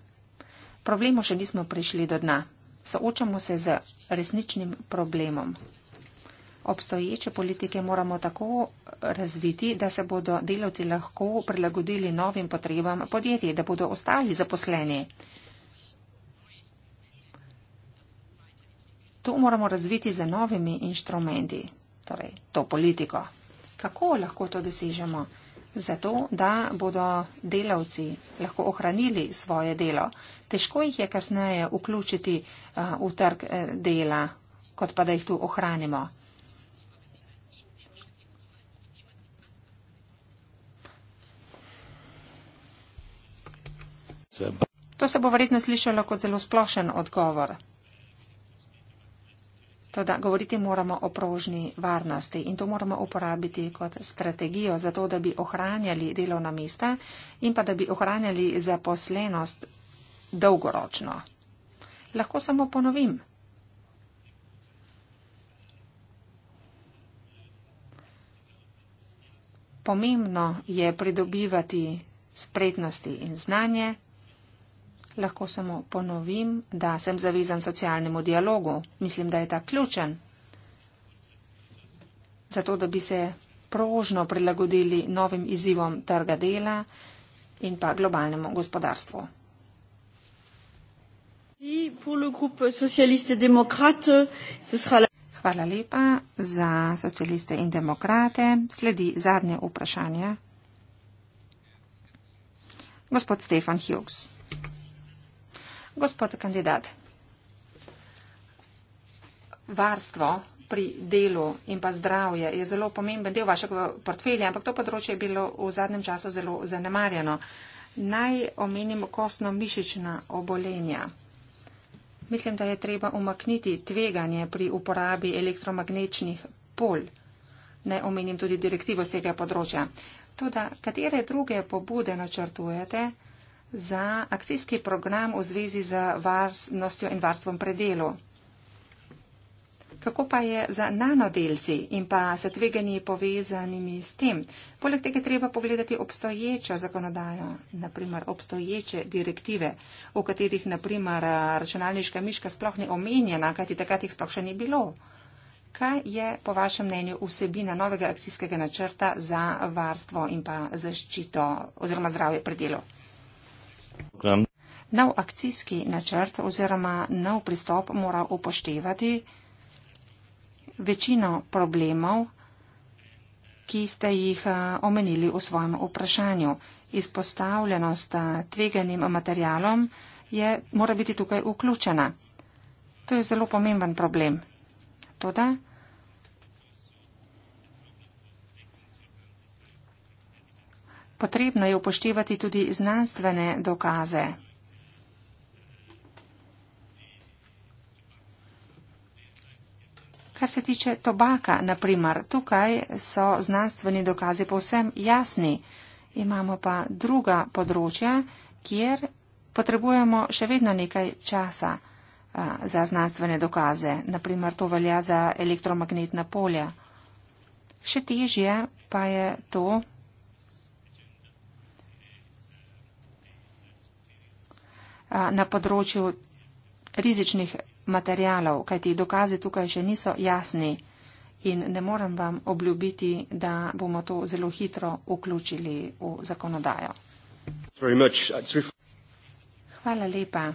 problemu še nismo prišli do dna. Soočamo se z resničnim problemom. Obstoječe politike moramo tako razviti, da se bodo delavci lahko prilagodili novim potrebam podjetij, da bodo ostali zaposleni. To moramo razviti z novimi inštrumenti, torej to politiko. Kako lahko to dosežemo? zato da bodo delavci lahko ohranili svoje delo. Težko jih je kasneje vključiti eh, v trg eh, dela, kot pa da jih tu ohranimo. To se bo verjetno slišalo kot zelo splošen odgovor. Toda govoriti moramo o prožni varnosti in to moramo uporabiti kot strategijo za to, da bi ohranjali delovna mesta in pa da bi ohranjali zaposlenost dolgoročno. Lahko samo ponovim. Pomembno je pridobivati spretnosti in znanje lahko samo ponovim, da sem zavezan socialnemu dialogu. Mislim, da je ta ključen. Zato, da bi se prožno prilagodili novim izzivom trga dela in pa globalnemu gospodarstvu. Hvala lepa za socialiste in demokrate. Sledi zadnje vprašanje. Gospod Stefan Hughes. Gospod kandidat, varstvo pri delu in pa zdravje je zelo pomemben del vašega portfelja, ampak to področje je bilo v zadnjem času zelo zanemarjeno. Naj omenim kostno-mišična obolenja. Mislim, da je treba umakniti tveganje pri uporabi elektromagnetnih pol. Ne omenim tudi direktivo z tega področja. Tudi, katere druge pobude načrtujete? za akcijski program v zvezi z varnostjo in varstvom predelu. Kako pa je za nanodelci in pa s tveganji povezanimi s tem? Poleg tega treba pogledati obstoječo zakonodajo, naprimer obstoječe direktive, v katerih naprimer računalniška miška sploh ni omenjena, kajti takrat jih sploh še ni bilo. Kaj je po vašem mnenju vsebina novega akcijskega načrta za varstvo in pa zaščito oziroma zdravje predelov? program. Nov akcijski načrt oziroma nov pristop mora upoštevati večino problemov, ki ste jih omenili v svojem vprašanju. Izpostavljenost tveganim materialom je, mora biti tukaj vključena. To je zelo pomemben problem. Toda Potrebno je upoštevati tudi znanstvene dokaze. Kar se tiče tobaka, naprimer, tukaj so znanstveni dokazi povsem jasni. Imamo pa druga področja, kjer potrebujemo še vedno nekaj časa a, za znanstvene dokaze. Naprimer, to velja za elektromagnetna polja. Še težje pa je to, na področju rizičnih materijalov, kajti dokazi tukaj še niso jasni in ne morem vam obljubiti, da bomo to zelo hitro vključili v zakonodajo. Hvala lepa.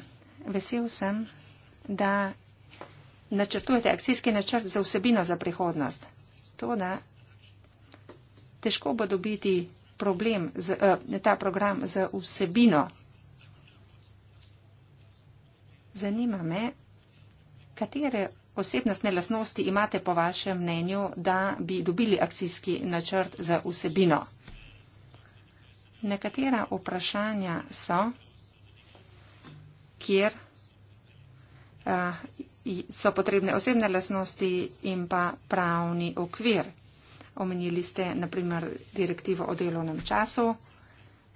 Vesel sem, da načrtujete akcijski načrt za vsebino za prihodnost. To, da težko bo dobiti problem z, eh, ta program z vsebino Zanima me, katere osebnostne lasnosti imate po vašem mnenju, da bi dobili akcijski načrt za vsebino. Nekatera vprašanja so, kjer eh, so potrebne osebne lasnosti in pa pravni okvir. Omenili ste naprimer direktivo o delovnem času,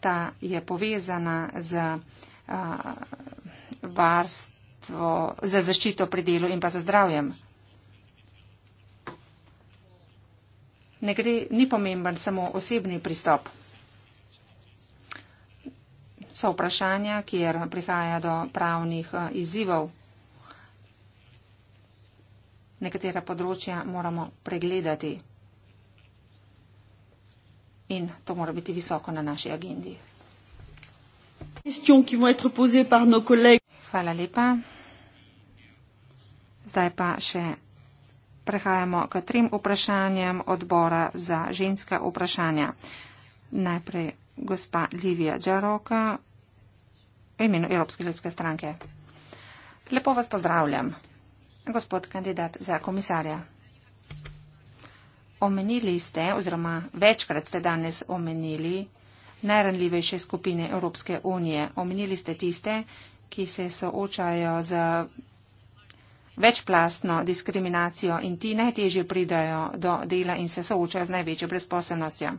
ta je povezana z eh, varstvo, za zaščito pri delu in pa za zdravjem. Ne gre, ni pomemben samo osebni pristop. So vprašanja, kjer prihaja do pravnih eh, izzivov. Nekatera področja moramo pregledati in to mora biti visoko na naši agendi. Hvala lepa. Zdaj pa še prehajamo k trem vprašanjem odbora za ženska vprašanja. Najprej gospa Livija Džaroka, imenu Evropske ljudske stranke. Lepo vas pozdravljam, gospod kandidat za komisarja. Omenili ste, oziroma večkrat ste danes omenili, najranljivejše skupine Evropske unije. Omenili ste tiste, ki se soočajo z večplastno diskriminacijo in ti najtežje pridajo do dela in se soočajo z največjo brezposobnostjo.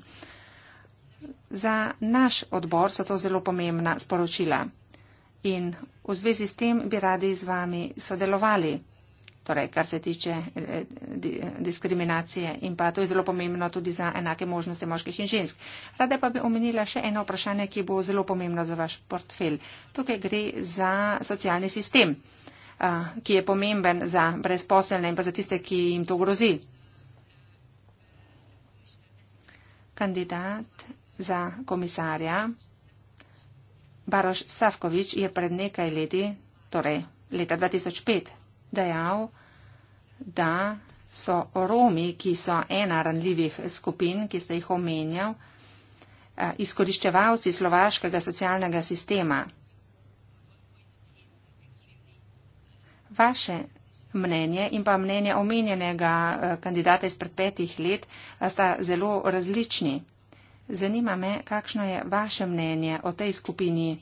Za naš odbor so to zelo pomembna sporočila in v zvezi s tem bi radi z vami sodelovali torej, kar se tiče eh, eh, diskriminacije. In pa to je zelo pomembno tudi za enake možnosti moških in žensk. Rada pa bi omenila še eno vprašanje, ki bo zelo pomembno za vaš portfelj. Tukaj gre za socialni sistem, eh, ki je pomemben za brezposelne in pa za tiste, ki jim to grozi. Kandidat za komisarja Baroš Savkovič je pred nekaj leti, torej leta 2005, dejal, da so Romi, ki so ena ranljivih skupin, ki ste jih omenjal, eh, izkoriščevalci slovaškega socialnega sistema. Vaše mnenje in pa mnenje omenjenega eh, kandidata izpred petih let eh, sta zelo različni. Zanima me, kakšno je vaše mnenje o tej skupini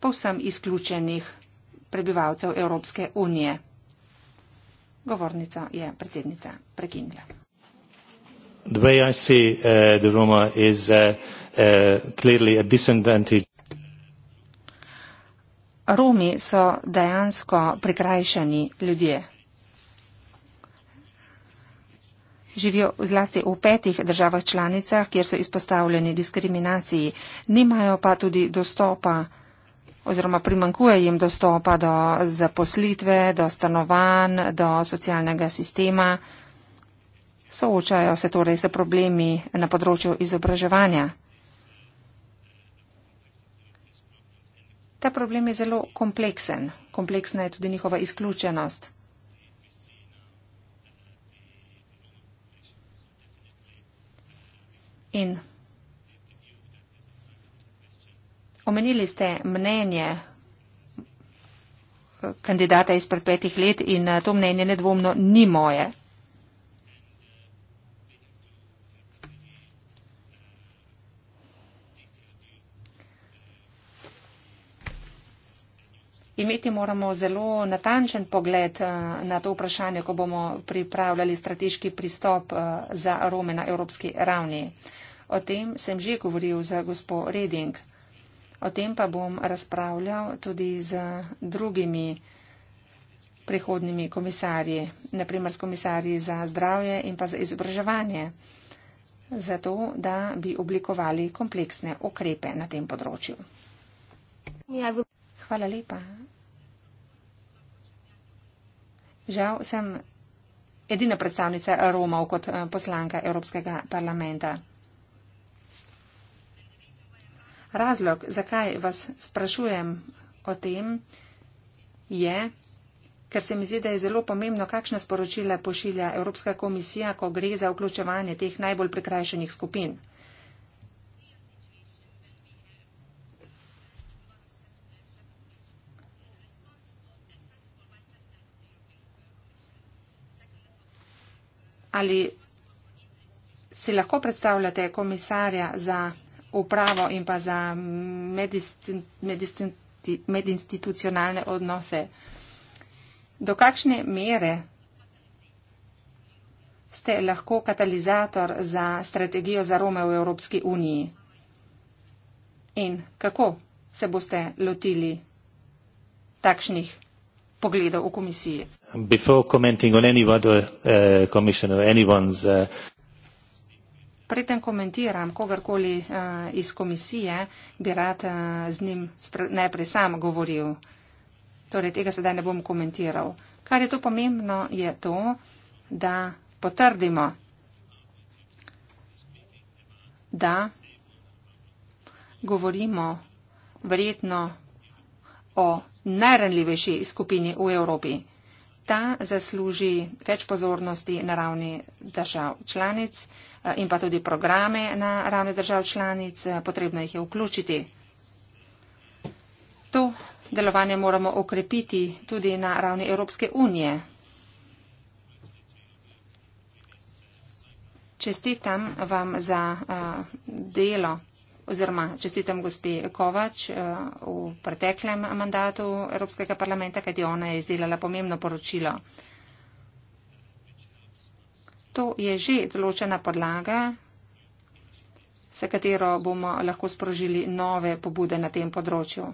povsem izključenih prebivalcev Evropske unije. Govornico je predsednica prekinila. Uh, uh, uh, Romi so dejansko prikrajšani ljudje. Živijo zlasti v petih državah članicah, kjer so izpostavljeni diskriminaciji, nimajo pa tudi dostopa do oziroma primankuje jim dostopa do zaposlitve, do stanovanj, do socialnega sistema. Soočajo se torej s problemi na področju izobraževanja. Ta problem je zelo kompleksen. Kompleksna je tudi njihova izključenost. In Omenili ste mnenje kandidata izpred petih let in eh, to mnenje nedvomno ni moje. Imeti moramo zelo natančen pogled eh, na to vprašanje, ko bomo pripravljali strateški pristop eh, za Rome na evropski ravni. O tem sem že govoril za gospod Reding. O tem pa bom razpravljal tudi z drugimi prihodnimi komisarji, naprimer s komisarji za zdravje in pa za izobraževanje, zato da bi oblikovali kompleksne ukrepe na tem področju. Hvala lepa. Žal sem edina predstavnica Romov kot eh, poslanka Evropskega parlamenta. Razlog, zakaj vas sprašujem o tem, je, ker se mi zdi, da je zelo pomembno, kakšna sporočila pošilja Evropska komisija, ko gre za vključevanje teh najbolj prikrajšenih skupin. Ali si lahko predstavljate komisarja za upravo in pa za medinstitucionalne odnose. Do kakšne mere ste lahko katalizator za strategijo za Rome v Evropski uniji? In kako se boste lotili takšnih pogledov v komisiji? Before commenting on any other uh, commissioner, anyone's uh, Preden komentiram kogarkoli uh, iz komisije, bi rad uh, z njim najprej sam govoril. Torej, tega sedaj ne bom komentiral. Kar je to pomembno, je to, da potrdimo, da govorimo verjetno o najranljivejši skupini v Evropi. Ta zasluži več pozornosti na ravni držav članic. Uh, Eh, in pa tudi programe na ravni držav članic, eh, potrebno jih je vključiti. To delovanje moramo okrepiti tudi na ravni Evropske unije. Čestitam vam za eh, delo oziroma čestitam gospe Kovač v preteklem mandatu Evropskega parlamenta, kajti ona je izdelala pomembno poročilo. To je že določena podlaga, s katero bomo lahko sprožili nove pobude na tem področju.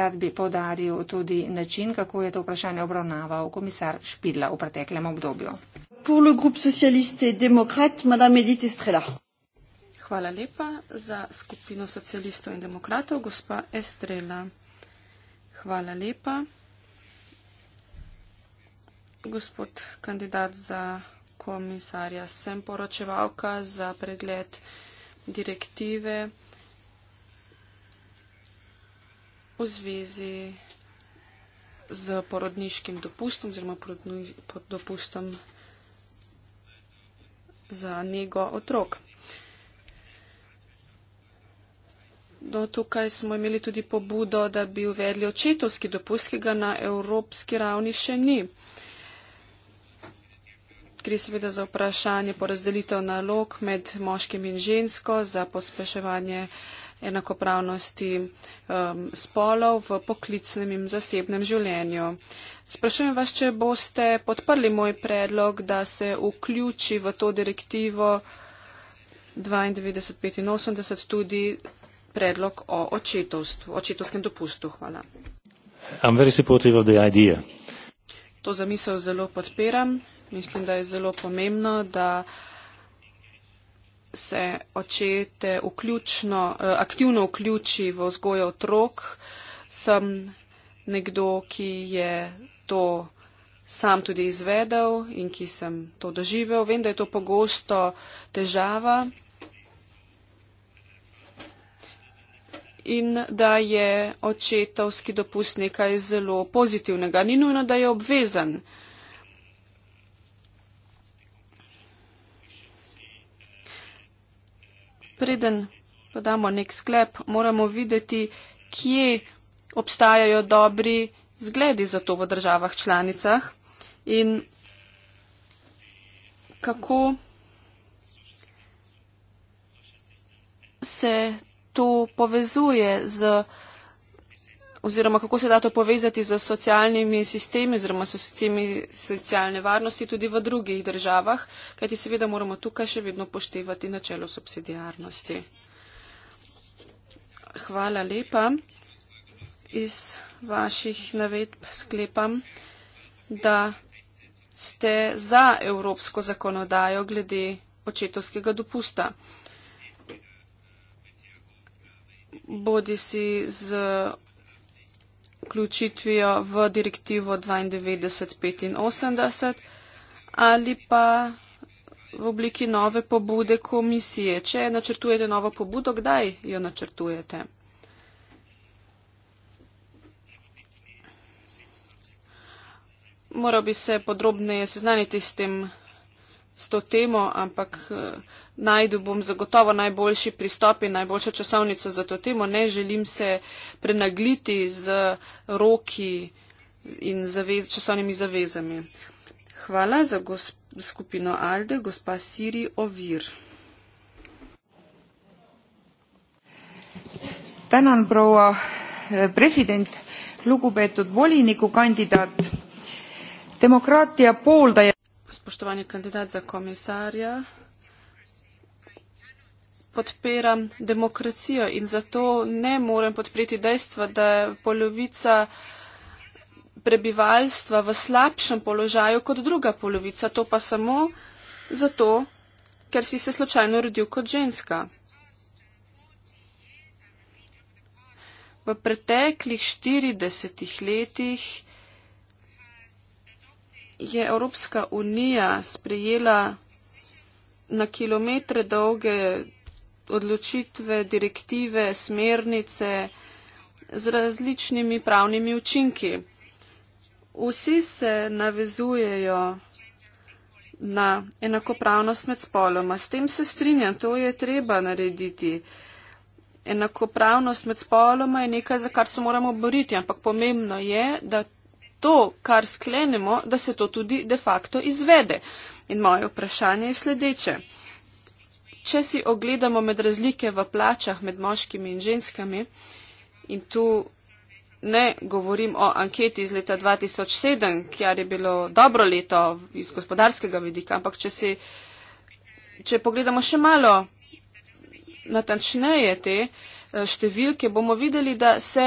Rad bi podaril tudi način, kako je to vprašanje obravnaval komisar Špidla v preteklem obdobju. Hvala lepa za skupino socialistov in demokratov, gospa Estrela. Hvala lepa. Gospod kandidat za komisarja, sem poročevalka za pregled direktive v zvezi z porodniškim dopustom oziroma pod dopustom za njego otrok. No, tukaj smo imeli tudi pobudo, da bi uvedli očetovski dopust, ki ga na evropski ravni še ni gre seveda za vprašanje porazdelitev nalog med moškim in žensko za pospeševanje enakopravnosti um, spolov v poklicnem in zasebnem življenju. Sprašujem vas, če boste podprli moj predlog, da se vključi v to direktivo 92.85 tudi predlog o očetovstvu, očetovskem dopustu. Hvala. To zamisel zelo podpiram. Mislim, da je zelo pomembno, da se očete vključno, eh, aktivno vključi v vzgojo otrok. Sem nekdo, ki je to sam tudi izvedel in ki sem to doživel. Vem, da je to pogosto težava in da je očetovski dopust nekaj zelo pozitivnega. Ni nujno, da je obvezen. preden podamo nek sklep, moramo videti, kje obstajajo dobri zgledi za to v državah članicah in kako se to povezuje z oziroma kako se da to povezati z socialnimi sistemi oziroma sistemi socialne varnosti tudi v drugih državah, kajti seveda moramo tukaj še vedno poštevati načelo subsidijarnosti. Hvala lepa. Iz vaših navedb sklepam, da ste za evropsko zakonodajo glede očetovskega dopusta. Bodi si z vključitvijo v direktivo 9285 ali pa v obliki nove pobude komisije. Če načrtujete novo pobudo, kdaj jo načrtujete? Moral bi se podrobneje seznaniti s tem, s to temo, ampak eh, najdu bom zagotovo najboljši pristop in najboljša časovnica za to temo. Ne želim se prenagliti z roki in zavez, časovnimi zavezami. Hvala za gosp, skupino Alde, gospa Siri Ovir. tänan, proua eh, president, lugupeetud voliniku kandidaat, demokraatia pooldaja. kandidaat za komisarja podpiram demokracijo in zato ne morem podpreti dejstva, da je polovica prebivalstva v slabšem položaju kot druga polovica. To pa samo zato, ker si se slučajno rodil kot ženska. V preteklih 40 letih je Evropska unija sprejela na kilometre dolge odločitve, direktive, smernice z različnimi pravnimi učinki. Vsi se navezujejo na enakopravnost med spoloma. S tem se strinjam, to je treba narediti. Enakopravnost med spoloma je nekaj, za kar se moramo boriti, ampak pomembno je, da to, kar sklenemo, da se to tudi de facto izvede. In moje vprašanje je sledeče če si ogledamo med razlike v plačah med moškimi in ženskami, in tu ne govorim o anketi iz leta 2007, kjer je bilo dobro leto iz gospodarskega vidika, ampak če si če pogledamo še malo natančneje te, Eh, številke, bomo videli, da se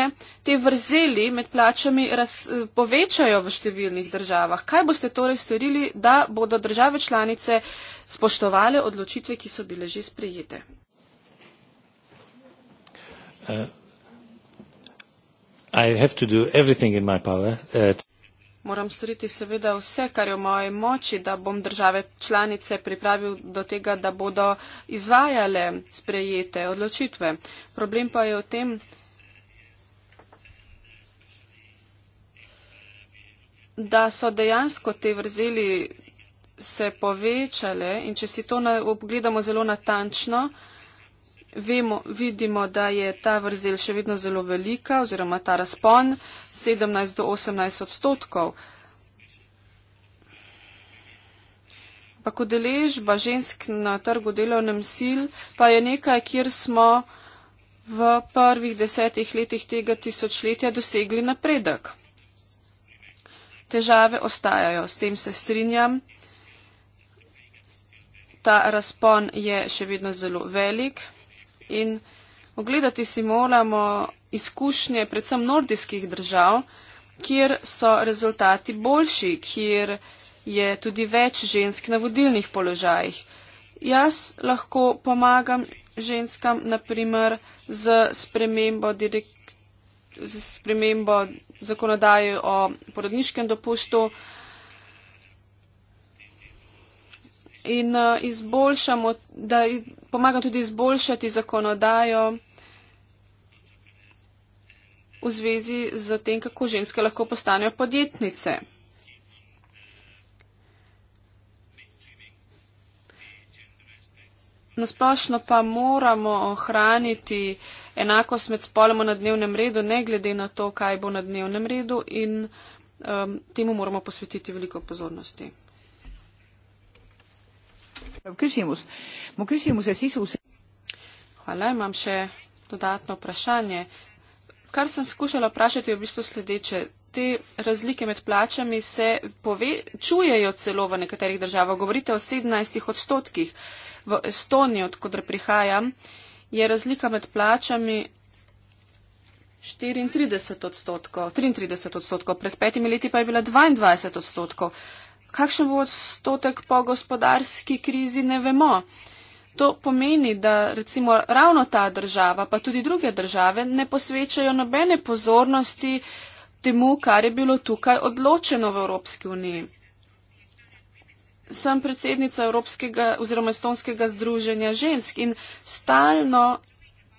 te vrzeli med plačami raz, eh, povečajo v številnih državah. Kaj boste torej storili, da bodo države članice spoštovali odločitve, ki so bile že sprejete? Uh, moram storiti seveda vse, kar je v moje moči, da bom države članice pripravil do tega, da bodo izvajale sprejete odločitve. Problem pa je v tem, da so dejansko te vrzeli se povečale in če si to ne, obgledamo zelo natančno, Vemo, vidimo, da je ta vrzel še vedno zelo velika oziroma ta razpon 17 do 18 odstotkov. Pa kot deležba žensk na trgu delovnem sil, pa je nekaj, kjer smo v prvih desetih letih tega tisočletja dosegli napredek. Težave ostajajo, s tem se strinjam. Ta razpon je še vedno zelo velik in ogledati si moramo izkušnje predvsem nordijskih držav, kjer so rezultati boljši, kjer je tudi več žensk na vodilnih položajih. Jaz lahko pomagam ženskam, naprimer, z spremembo, direkt, z spremembo zakonodaje o porodniškem dopustu, in uh, izboljšamo, da pomaga tudi izboljšati zakonodajo v zvezi z tem, kako ženske lahko postanejo podjetnice. Nasplošno pa moramo ohraniti enakost med spoloma na dnevnem redu, ne glede na to, kaj bo na dnevnem redu in um, temu moramo posvetiti veliko pozornosti. Hvala, imam še dodatno vprašanje. Kar sem skušala vprašati je v bistvu sledeče. Te razlike med plačami se povečujejo celo v nekaterih državah. Govorite o 17 odstotkih. V Estoniji, odkud prihajam, je razlika med plačami 34 odstotkov, 33 odstotkov, pred petimi leti pa je bila 22 odstotkov kakšen bo odstotek po gospodarski krizi, ne vemo. To pomeni, da recimo ravno ta država, pa tudi druge države, ne posvečajo nobene pozornosti temu, kar je bilo tukaj odločeno v Evropski uniji. Sem predsednica Evropskega oziroma Estonskega združenja žensk in stalno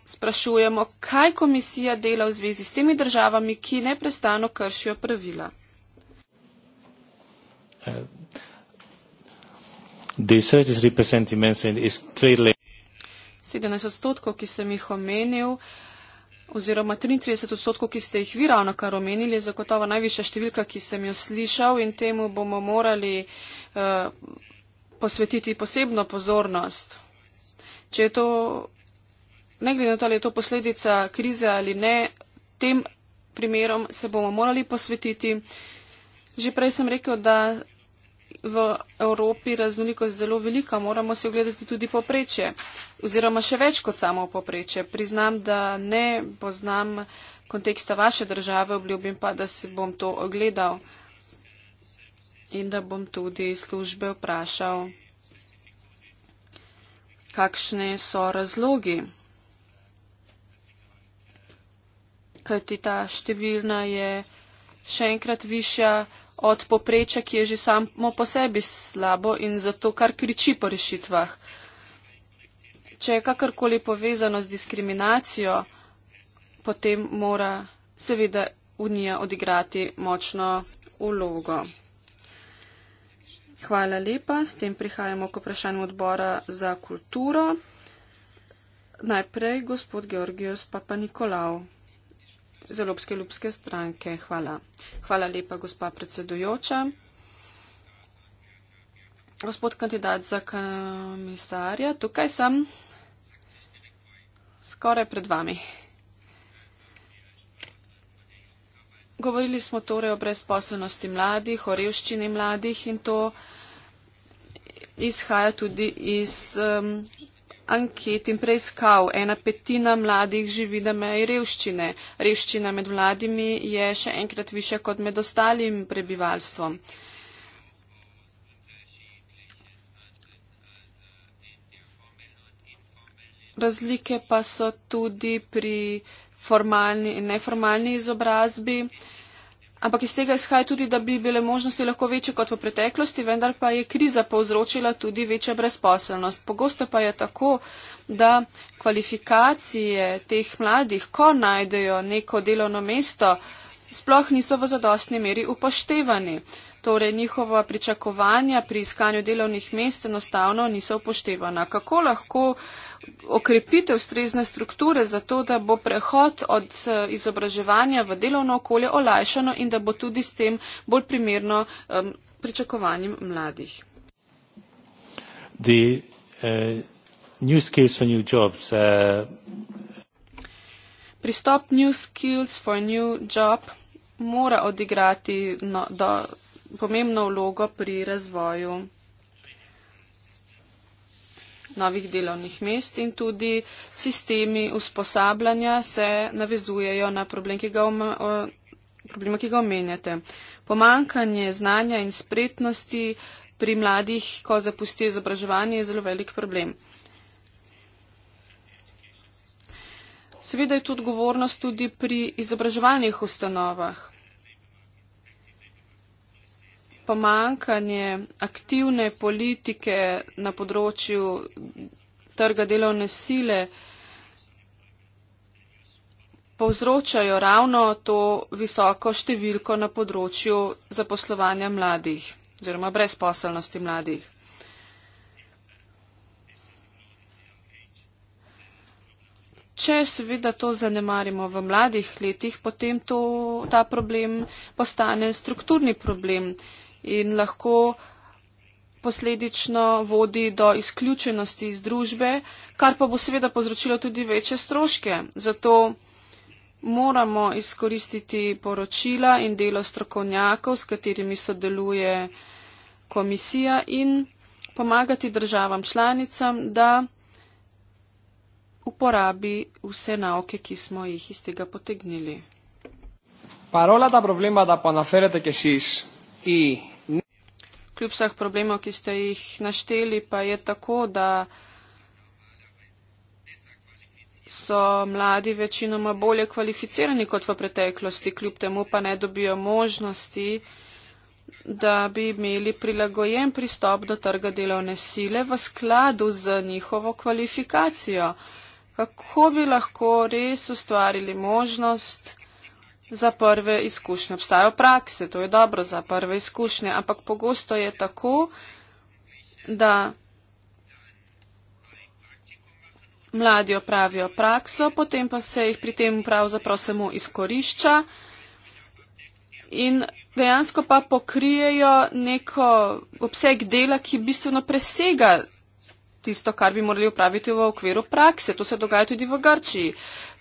sprašujemo, kaj komisija dela v zvezi s temi državami, ki neprestano kršijo pravila. 17 uh, odstotkov, ki sem jih omenil, oziroma 33 odstotkov, ki ste jih vi ravno kar omenili, je zagotovo najvišja številka, ki sem jo slišal in temu bomo morali uh, posvetiti posebno pozornost. Če je to, ne glede na to, ali je to posledica krize ali ne, tem primerom se bomo morali posvetiti. Že prej sem rekel, da v Evropi raznolikost zelo velika, moramo se ogledati tudi poprečje oziroma še več kot samo poprečje. Priznam, da ne poznam konteksta vaše države, obljubim pa, da si bom to ogledal in da bom tudi službe vprašal, kakšne so razlogi. Kajti ta številna je še enkrat višja od poprečja, ki je že samo po sebi slabo in zato kar kriči po rešitvah. Če je kakorkoli povezano z diskriminacijo, potem mora seveda Unija odigrati močno ulogo. Hvala lepa. S tem prihajamo k vprašanju odbora za kulturo. Najprej gospod Georgios Papa Nikolaou. Zelobske ljubske stranke. Hvala. Hvala lepa, gospa predsedujoča. Gospod kandidat za komisarja, tukaj sem skoraj pred vami. Govorili smo torej o brezposobnosti mladih, o revščini mladih in to izhaja tudi iz um, anket in preiskav ena petina mladih živi na meji revščine. Revščina med mladimi je še enkrat više kot med ostalim prebivalstvom. Razlike pa so tudi pri formalni in neformalni izobrazbi. Uh, ampak iz tega izhaja tudi, da bi bile možnosti lahko večje kot v preteklosti, vendar pa je kriza povzročila tudi večjo brezposelnost. Pogosto pa je tako, da kvalifikacije teh mladih, ko najdejo neko delovno mesto, sploh niso v zadostni meri upoštevani. Torej njihova pričakovanja pri iskanju delovnih mest enostavno niso upoštevana. Kako lahko okrepitev strezne strukture za to, da bo prehod od eh, izobraževanja v delovno okolje olajšano in da bo tudi s tem bolj primerno um, pričakovanjem mladih. The, uh, Pristop New Skills for New Job mora odigrati no, do, pomembno vlogo pri razvoju novih delovnih mest in tudi sistemi usposabljanja se navezujejo na problem, ki ga, problema, ki ga omenjate. Pomankanje znanja in spretnosti pri mladih, ko zapustijo izobraževanje, je zelo velik problem. Seveda je tudi odgovornost tudi pri izobraževalnih ustanovah pomankanje aktivne politike na področju trga delovne sile povzročajo ravno to visoko številko na področju zaposlovanja mladih oziroma brezposelnosti mladih. Če seveda to zanemarimo v mladih letih, potem to, ta problem postane strukturni problem, in lahko posledično vodi do izključenosti iz družbe, kar pa bo seveda povzročilo tudi večje stroške. Zato moramo izkoristiti poročila in delo strokovnjakov, s katerimi sodeluje komisija in pomagati državam članicam, da uporabi vse nauke, ki smo jih iz tega potegnili. Parola da problema da ponaferete, ki si jih. Y kljub vseh problemov, ki ste jih našteli, pa je tako, da so mladi večinoma bolje kvalificirani kot v preteklosti, kljub temu pa ne dobijo možnosti, da bi imeli prilagojen pristop do trga delovne sile v skladu z njihovo kvalifikacijo. Kako bi lahko res ustvarili možnost, za prve izkušnje. Obstajajo prakse, to je dobro za prve izkušnje, ampak pogosto je tako, da mladi opravijo prakso, potem pa se jih pri tem pravzaprav samo izkorišča in dejansko pa pokrijejo neko obseg dela, ki bistveno presega tisto, kar bi morali upraviti v okviru prakse. To se dogaja tudi v Grčiji. Uh,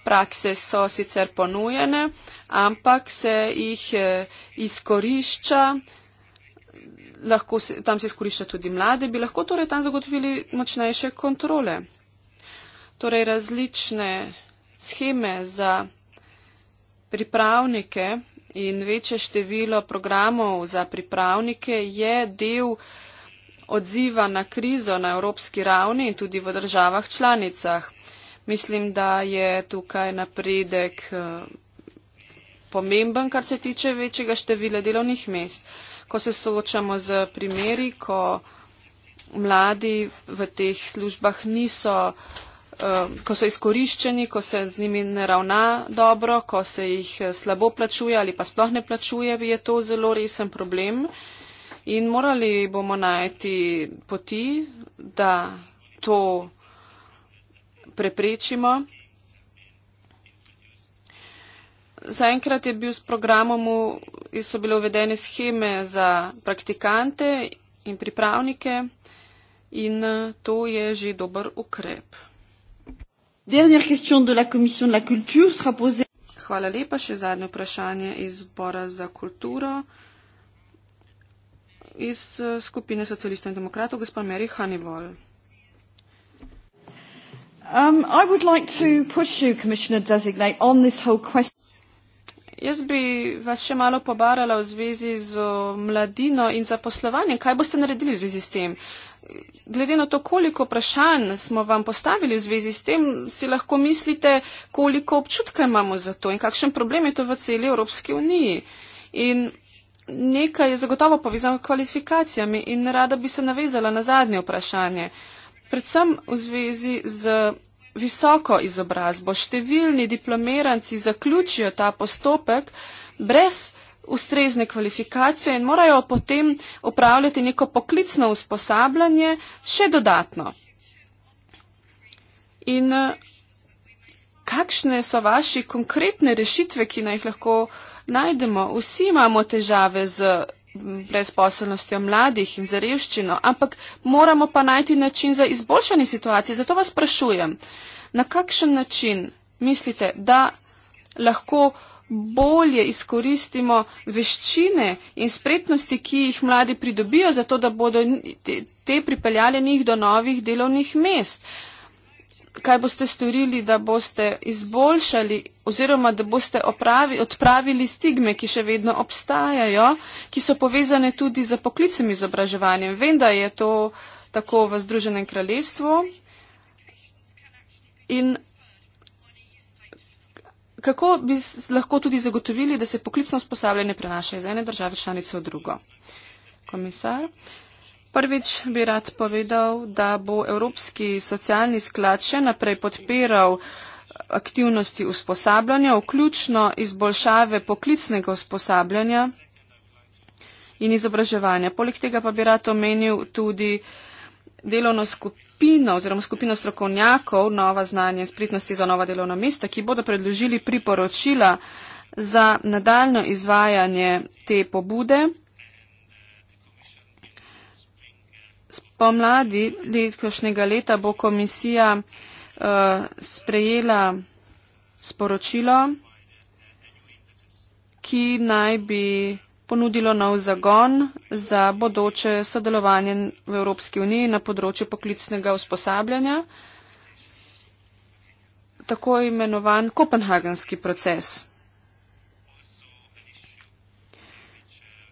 prakse so sicer ponujene, ampak se jih eh, izkorišča, lahko se, tam se izkorišča tudi mlade, bi lahko torej tam zagotovili močnejše kontrole. Torej različne scheme za pripravnike in večje število programov za pripravnike je del odziva na krizo na evropski ravni in tudi v državah članicah. Mislim, da je tukaj napredek eh, pomemben, kar se tiče večjega števila delovnih mest. Ko se soočamo z primeri, ko mladi v teh službah niso, eh, ko so izkoriščeni, ko se z njimi ne ravna dobro, ko se jih eh, slabo plačuje ali pa sploh ne plačuje, je to zelo resen problem. In morali bomo najti poti, da to preprečimo. Zaenkrat je bil s programom, so bile uvedene scheme za praktikante in pripravnike in eh, to je že dober ukrep. Hvala lepa, še zadnje vprašanje iz odbora za kulturo iz eh, skupine socialistov in demokratov, gospod Meri Hanivol. Um, I would like to push you, Commissioner Designate, on this whole question. Jaz bi vas še malo pobarala v zvezi z mladino in zaposlovanjem. Kaj boste naredili v zvezi s tem? Glede na to, koliko vprašanj smo vam postavili v zvezi s tem, si lahko mislite, koliko občutka imamo za to in kakšen problem je to v celi Evropski uniji. In nekaj je zagotovo povezano s kvalifikacijami in rada bi se navezala na zadnje vprašanje. Uh, predvsem v zvezi z visoko izobrazbo. Številni diplomiranci zaključijo ta postopek brez ustrezne kvalifikacije in morajo potem upravljati neko poklicno usposabljanje še dodatno. In eh, kakšne so vaši konkretne rešitve, ki naj jih lahko najdemo? Vsi imamo težave z brezposelnostjo mladih in za revščino, ampak moramo pa najti način za izboljšanje situacije. Zato vas sprašujem, na kakšen način mislite, da lahko bolje izkoristimo veščine in spretnosti, ki jih mladi pridobijo, zato da bodo te pripeljali njih do novih delovnih mest kaj boste storili, da boste izboljšali oziroma da boste opravi, odpravili stigme, ki še vedno obstajajo, ki so povezane tudi za poklicem izobraževanjem. Vem, da je to tako v Združenem kraljestvu. In kako bi lahko tudi zagotovili, da se poklicno usposabljanje prenaša iz ene države članice v drugo? Komisar. Uh, Prvič bi rad povedal, da bo Evropski socialni sklad še naprej podpiral aktivnosti usposabljanja, vključno izboljšave poklicnega usposabljanja in izobraževanja. Poleg tega pa bi rad omenil tudi delovno skupino oziroma skupino strokovnjakov Nova znanja in spritnosti za nova delovna mesta, ki bodo predložili priporočila za nadaljno izvajanje te pobude. Spomladi letošnjega leta bo komisija uh, sprejela sporočilo, ki naj bi ponudilo nov zagon za bodoče sodelovanje v Evropski uniji na področju poklicnega usposabljanja, tako imenovan kopenhagenski proces.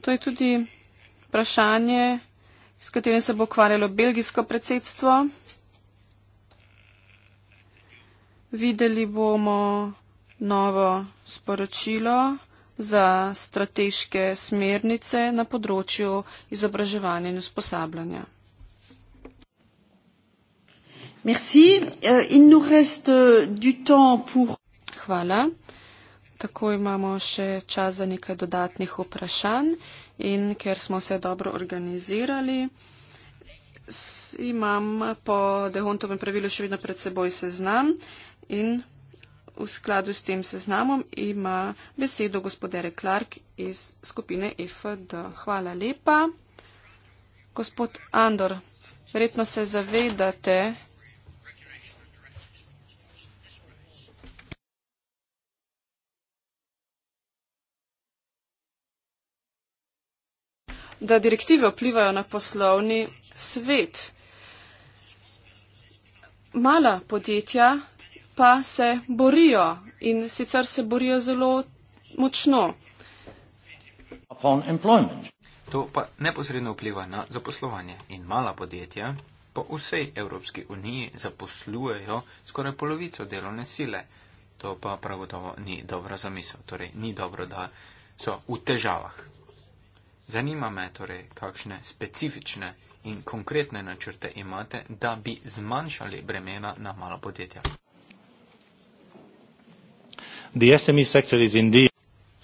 To je tudi vprašanje s katerim se bo ukvarjalo belgijsko predsedstvo. Videli bomo novo sporočilo za strateške smernice na področju izobraževanja in usposabljanja. Euh, euh, Hvala. Tako imamo še čas za nekaj dodatnih vprašanj in ker smo se dobro organizirali, imam po Dehontovem pravilu še vedno pred seboj seznam in v skladu s tem seznamom ima besedo gospodere Clark iz skupine FD. Hvala lepa. Gospod Andor, verjetno se zavedate, da direktive vplivajo na poslovni svet. Mala podjetja pa se borijo in sicer se borijo zelo močno. To pa neposredno vpliva na zaposlovanje in mala podjetja po vsej Evropski uniji zaposlujejo skoraj polovico delovne sile. To pa prav gotovo ni dobra zamisel, torej ni dobro, da so v težavah. Zanima me torej, kakšne specifične in konkretne načrte imate, da bi zmanjšali bremena na mala podjetja. E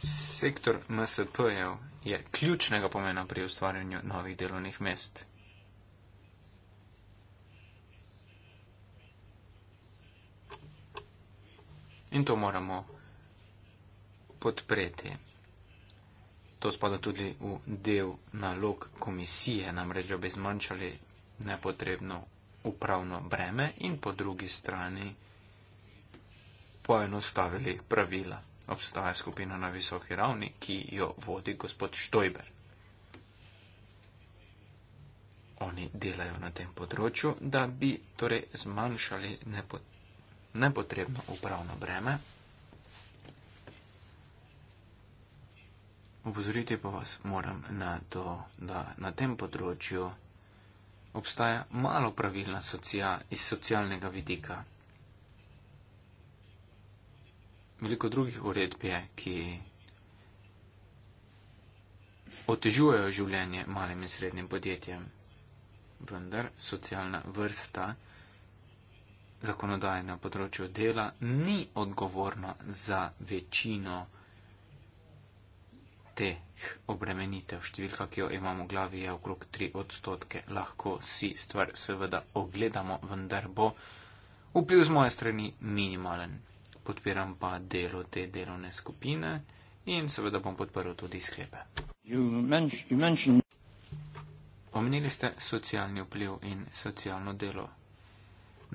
Sektor MSP-jev je ključnega pomena pri ustvarjanju novih delovnih mest. In to moramo podpreti. To spada tudi v del nalog komisije, namreč, da bi zmanjšali nepotrebno upravno breme in po drugi strani poenostavili pravila. Obstaja skupina na visoki ravni, ki jo vodi gospod Štojber. Oni delajo na tem področju, da bi torej zmanjšali nepo, nepotrebno upravno breme Opozoriti pa vas moram na to, da na tem področju obstaja malo pravilna socija iz socialnega vidika. Veliko drugih uredb je, ki otežujejo življenje malim in srednjim podjetjem, vendar socialna vrsta zakonodaje na področju dela ni odgovorna za večino teh obremenitev. Številka, ki jo imamo v glavi, je okrog 3 odstotke. Lahko si stvar seveda ogledamo, vendar bo vpliv z moje strani minimalen. Podpiram pa delo te delovne skupine in seveda bom podprl tudi sklepe. Omenili ste socialni vpliv in socialno delo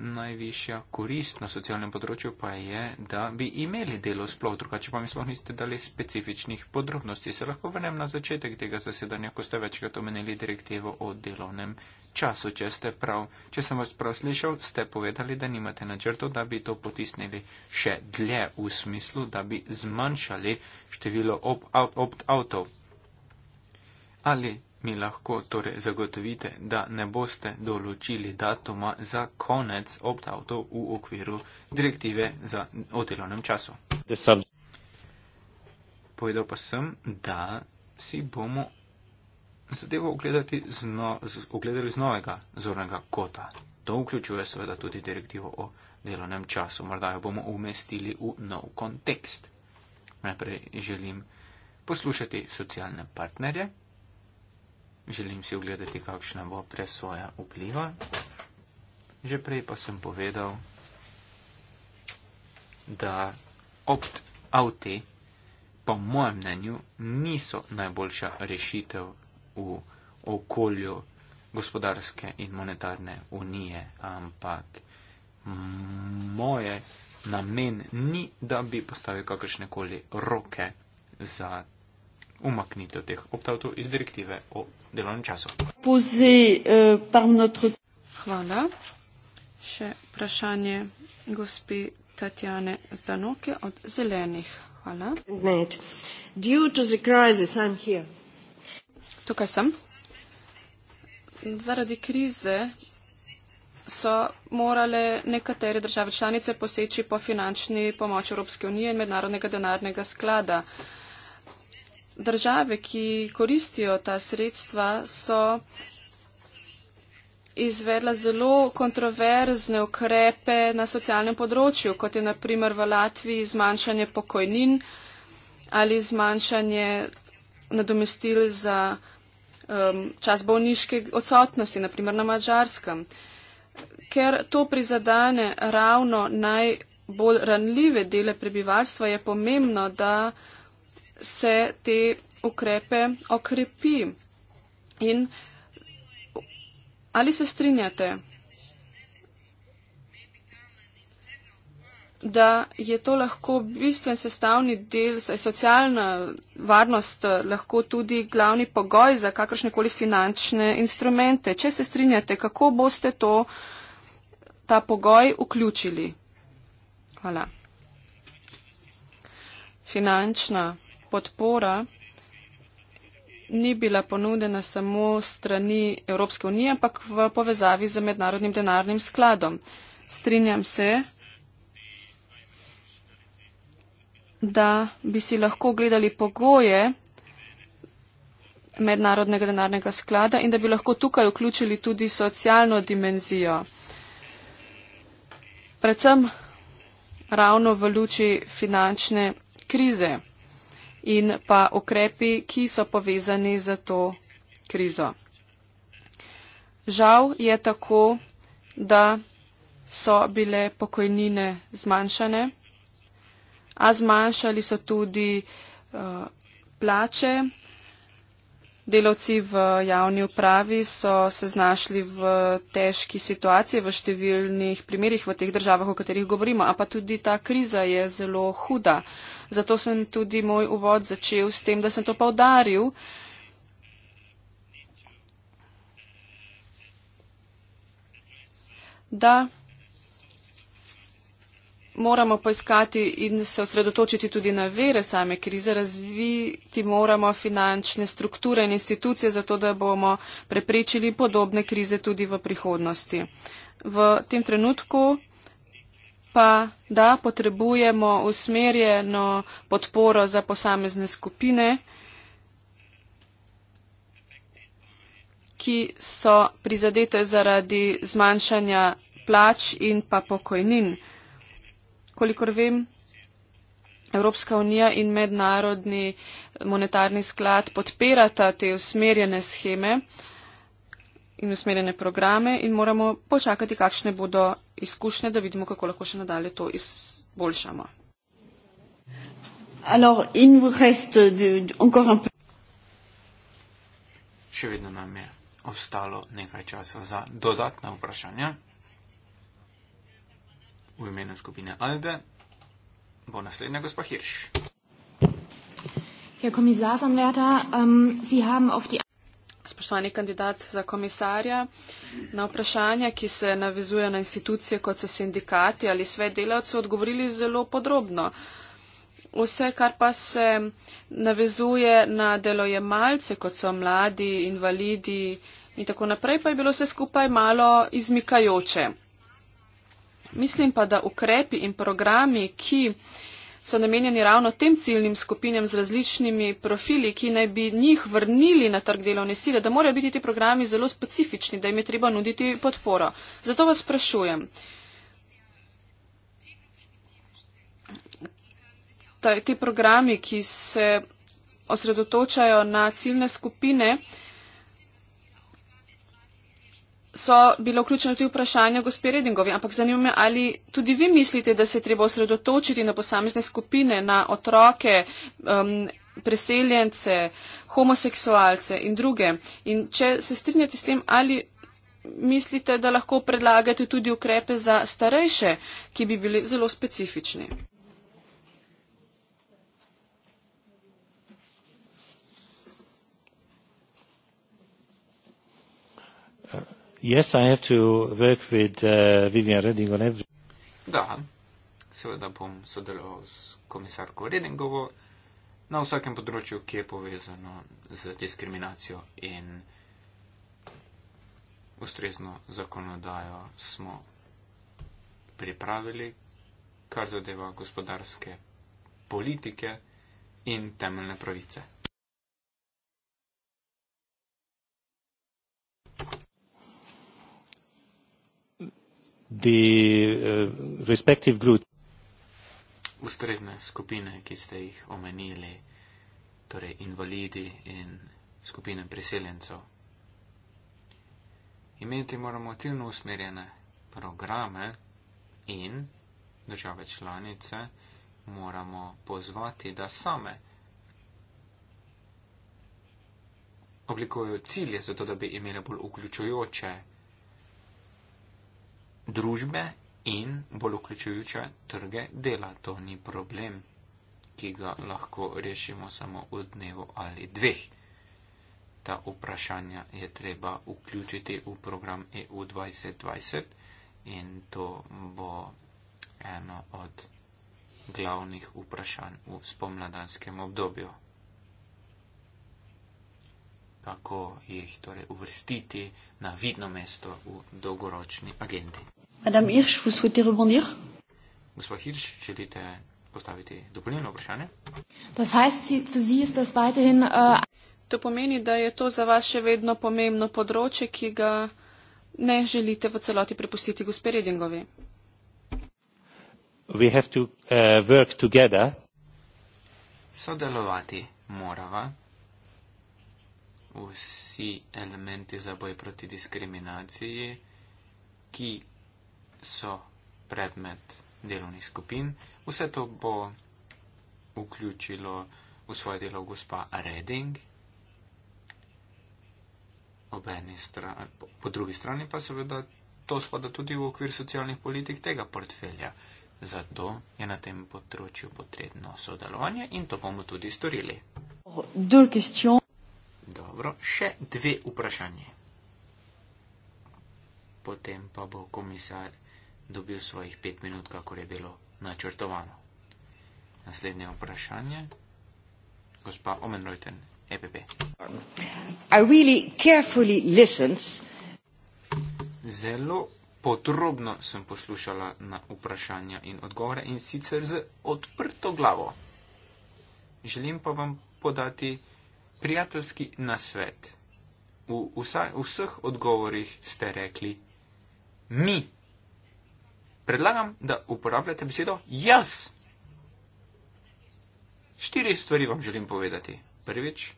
najvišja korist na socialnem področju pa je, da bi imeli delo sploh, drugače pa mi sploh niste dali specifičnih podrobnosti. Se lahko vrnem na začetek tega zasedanja, ko ste večkrat omenili direktivo o delovnem času. Če, prav, če sem vas prav slišal, ste povedali, da nimate načrtov, da bi to potisnili še dlje v smislu, da bi zmanjšali število opt-outov. Ali mi lahko torej zagotovite, da ne boste določili datuma za konec opt-outov v okviru direktive za, o delovnem času? Povedal pa sem, da si bomo zadevo ogledati zno, z, ogledali z novega zornega kota. To vključuje seveda tudi direktivo o delovnem času. Morda jo bomo umestili v nov kontekst. Najprej želim poslušati socialne partnerje. Želim si ogledati, kakšna bo presoja vpliva. Že prej pa sem povedal, da opt-outi po mojem mnenju niso najboljša rešitev v okolju gospodarske in monetarne unije, ampak moje namen ni, da bi postavil kakršne koli roke za umaknitev teh optautov iz direktive o delovnem času. Eh, Hvala. Še vprašanje gospi Tatjane Zdanoke od Zelenih. Hvala. Crisis, Tukaj sem. Zaradi krize so morale nekatere države članice poseči po finančni pomoči Evropske unije in mednarodnega denarnega sklada. Uh, države, ki koristijo ta sredstva, so izvedla zelo kontroverzne ukrepe na socialnem področju, kot je naprimer v Latviji zmanjšanje pokojnin ali zmanjšanje nadomestil za um, čas bolniške odsotnosti, naprimer na Mačarskem. Ker to prizadane ravno najbolj ranljive dele prebivalstva, je pomembno, da se te ukrepe okrepi. In ali se strinjate, da je to lahko bistven sestavni del, da je socialna varnost lahko tudi glavni pogoj za kakršnekoli finančne instrumente? Če se strinjate, kako boste to, ta pogoj vključili? Hvala. Finančna podpora ni bila ponudena samo strani Evropske unije, ampak v povezavi z mednarodnim denarnim skladom. Strinjam se, da bi si lahko gledali pogoje mednarodnega denarnega sklada in da bi lahko tukaj vključili tudi socialno dimenzijo. Predvsem ravno v luči finančne krize in pa ukrepi, ki so povezani z to krizo. Žal je tako, da so bile pokojnine zmanjšane, a zmanjšali so tudi uh, plače Delavci v javni upravi so se znašli v težki situaciji v številnih primerjih v teh državah, o katerih govorimo, a pa tudi ta kriza je zelo huda. Zato sem tudi moj uvod začel s tem, da sem to povdaril. Da moramo poiskati in se osredotočiti tudi na vere same krize. Razviti moramo finančne strukture in institucije, zato da bomo preprečili podobne krize tudi v prihodnosti. V tem trenutku pa da potrebujemo usmerjeno podporo za posamezne skupine, ki so prizadete zaradi zmanjšanja plač in pa pokojnin kolikor vem, Evropska unija in mednarodni monetarni sklad podpirata te usmerjene scheme in usmerjene programe in moramo počakati, kakšne bodo izkušnje, da vidimo, kako lahko še nadalje to izboljšamo. Alors, in vous reste de, de, encore un peu. Še vedno nam je ostalo nekaj časa za dodatne vprašanja v imenu skupine Alde bo naslednja gospa Hirš. Herr Kommissar Sanwerter, um, ähm, Sie haben auf die. Spoštovani kandidat za komisarja, na vprašanja, ki se navezuje na institucije kot so sindikati ali svet delavcev, odgovorili zelo podrobno. Vse, kar pa se navezuje na delojemalce, kot so mladi, invalidi in tako naprej, pa je bilo vse skupaj malo izmikajoče. Mislim pa, da ukrepi in programi, ki so namenjeni ravno tem ciljnim skupinjem z različnimi profili, ki naj bi njih vrnili na trg delovne sile, da morajo biti ti programi zelo specifični, da jim je treba nuditi podporo. Zato vas sprašujem. Ti programi, ki se osredotočajo na ciljne skupine, so bile vključene tudi vprašanja gospe Redingovi, ampak zanima me, ali tudi vi mislite, da se treba osredotočiti na posamezne skupine, na otroke, um, preseljence, homoseksualce in druge. In če se strinjate s tem, ali mislite, da lahko predlagate tudi ukrepe za starejše, ki bi bili zelo specifični. Yes, I have to work with uh, Vivian Reding on every. Da, seveda bom sodeloval s komisarko Redingovo na vsakem področju, ki je povezano z diskriminacijo in ustrezno zakonodajo smo pripravili, kar zadeva gospodarske politike in temeljne pravice. the uh, respective group. Ustrezne skupine, ki ste jih omenili, torej invalidi in skupine priseljencev. Imeti moramo ciljno usmerjene programe in države članice moramo pozvati, da same oblikujejo cilje, zato da bi imele bolj vključujoče družbe in bolj vključujoče trge dela. To ni problem, ki ga lahko rešimo samo v dnevu ali dveh. Ta vprašanja je treba vključiti v program EU 2020 in to bo eno od glavnih vprašanj v spomladanskem obdobju kako jih torej uvrstiti na vidno mesto v dolgoročni agendi. Gospod Hirš, želite postaviti dopolnilno vprašanje? Äh, to pomeni, da je to za vas še vedno pomembno področje, ki ga ne želite v celoti prepustiti gospe Redingovi. To, uh, Sodelovati morava vsi elementi za boj proti diskriminaciji, ki so predmet delovnih skupin. Vse to bo vključilo v svoje delo gospa Reding, strani, po, po drugi strani pa seveda to spada tudi v okvir socialnih politik tega portfelja. Zato je na tem področju potrebno sodelovanje in to bomo tudi storili. Dve vprašanje. Dobro, še dve vprašanje. Potem pa bo komisar dobil svojih pet minut, kako je bilo načrtovano. Naslednje vprašanje. Gospa Omenrojten, EPP. Really Zelo podrobno sem poslušala na vprašanja in odgovore in sicer z odprto glavo. Želim pa vam podati prijateljski nasvet. V vsa, vseh odgovorih ste rekli mi. Predlagam, da uporabljate besedo jaz. Štiri stvari vam želim povedati. Prvič,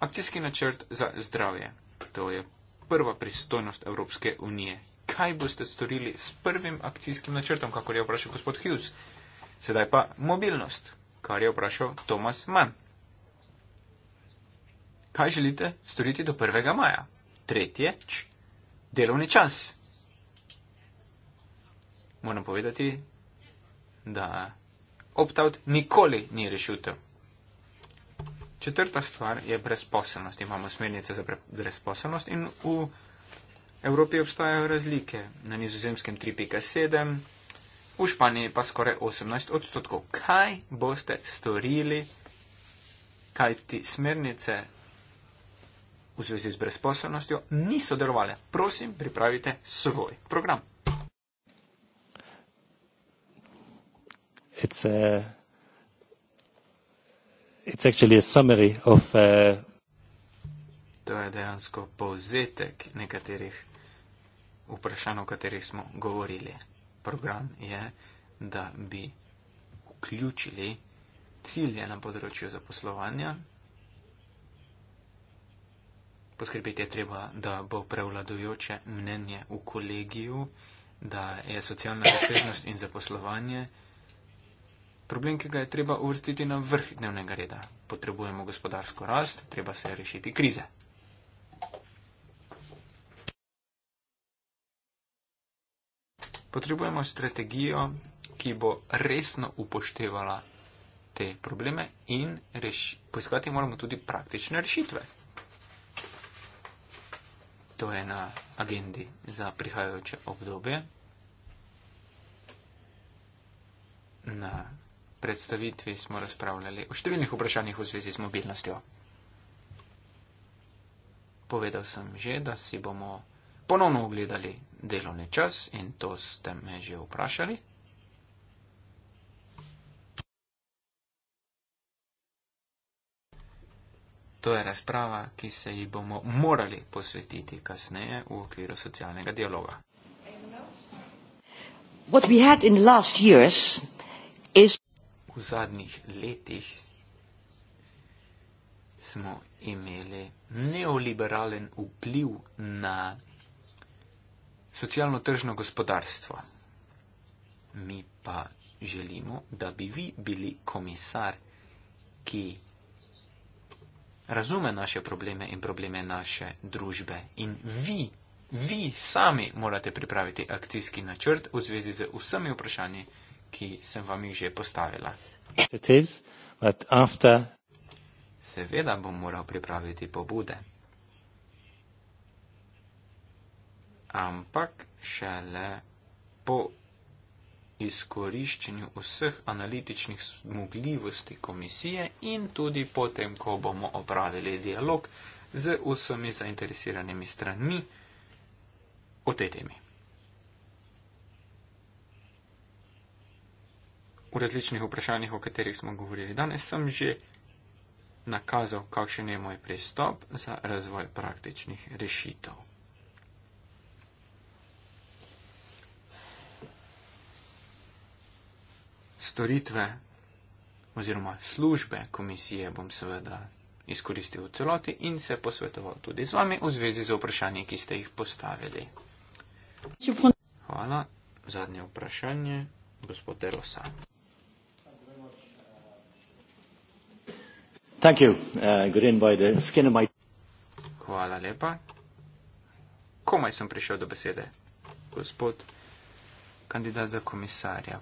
akcijski načrt za zdravje. To je prva pristojnost Evropske unije. Kaj boste storili s prvim akcijskim načrtom, kako je vprašal gospod Hughes? Sedaj pa mobilnost, kar je vprašal Thomas Mann kaj želite storiti do 1. maja. Tretje, č, delovni čas. Moram povedati, da optaut nikoli ni rešitev. Četrta stvar je brezposelnost. Imamo smernice za brezposelnost in v Evropi obstajajo razlike. Na nizozemskem 3.7, v Španiji pa skoraj 18 odstotkov. Kaj boste storili, kaj ti smernice v zvezi z brezposobnostjo niso delovale. Prosim, pripravite svoj program. It's a, it's actually a summary of, uh... To je dejansko povzetek nekaterih vprašanj, o katerih smo govorili. Program je, da bi vključili cilje na področju zaposlovanja poskrbeti je treba, da bo prevladujoče mnenje v kolegiju, da je socialna razsežnost in zaposlovanje problem, ki ga je treba uvrstiti na vrh dnevnega reda. Potrebujemo gospodarsko rast, treba se rešiti krize. Potrebujemo strategijo, ki bo resno upoštevala te probleme in reš... poiskati moramo tudi praktične rešitve to je na agendi za prihajajoče obdobje. Na predstavitvi smo razpravljali o številnih vprašanjih v zvezi z mobilnostjo. Povedal sem že, da si bomo ponovno ogledali delovni čas in to ste me že vprašali. To je razprava, ki se ji bomo morali posvetiti kasneje v okviru socialnega dialoga. V zadnjih letih smo imeli neoliberalen vpliv na socialno-tržno gospodarstvo. Mi pa želimo, da bi vi bili komisar, ki razume naše probleme in probleme naše družbe. In vi, vi sami morate pripraviti akcijski načrt v zvezi z vsemi vprašanji, ki sem vam jih že postavila. Seveda bom moral pripraviti pobude. Ampak šele po izkoriščenju vseh analitičnih zmogljivosti komisije in tudi potem, ko bomo opravili dialog z vsemi zainteresiranimi stranmi o tej temi. V različnih vprašanjih, o katerih smo govorili danes, sem že nakazal, kakšen je moj pristop za razvoj praktičnih rešitev. storitve oziroma službe komisije bom seveda izkoristil v celoti in se posvetoval tudi z vami v zvezi z vprašanji, ki ste jih postavili. Hvala. Zadnje vprašanje, gospod Derosa. Uh, Hvala lepa. Komaj sem prišel do besede, gospod kandidat za komisarja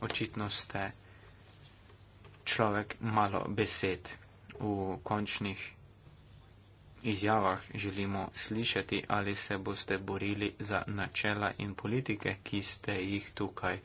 očitno ste človek malo besed. V končnih izjavah želimo slišati, ali se boste borili za načela in politike, ki ste jih tukaj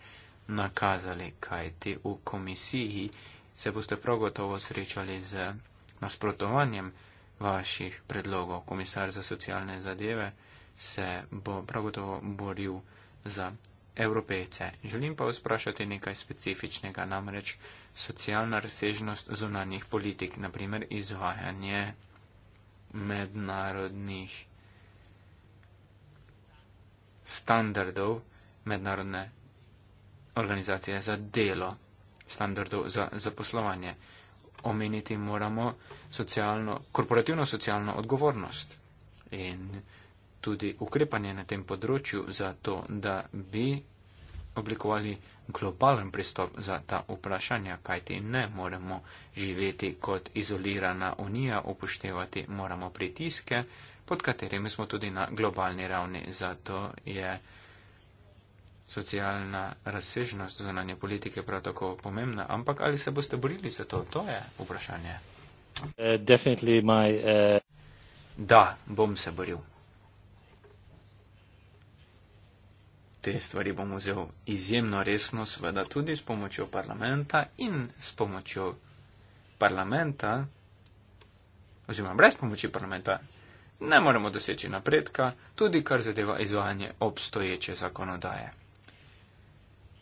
nakazali, kajti v komisiji se boste prav gotovo srečali z nasprotovanjem vaših predlogov. Komisar za socialne zadeve se bo prav gotovo boril za evropejce. Želim pa vsprašati nekaj specifičnega, namreč socialna razsežnost zunanjih politik, naprimer izvajanje mednarodnih standardov mednarodne organizacije za delo, standardov za zaposlovanje. Omeniti moramo socialno, korporativno socialno odgovornost in tudi ukrepanje na tem področju, zato da bi oblikovali globalen pristop za ta vprašanja, kajti ne moremo živeti kot izolirana unija, upoštevati moramo pritiske, pod katerimi smo tudi na globalni ravni. Zato je socialna razsežnost zunanje politike prav tako pomembna. Ampak ali se boste borili za to? To je vprašanje. Uh, my, uh... Da, bom se boril. te stvari bom vzel izjemno resno, seveda tudi s pomočjo parlamenta in s pomočjo parlamenta, oziroma brez pomoči parlamenta, ne moremo doseči napredka, tudi kar zadeva izvajanje obstoječe zakonodaje.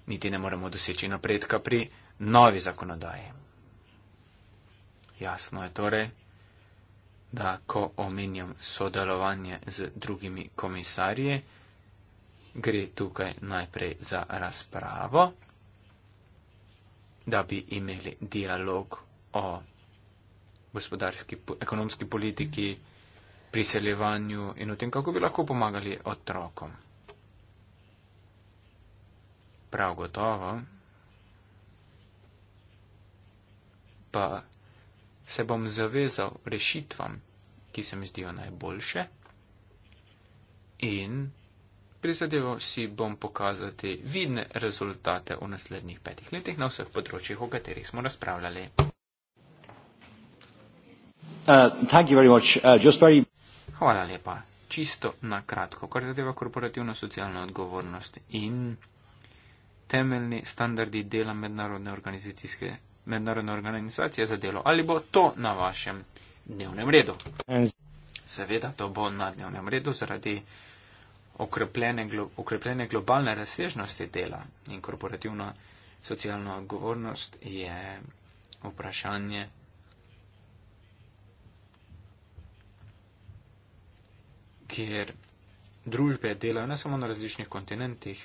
Niti ne moremo doseči napredka pri novi zakonodaji. Jasno je torej, da ko omenjam sodelovanje z drugimi komisarji, gre tukaj najprej za razpravo, da bi imeli dialog o gospodarski, ekonomski politiki, priseljevanju in o tem, kako bi lahko pomagali otrokom. Prav gotovo pa se bom zavezal rešitvam, ki se mi zdijo najboljše in prizadeval si bom pokazati vidne rezultate v naslednjih petih letih na vseh področjih, o katerih smo razpravljali. Uh, very much, uh, very... Hvala lepa. Čisto na kratko, kar zadeva korporativno socialno odgovornost in temeljni standardi dela mednarodne, mednarodne organizacije za delo. Ali bo to na vašem dnevnem redu? Seveda, to bo na dnevnem redu zaradi okrepljene, glo, okrepljene globalne razsežnosti dela in korporativna socialna odgovornost je vprašanje. Ker družbe delajo ne samo na različnih kontinentih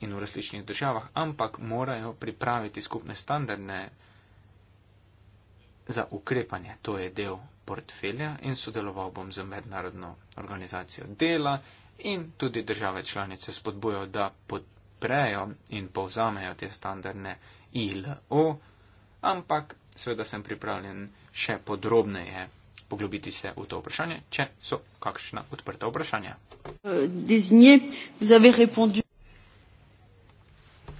in v različnih državah, ampak morajo pripraviti skupne standarde za ukrepanje. To je del portfelja in sodeloval bom z mednarodno organizacijo dela, in tudi države članice spodbujajo, da podprejo in povzamejo te standardne ILO, ampak seveda sem pripravljen še podrobneje poglobiti se v to vprašanje, če so kakšna odprta vprašanja.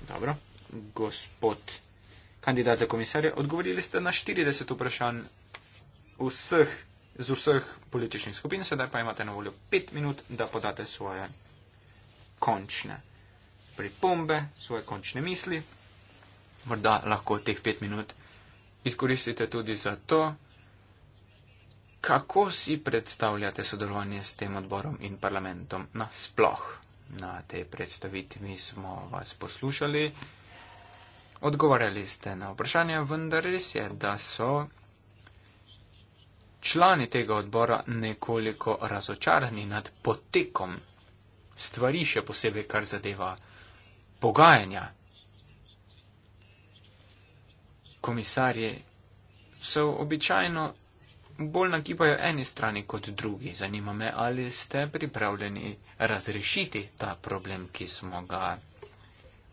Dobro, gospod kandidat za komisarja, odgovorili ste na 40 vprašanj vseh z vseh političnih skupin, sedaj pa imate na voljo pet minut, da podate svoje končne pripombe, svoje končne misli. Morda lahko teh pet minut izkoristite tudi za to, kako si predstavljate sodelovanje s tem odborom in parlamentom nasploh. Na tej predstavitvi smo vas poslušali, odgovarjali ste na vprašanje, vendar res je, da so člani tega odbora nekoliko razočarani nad potekom stvari, še posebej kar zadeva pogajanja. Komisarji se običajno bolj nagibajo eni strani kot drugi. Zanima me, ali ste pripravljeni razrešiti ta problem, ki smo ga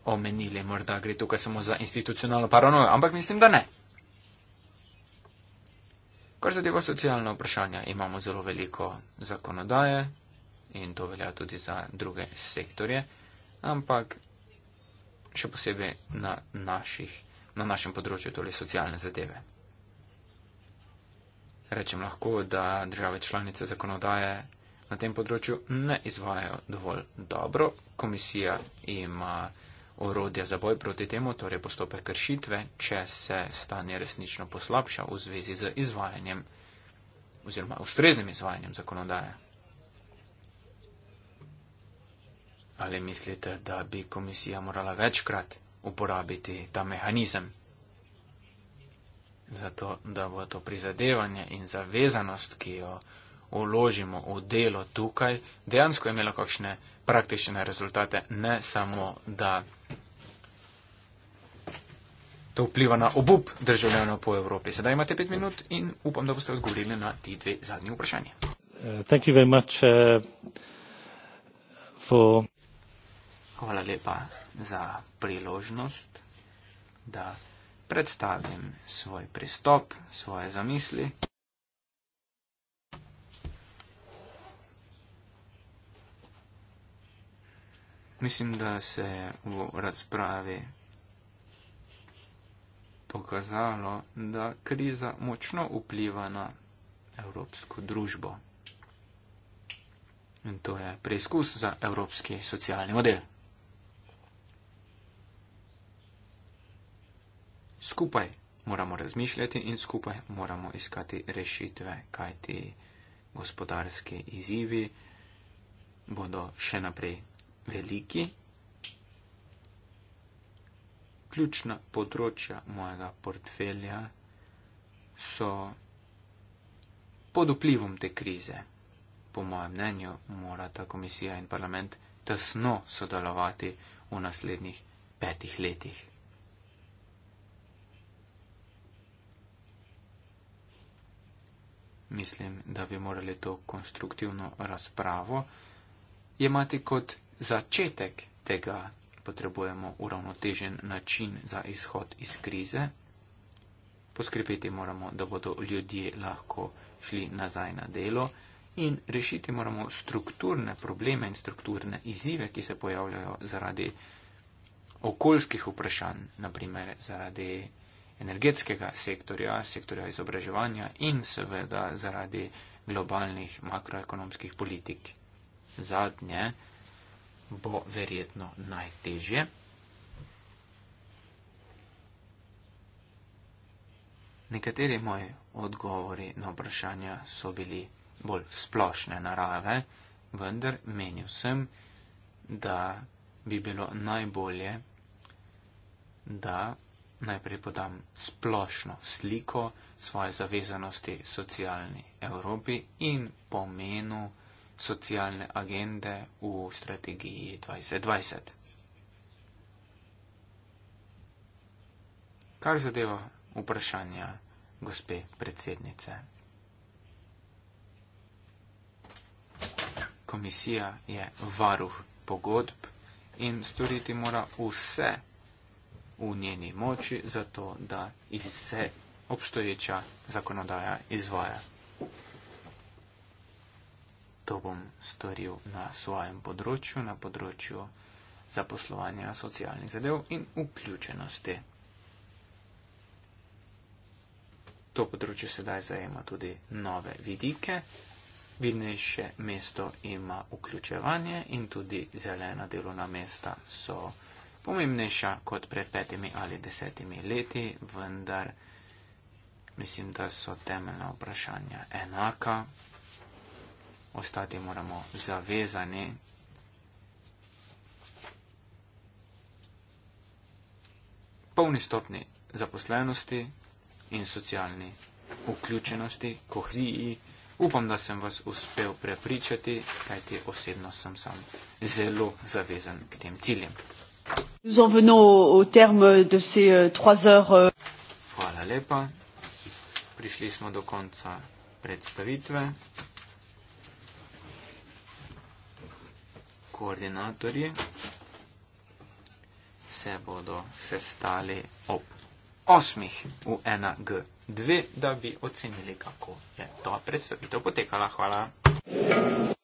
omenili. Morda gre tukaj samo za institucionalno paranojo, ampak mislim, da ne. Kar zadeva socialna vprašanja, imamo zelo veliko zakonodaje in to velja tudi za druge sektorje, ampak še posebej na, naših, na našem področju, torej socialne zadeve. Rečem lahko, da države članice zakonodaje na tem področju ne izvajajo dovolj dobro. Komisija ima orodja za boj proti temu, torej postopek kršitve, če se stanje resnično poslabša v zvezi z izvajanjem oziroma ustreznim izvajanjem zakonodaje. Ali mislite, da bi komisija morala večkrat uporabiti ta mehanizem? Zato, da bo to prizadevanje in zavezanost, ki jo uložimo v delo tukaj, dejansko imelo kakšne praktične rezultate, ne samo, da to vpliva na obup državljanov po Evropi. Sedaj imate pet minut in upam, da boste odgovorili na ti dve zadnji vprašanje. Eh, eh, Hvala lepa za priložnost, da predstavim svoj pristop, svoje zamisli. Mislim, da se v razpravi pokazalo, da kriza močno vpliva na evropsko družbo. In to je preizkus za evropski socialni model. Skupaj moramo razmišljati in skupaj moramo iskati rešitve, kaj ti gospodarski izzivi bodo še naprej veliki ključna področja mojega portfelja so pod vplivom te krize. Po mojem mnenju mora ta komisija in parlament tesno sodelovati v naslednjih petih letih. Mislim, da bi morali to konstruktivno razpravo jemati kot začetek tega potrebujemo uravnotežen način za izhod iz krize. Poskrbeti moramo, da bodo ljudje lahko šli nazaj na delo in rešiti moramo strukturne probleme in strukturne izzive, ki se pojavljajo zaradi okoljskih vprašanj, naprimer zaradi energetskega sektorja, sektorja izobraževanja in seveda zaradi globalnih makroekonomskih politik. Zadnje bo verjetno najtežje. Nekateri moji odgovori na vprašanja so bili bolj splošne narave, vendar menil sem, da bi bilo najbolje, da najprej podam splošno sliko svoje zavezanosti socialni Evropi in pomenu, socialne agende v strategiji 2020. Kar zadeva vprašanja gospe predsednice. Komisija je varuh pogodb in storiti mora vse v njeni moči, zato da se obstoječa zakonodaja izvaja to bom storil na svojem področju, na področju zaposlovanja socialnih zadev in vključenosti. To področje sedaj zajema tudi nove vidike. Vidnejše mesto ima vključevanje in tudi zelena delovna mesta so pomembnejša kot pred petimi ali desetimi leti, vendar mislim, da so temeljna vprašanja enaka ostati moramo zavezani. Polni stopni zaposlenosti in socialni vključenosti, koheziji. Upam, da sem vas uspel prepričati, kajti osebno sem sam zelo zavezan k tem ciljem. Euh, euh. Hvala lepa. Prišli smo do konca predstavitve. koordinatorji se bodo sestali ob osmih v 1G2, da bi ocenili, kako je to predstavitev potekala. Hvala.